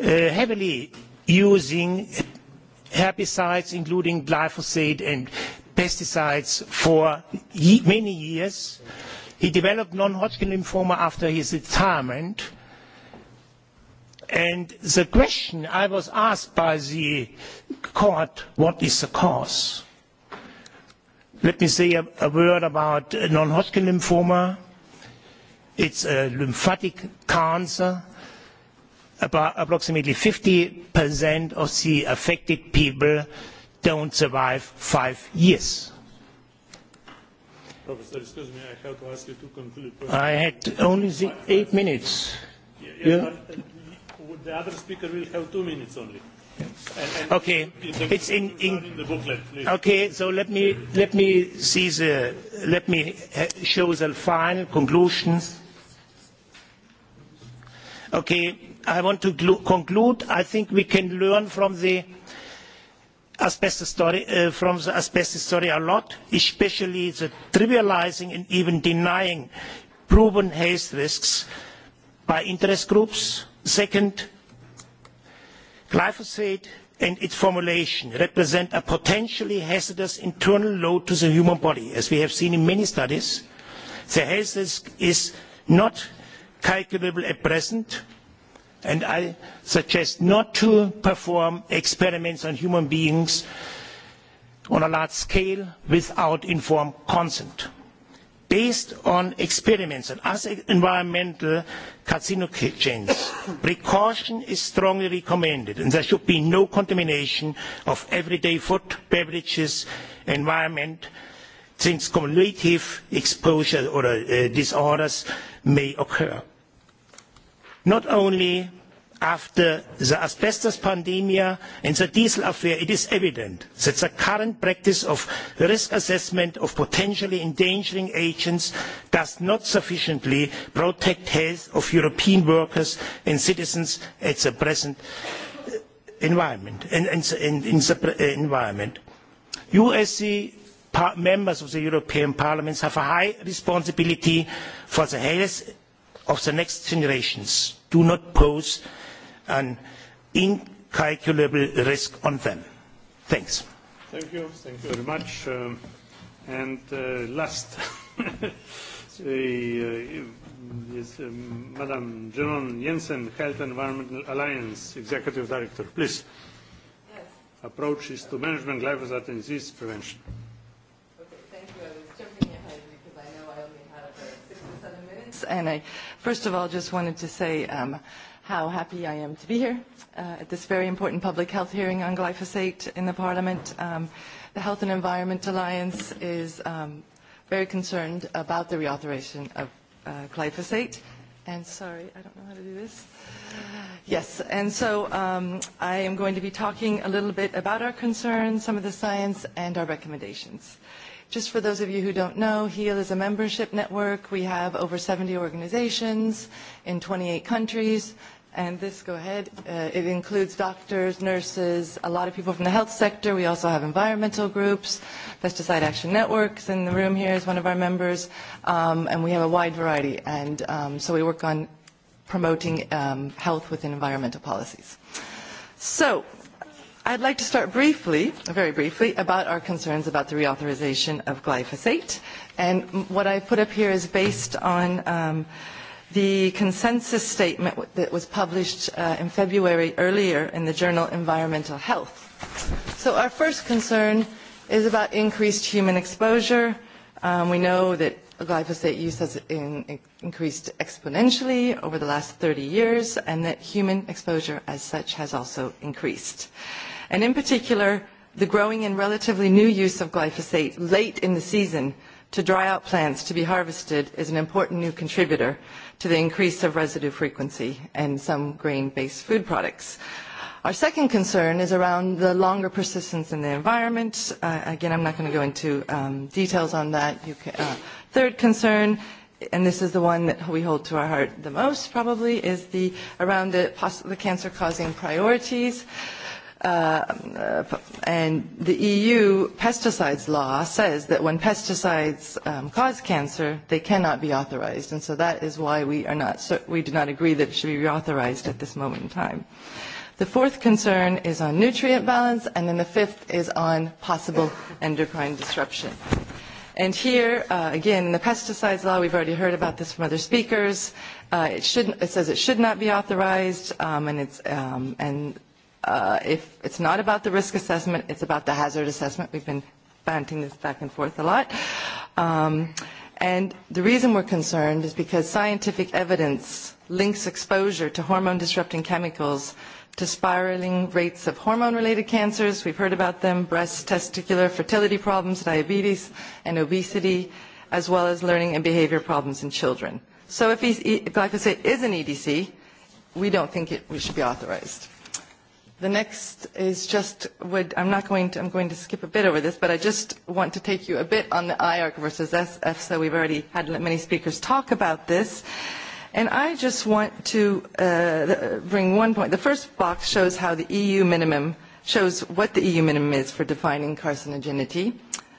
heavily using herbicides including glyphosate and pesticides for many years. He developed non-Hodgkin lymphoma after his retirement. And the question I was asked by the court, what is the cause? Let me say a word about non-Hodgkin lymphoma. It's a lymphatic cancer. Approximately 50% of the affected people don't survive five years. Professor, excuse me, I have to ask you to conclude. I had only eight minutes. The other speaker will have two minutes only. Okay, it's in, the booklet. Okay, so let me let me see the let me show the final conclusions. Okay, I want to conclude. I think we can learn from the asbestos story from the asbestos story a lot, especially the trivializing and even denying proven health risks by interest groups. Second Glyphosate and its formulation represent a potentially hazardous internal load to the human body. As we have seen in many studies, the health risk is not calculable at present, and I suggest not to perform experiments on human beings on a large scale without informed consent based on experiments and other environmental carcinogens. Precaution is strongly recommended and there should be no contamination of everyday food, beverages, environment, since cumulative exposure or disorders may occur. Not only after the asbestos pandemic and the diesel affair, it is evident that the current practice of risk assessment of potentially endangering agents does not sufficiently protect the health of European workers and citizens at the present environment. You members of the European Parliament have a high responsibility for the health of the next generations. Do not pose an incalculable risk on them. Thanks. Thank you. Thank you very much. And last, Madam Jeroen Jensen, Health Environmental Alliance Executive Director. Please. Approach is to management glyphosate and disease prevention. And I, first of all, just wanted to say how happy I am to be here at this very important public health hearing on glyphosate in the Parliament. The Health and Environment Alliance is very concerned about the reauthorization of glyphosate. And sorry, I don't know how to do this. Yes, and so I am going to be talking a little bit about our concerns, some of the science, and our recommendations. Just for those of you who don't know, HEAL is a membership network. We have over 70 organizations in 28 countries, And this, go ahead, it includes doctors, nurses, a lot of people from the health sector. We also have environmental groups. Pesticide Action Networks in the room here is one of our members. And we have a wide variety. And so we work on promoting health within environmental policies. So I'd like to start briefly, very briefly, about our concerns about the reauthorization of glyphosate. And what I've put up here is based on The consensus statement that was published in February earlier in the journal Environmental Health. So our first concern is about increased human exposure. We know that glyphosate use has increased exponentially over the last 30 years and that human exposure as such has also increased. And in particular, the growing and relatively new use of glyphosate late in the season to dry out plants to be harvested is an important new contributor to the increase of residue frequency in some grain-based food products. Our second concern is around the longer persistence in the environment. Again, I'm not going to go into details on that. Third concern, and this is the one that we hold to our heart the most probably, is around the cancer-causing priorities and the EU pesticides law says that when pesticides cause cancer, they cannot be authorized, and so that is why we are not we do not agree that it should be reauthorized at this moment in time. The fourth concern is on nutrient balance, and then the fifth is on possible endocrine disruption. And here, again, in the pesticides law, we've already heard about this from other speakers. It says it should not be authorized, and if it's not about the risk assessment, it's about the hazard assessment. We've been banting this back and forth a lot. And the reason we're concerned is because scientific evidence links exposure to hormone-disrupting chemicals to spiraling rates of hormone-related cancers. We've heard about them, breast, testicular, fertility problems, diabetes, and obesity, as well as learning and behavior problems in children. So if glyphosate is an EDC, we don't think it should be authorized. The next is just, I'm not going to, I'm going to skip a bit over this, but I just want to take you a bit on the IARC versus SF, so we've already had many speakers talk about this. And I just want to bring one point. The first box shows how the EU minimum, shows what the EU minimum is for defining carcinogenity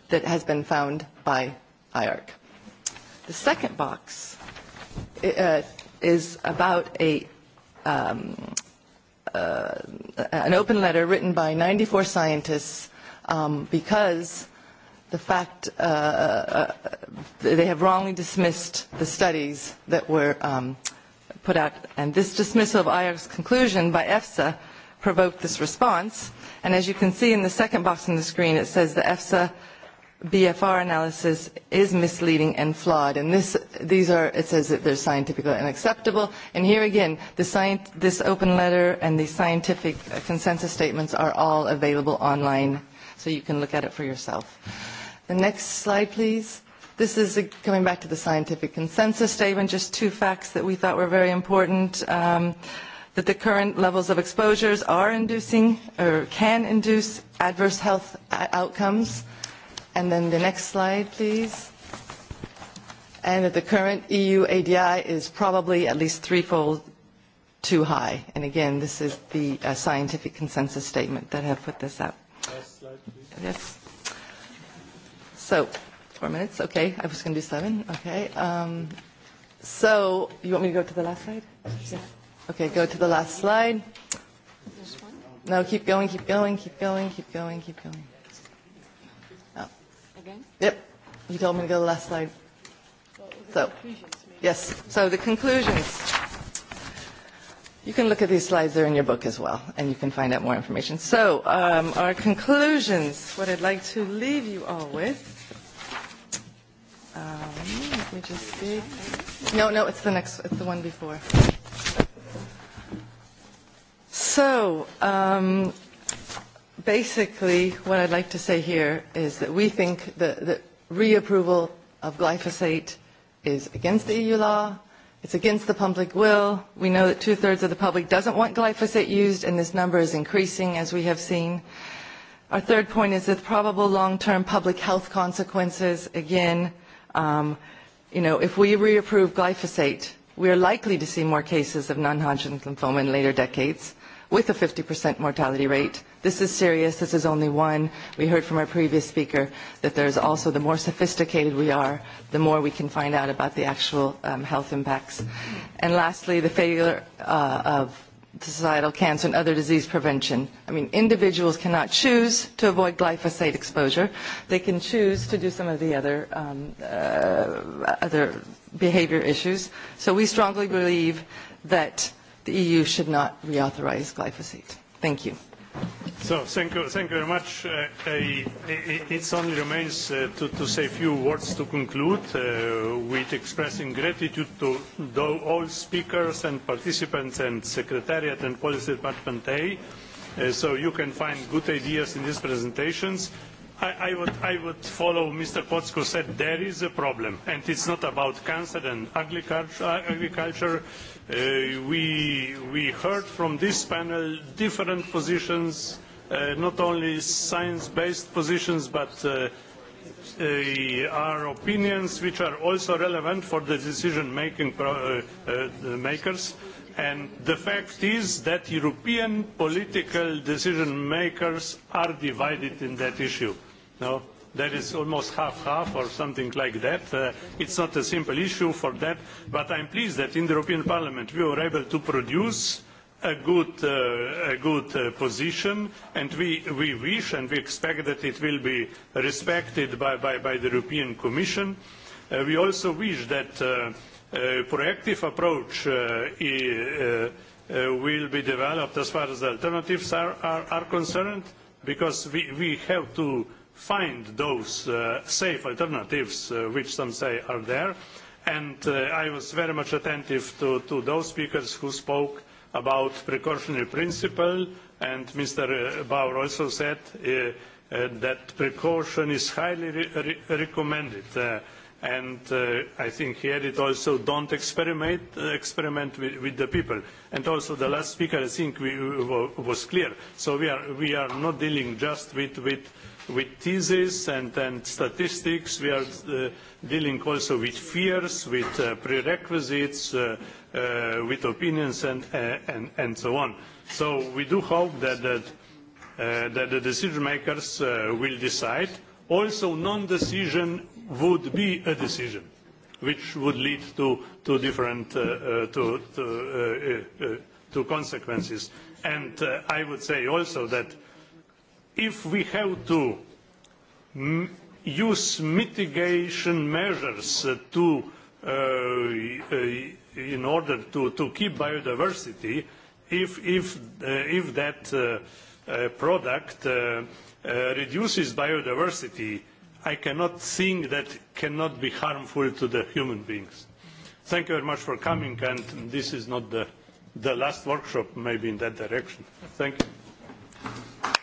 that has been found by IARC. The second box is about a an open letter written by 94 scientists because the fact they have wrongly dismissed the studies that were put out. And this dismissal of IARC's conclusion by EFSA provoked this response. And as you can see in the second box on the screen, it says the EFSA BFR analysis is misleading and flawed, and this, these are, it says that they're scientifically unacceptable. And here again, this open letter and the scientific consensus statements are all available online, so you can look at it for yourself. The next slide, please. This is coming back to the scientific consensus statement, just two facts that we thought were very important that the current levels of exposures are inducing or can induce adverse health outcomes And then the next slide, please. And that the current EU ADI is probably at least threefold too high. And again, this is the scientific consensus statement that have put this out. Yes. So, four minutes. Okay, I was going to do seven. Okay. so, you want me to go to the last slide? Okay, go to the last slide. No, keep going, keep going, keep going, keep going, keep going. Yep. You told me to go to the last slide. So, yes. So the conclusions. You can look at these slides. They're in your book as well, and you can find out more information. So um, our conclusions, what I'd like to leave you all with. Um, let me just see. No, no, it's the next, it's the one before. So, um, basically, what I'd like to say here is that we think that the reapproval of glyphosate is against the EU law. It's against the public will. We know that two-thirds of the public doesn't want glyphosate used, and this number is increasing, as we have seen. Our third point is the probable long-term public health consequences. Again, you know, if we reapprove glyphosate, we are likely to see more cases of non-Hodgkin lymphoma in later decades with a 50% mortality rate. This is serious. This is only one. We heard from our previous speaker that there's also the more sophisticated we are, the more we can find out about the actual health impacts. And lastly, the failure of societal cancer and other disease prevention. I mean, individuals cannot choose to avoid glyphosate exposure. They can choose to do some of the other other behavior issues. So we strongly believe that the EU should not reauthorize glyphosate. Thank you. So thank you, very much. It only remains to say a few words to conclude, with expressing gratitude to all speakers and participants and Secretariat and Policy Department A. So you can find good ideas in these presentations. I would follow Mr. Potsko said there is a problem and it's not about cancer and agriculture. We heard from this panel different positions, not only science-based positions, but our opinions which are also relevant for the decision-making makers. And the fact is that European political decision makers are divided in that issue No, that is almost half-half or something like that. It's not a simple issue for that, but I'm pleased that in the European Parliament we were able to produce a good position, and we wish and we expect that it will be respected by the European Commission. We also wish that a proactive approach will be developed as far as alternatives are concerned, because we have to find those safe alternatives which some say are there and i was very much attentive to those speakers who spoke about precautionary principle and mr bauer also said that precaution is highly recommended and i think he added also don't experiment experiment with the people and also the last speaker i think was clear so we are not dealing just with with theses and statistics. We are dealing also with fears, with prerequisites, with opinions and so on. So we do hope that the decision makers will decide. Also, non-decision would be a decision, which would lead to different to consequences. And I would say also that if we have to use mitigation measures to in order to to keep biodiversity if if if that product reduces biodiversity i cannot think that cannot be harmful to the human beings thank you very much for coming and this is not the the last workshop maybe in that direction thank you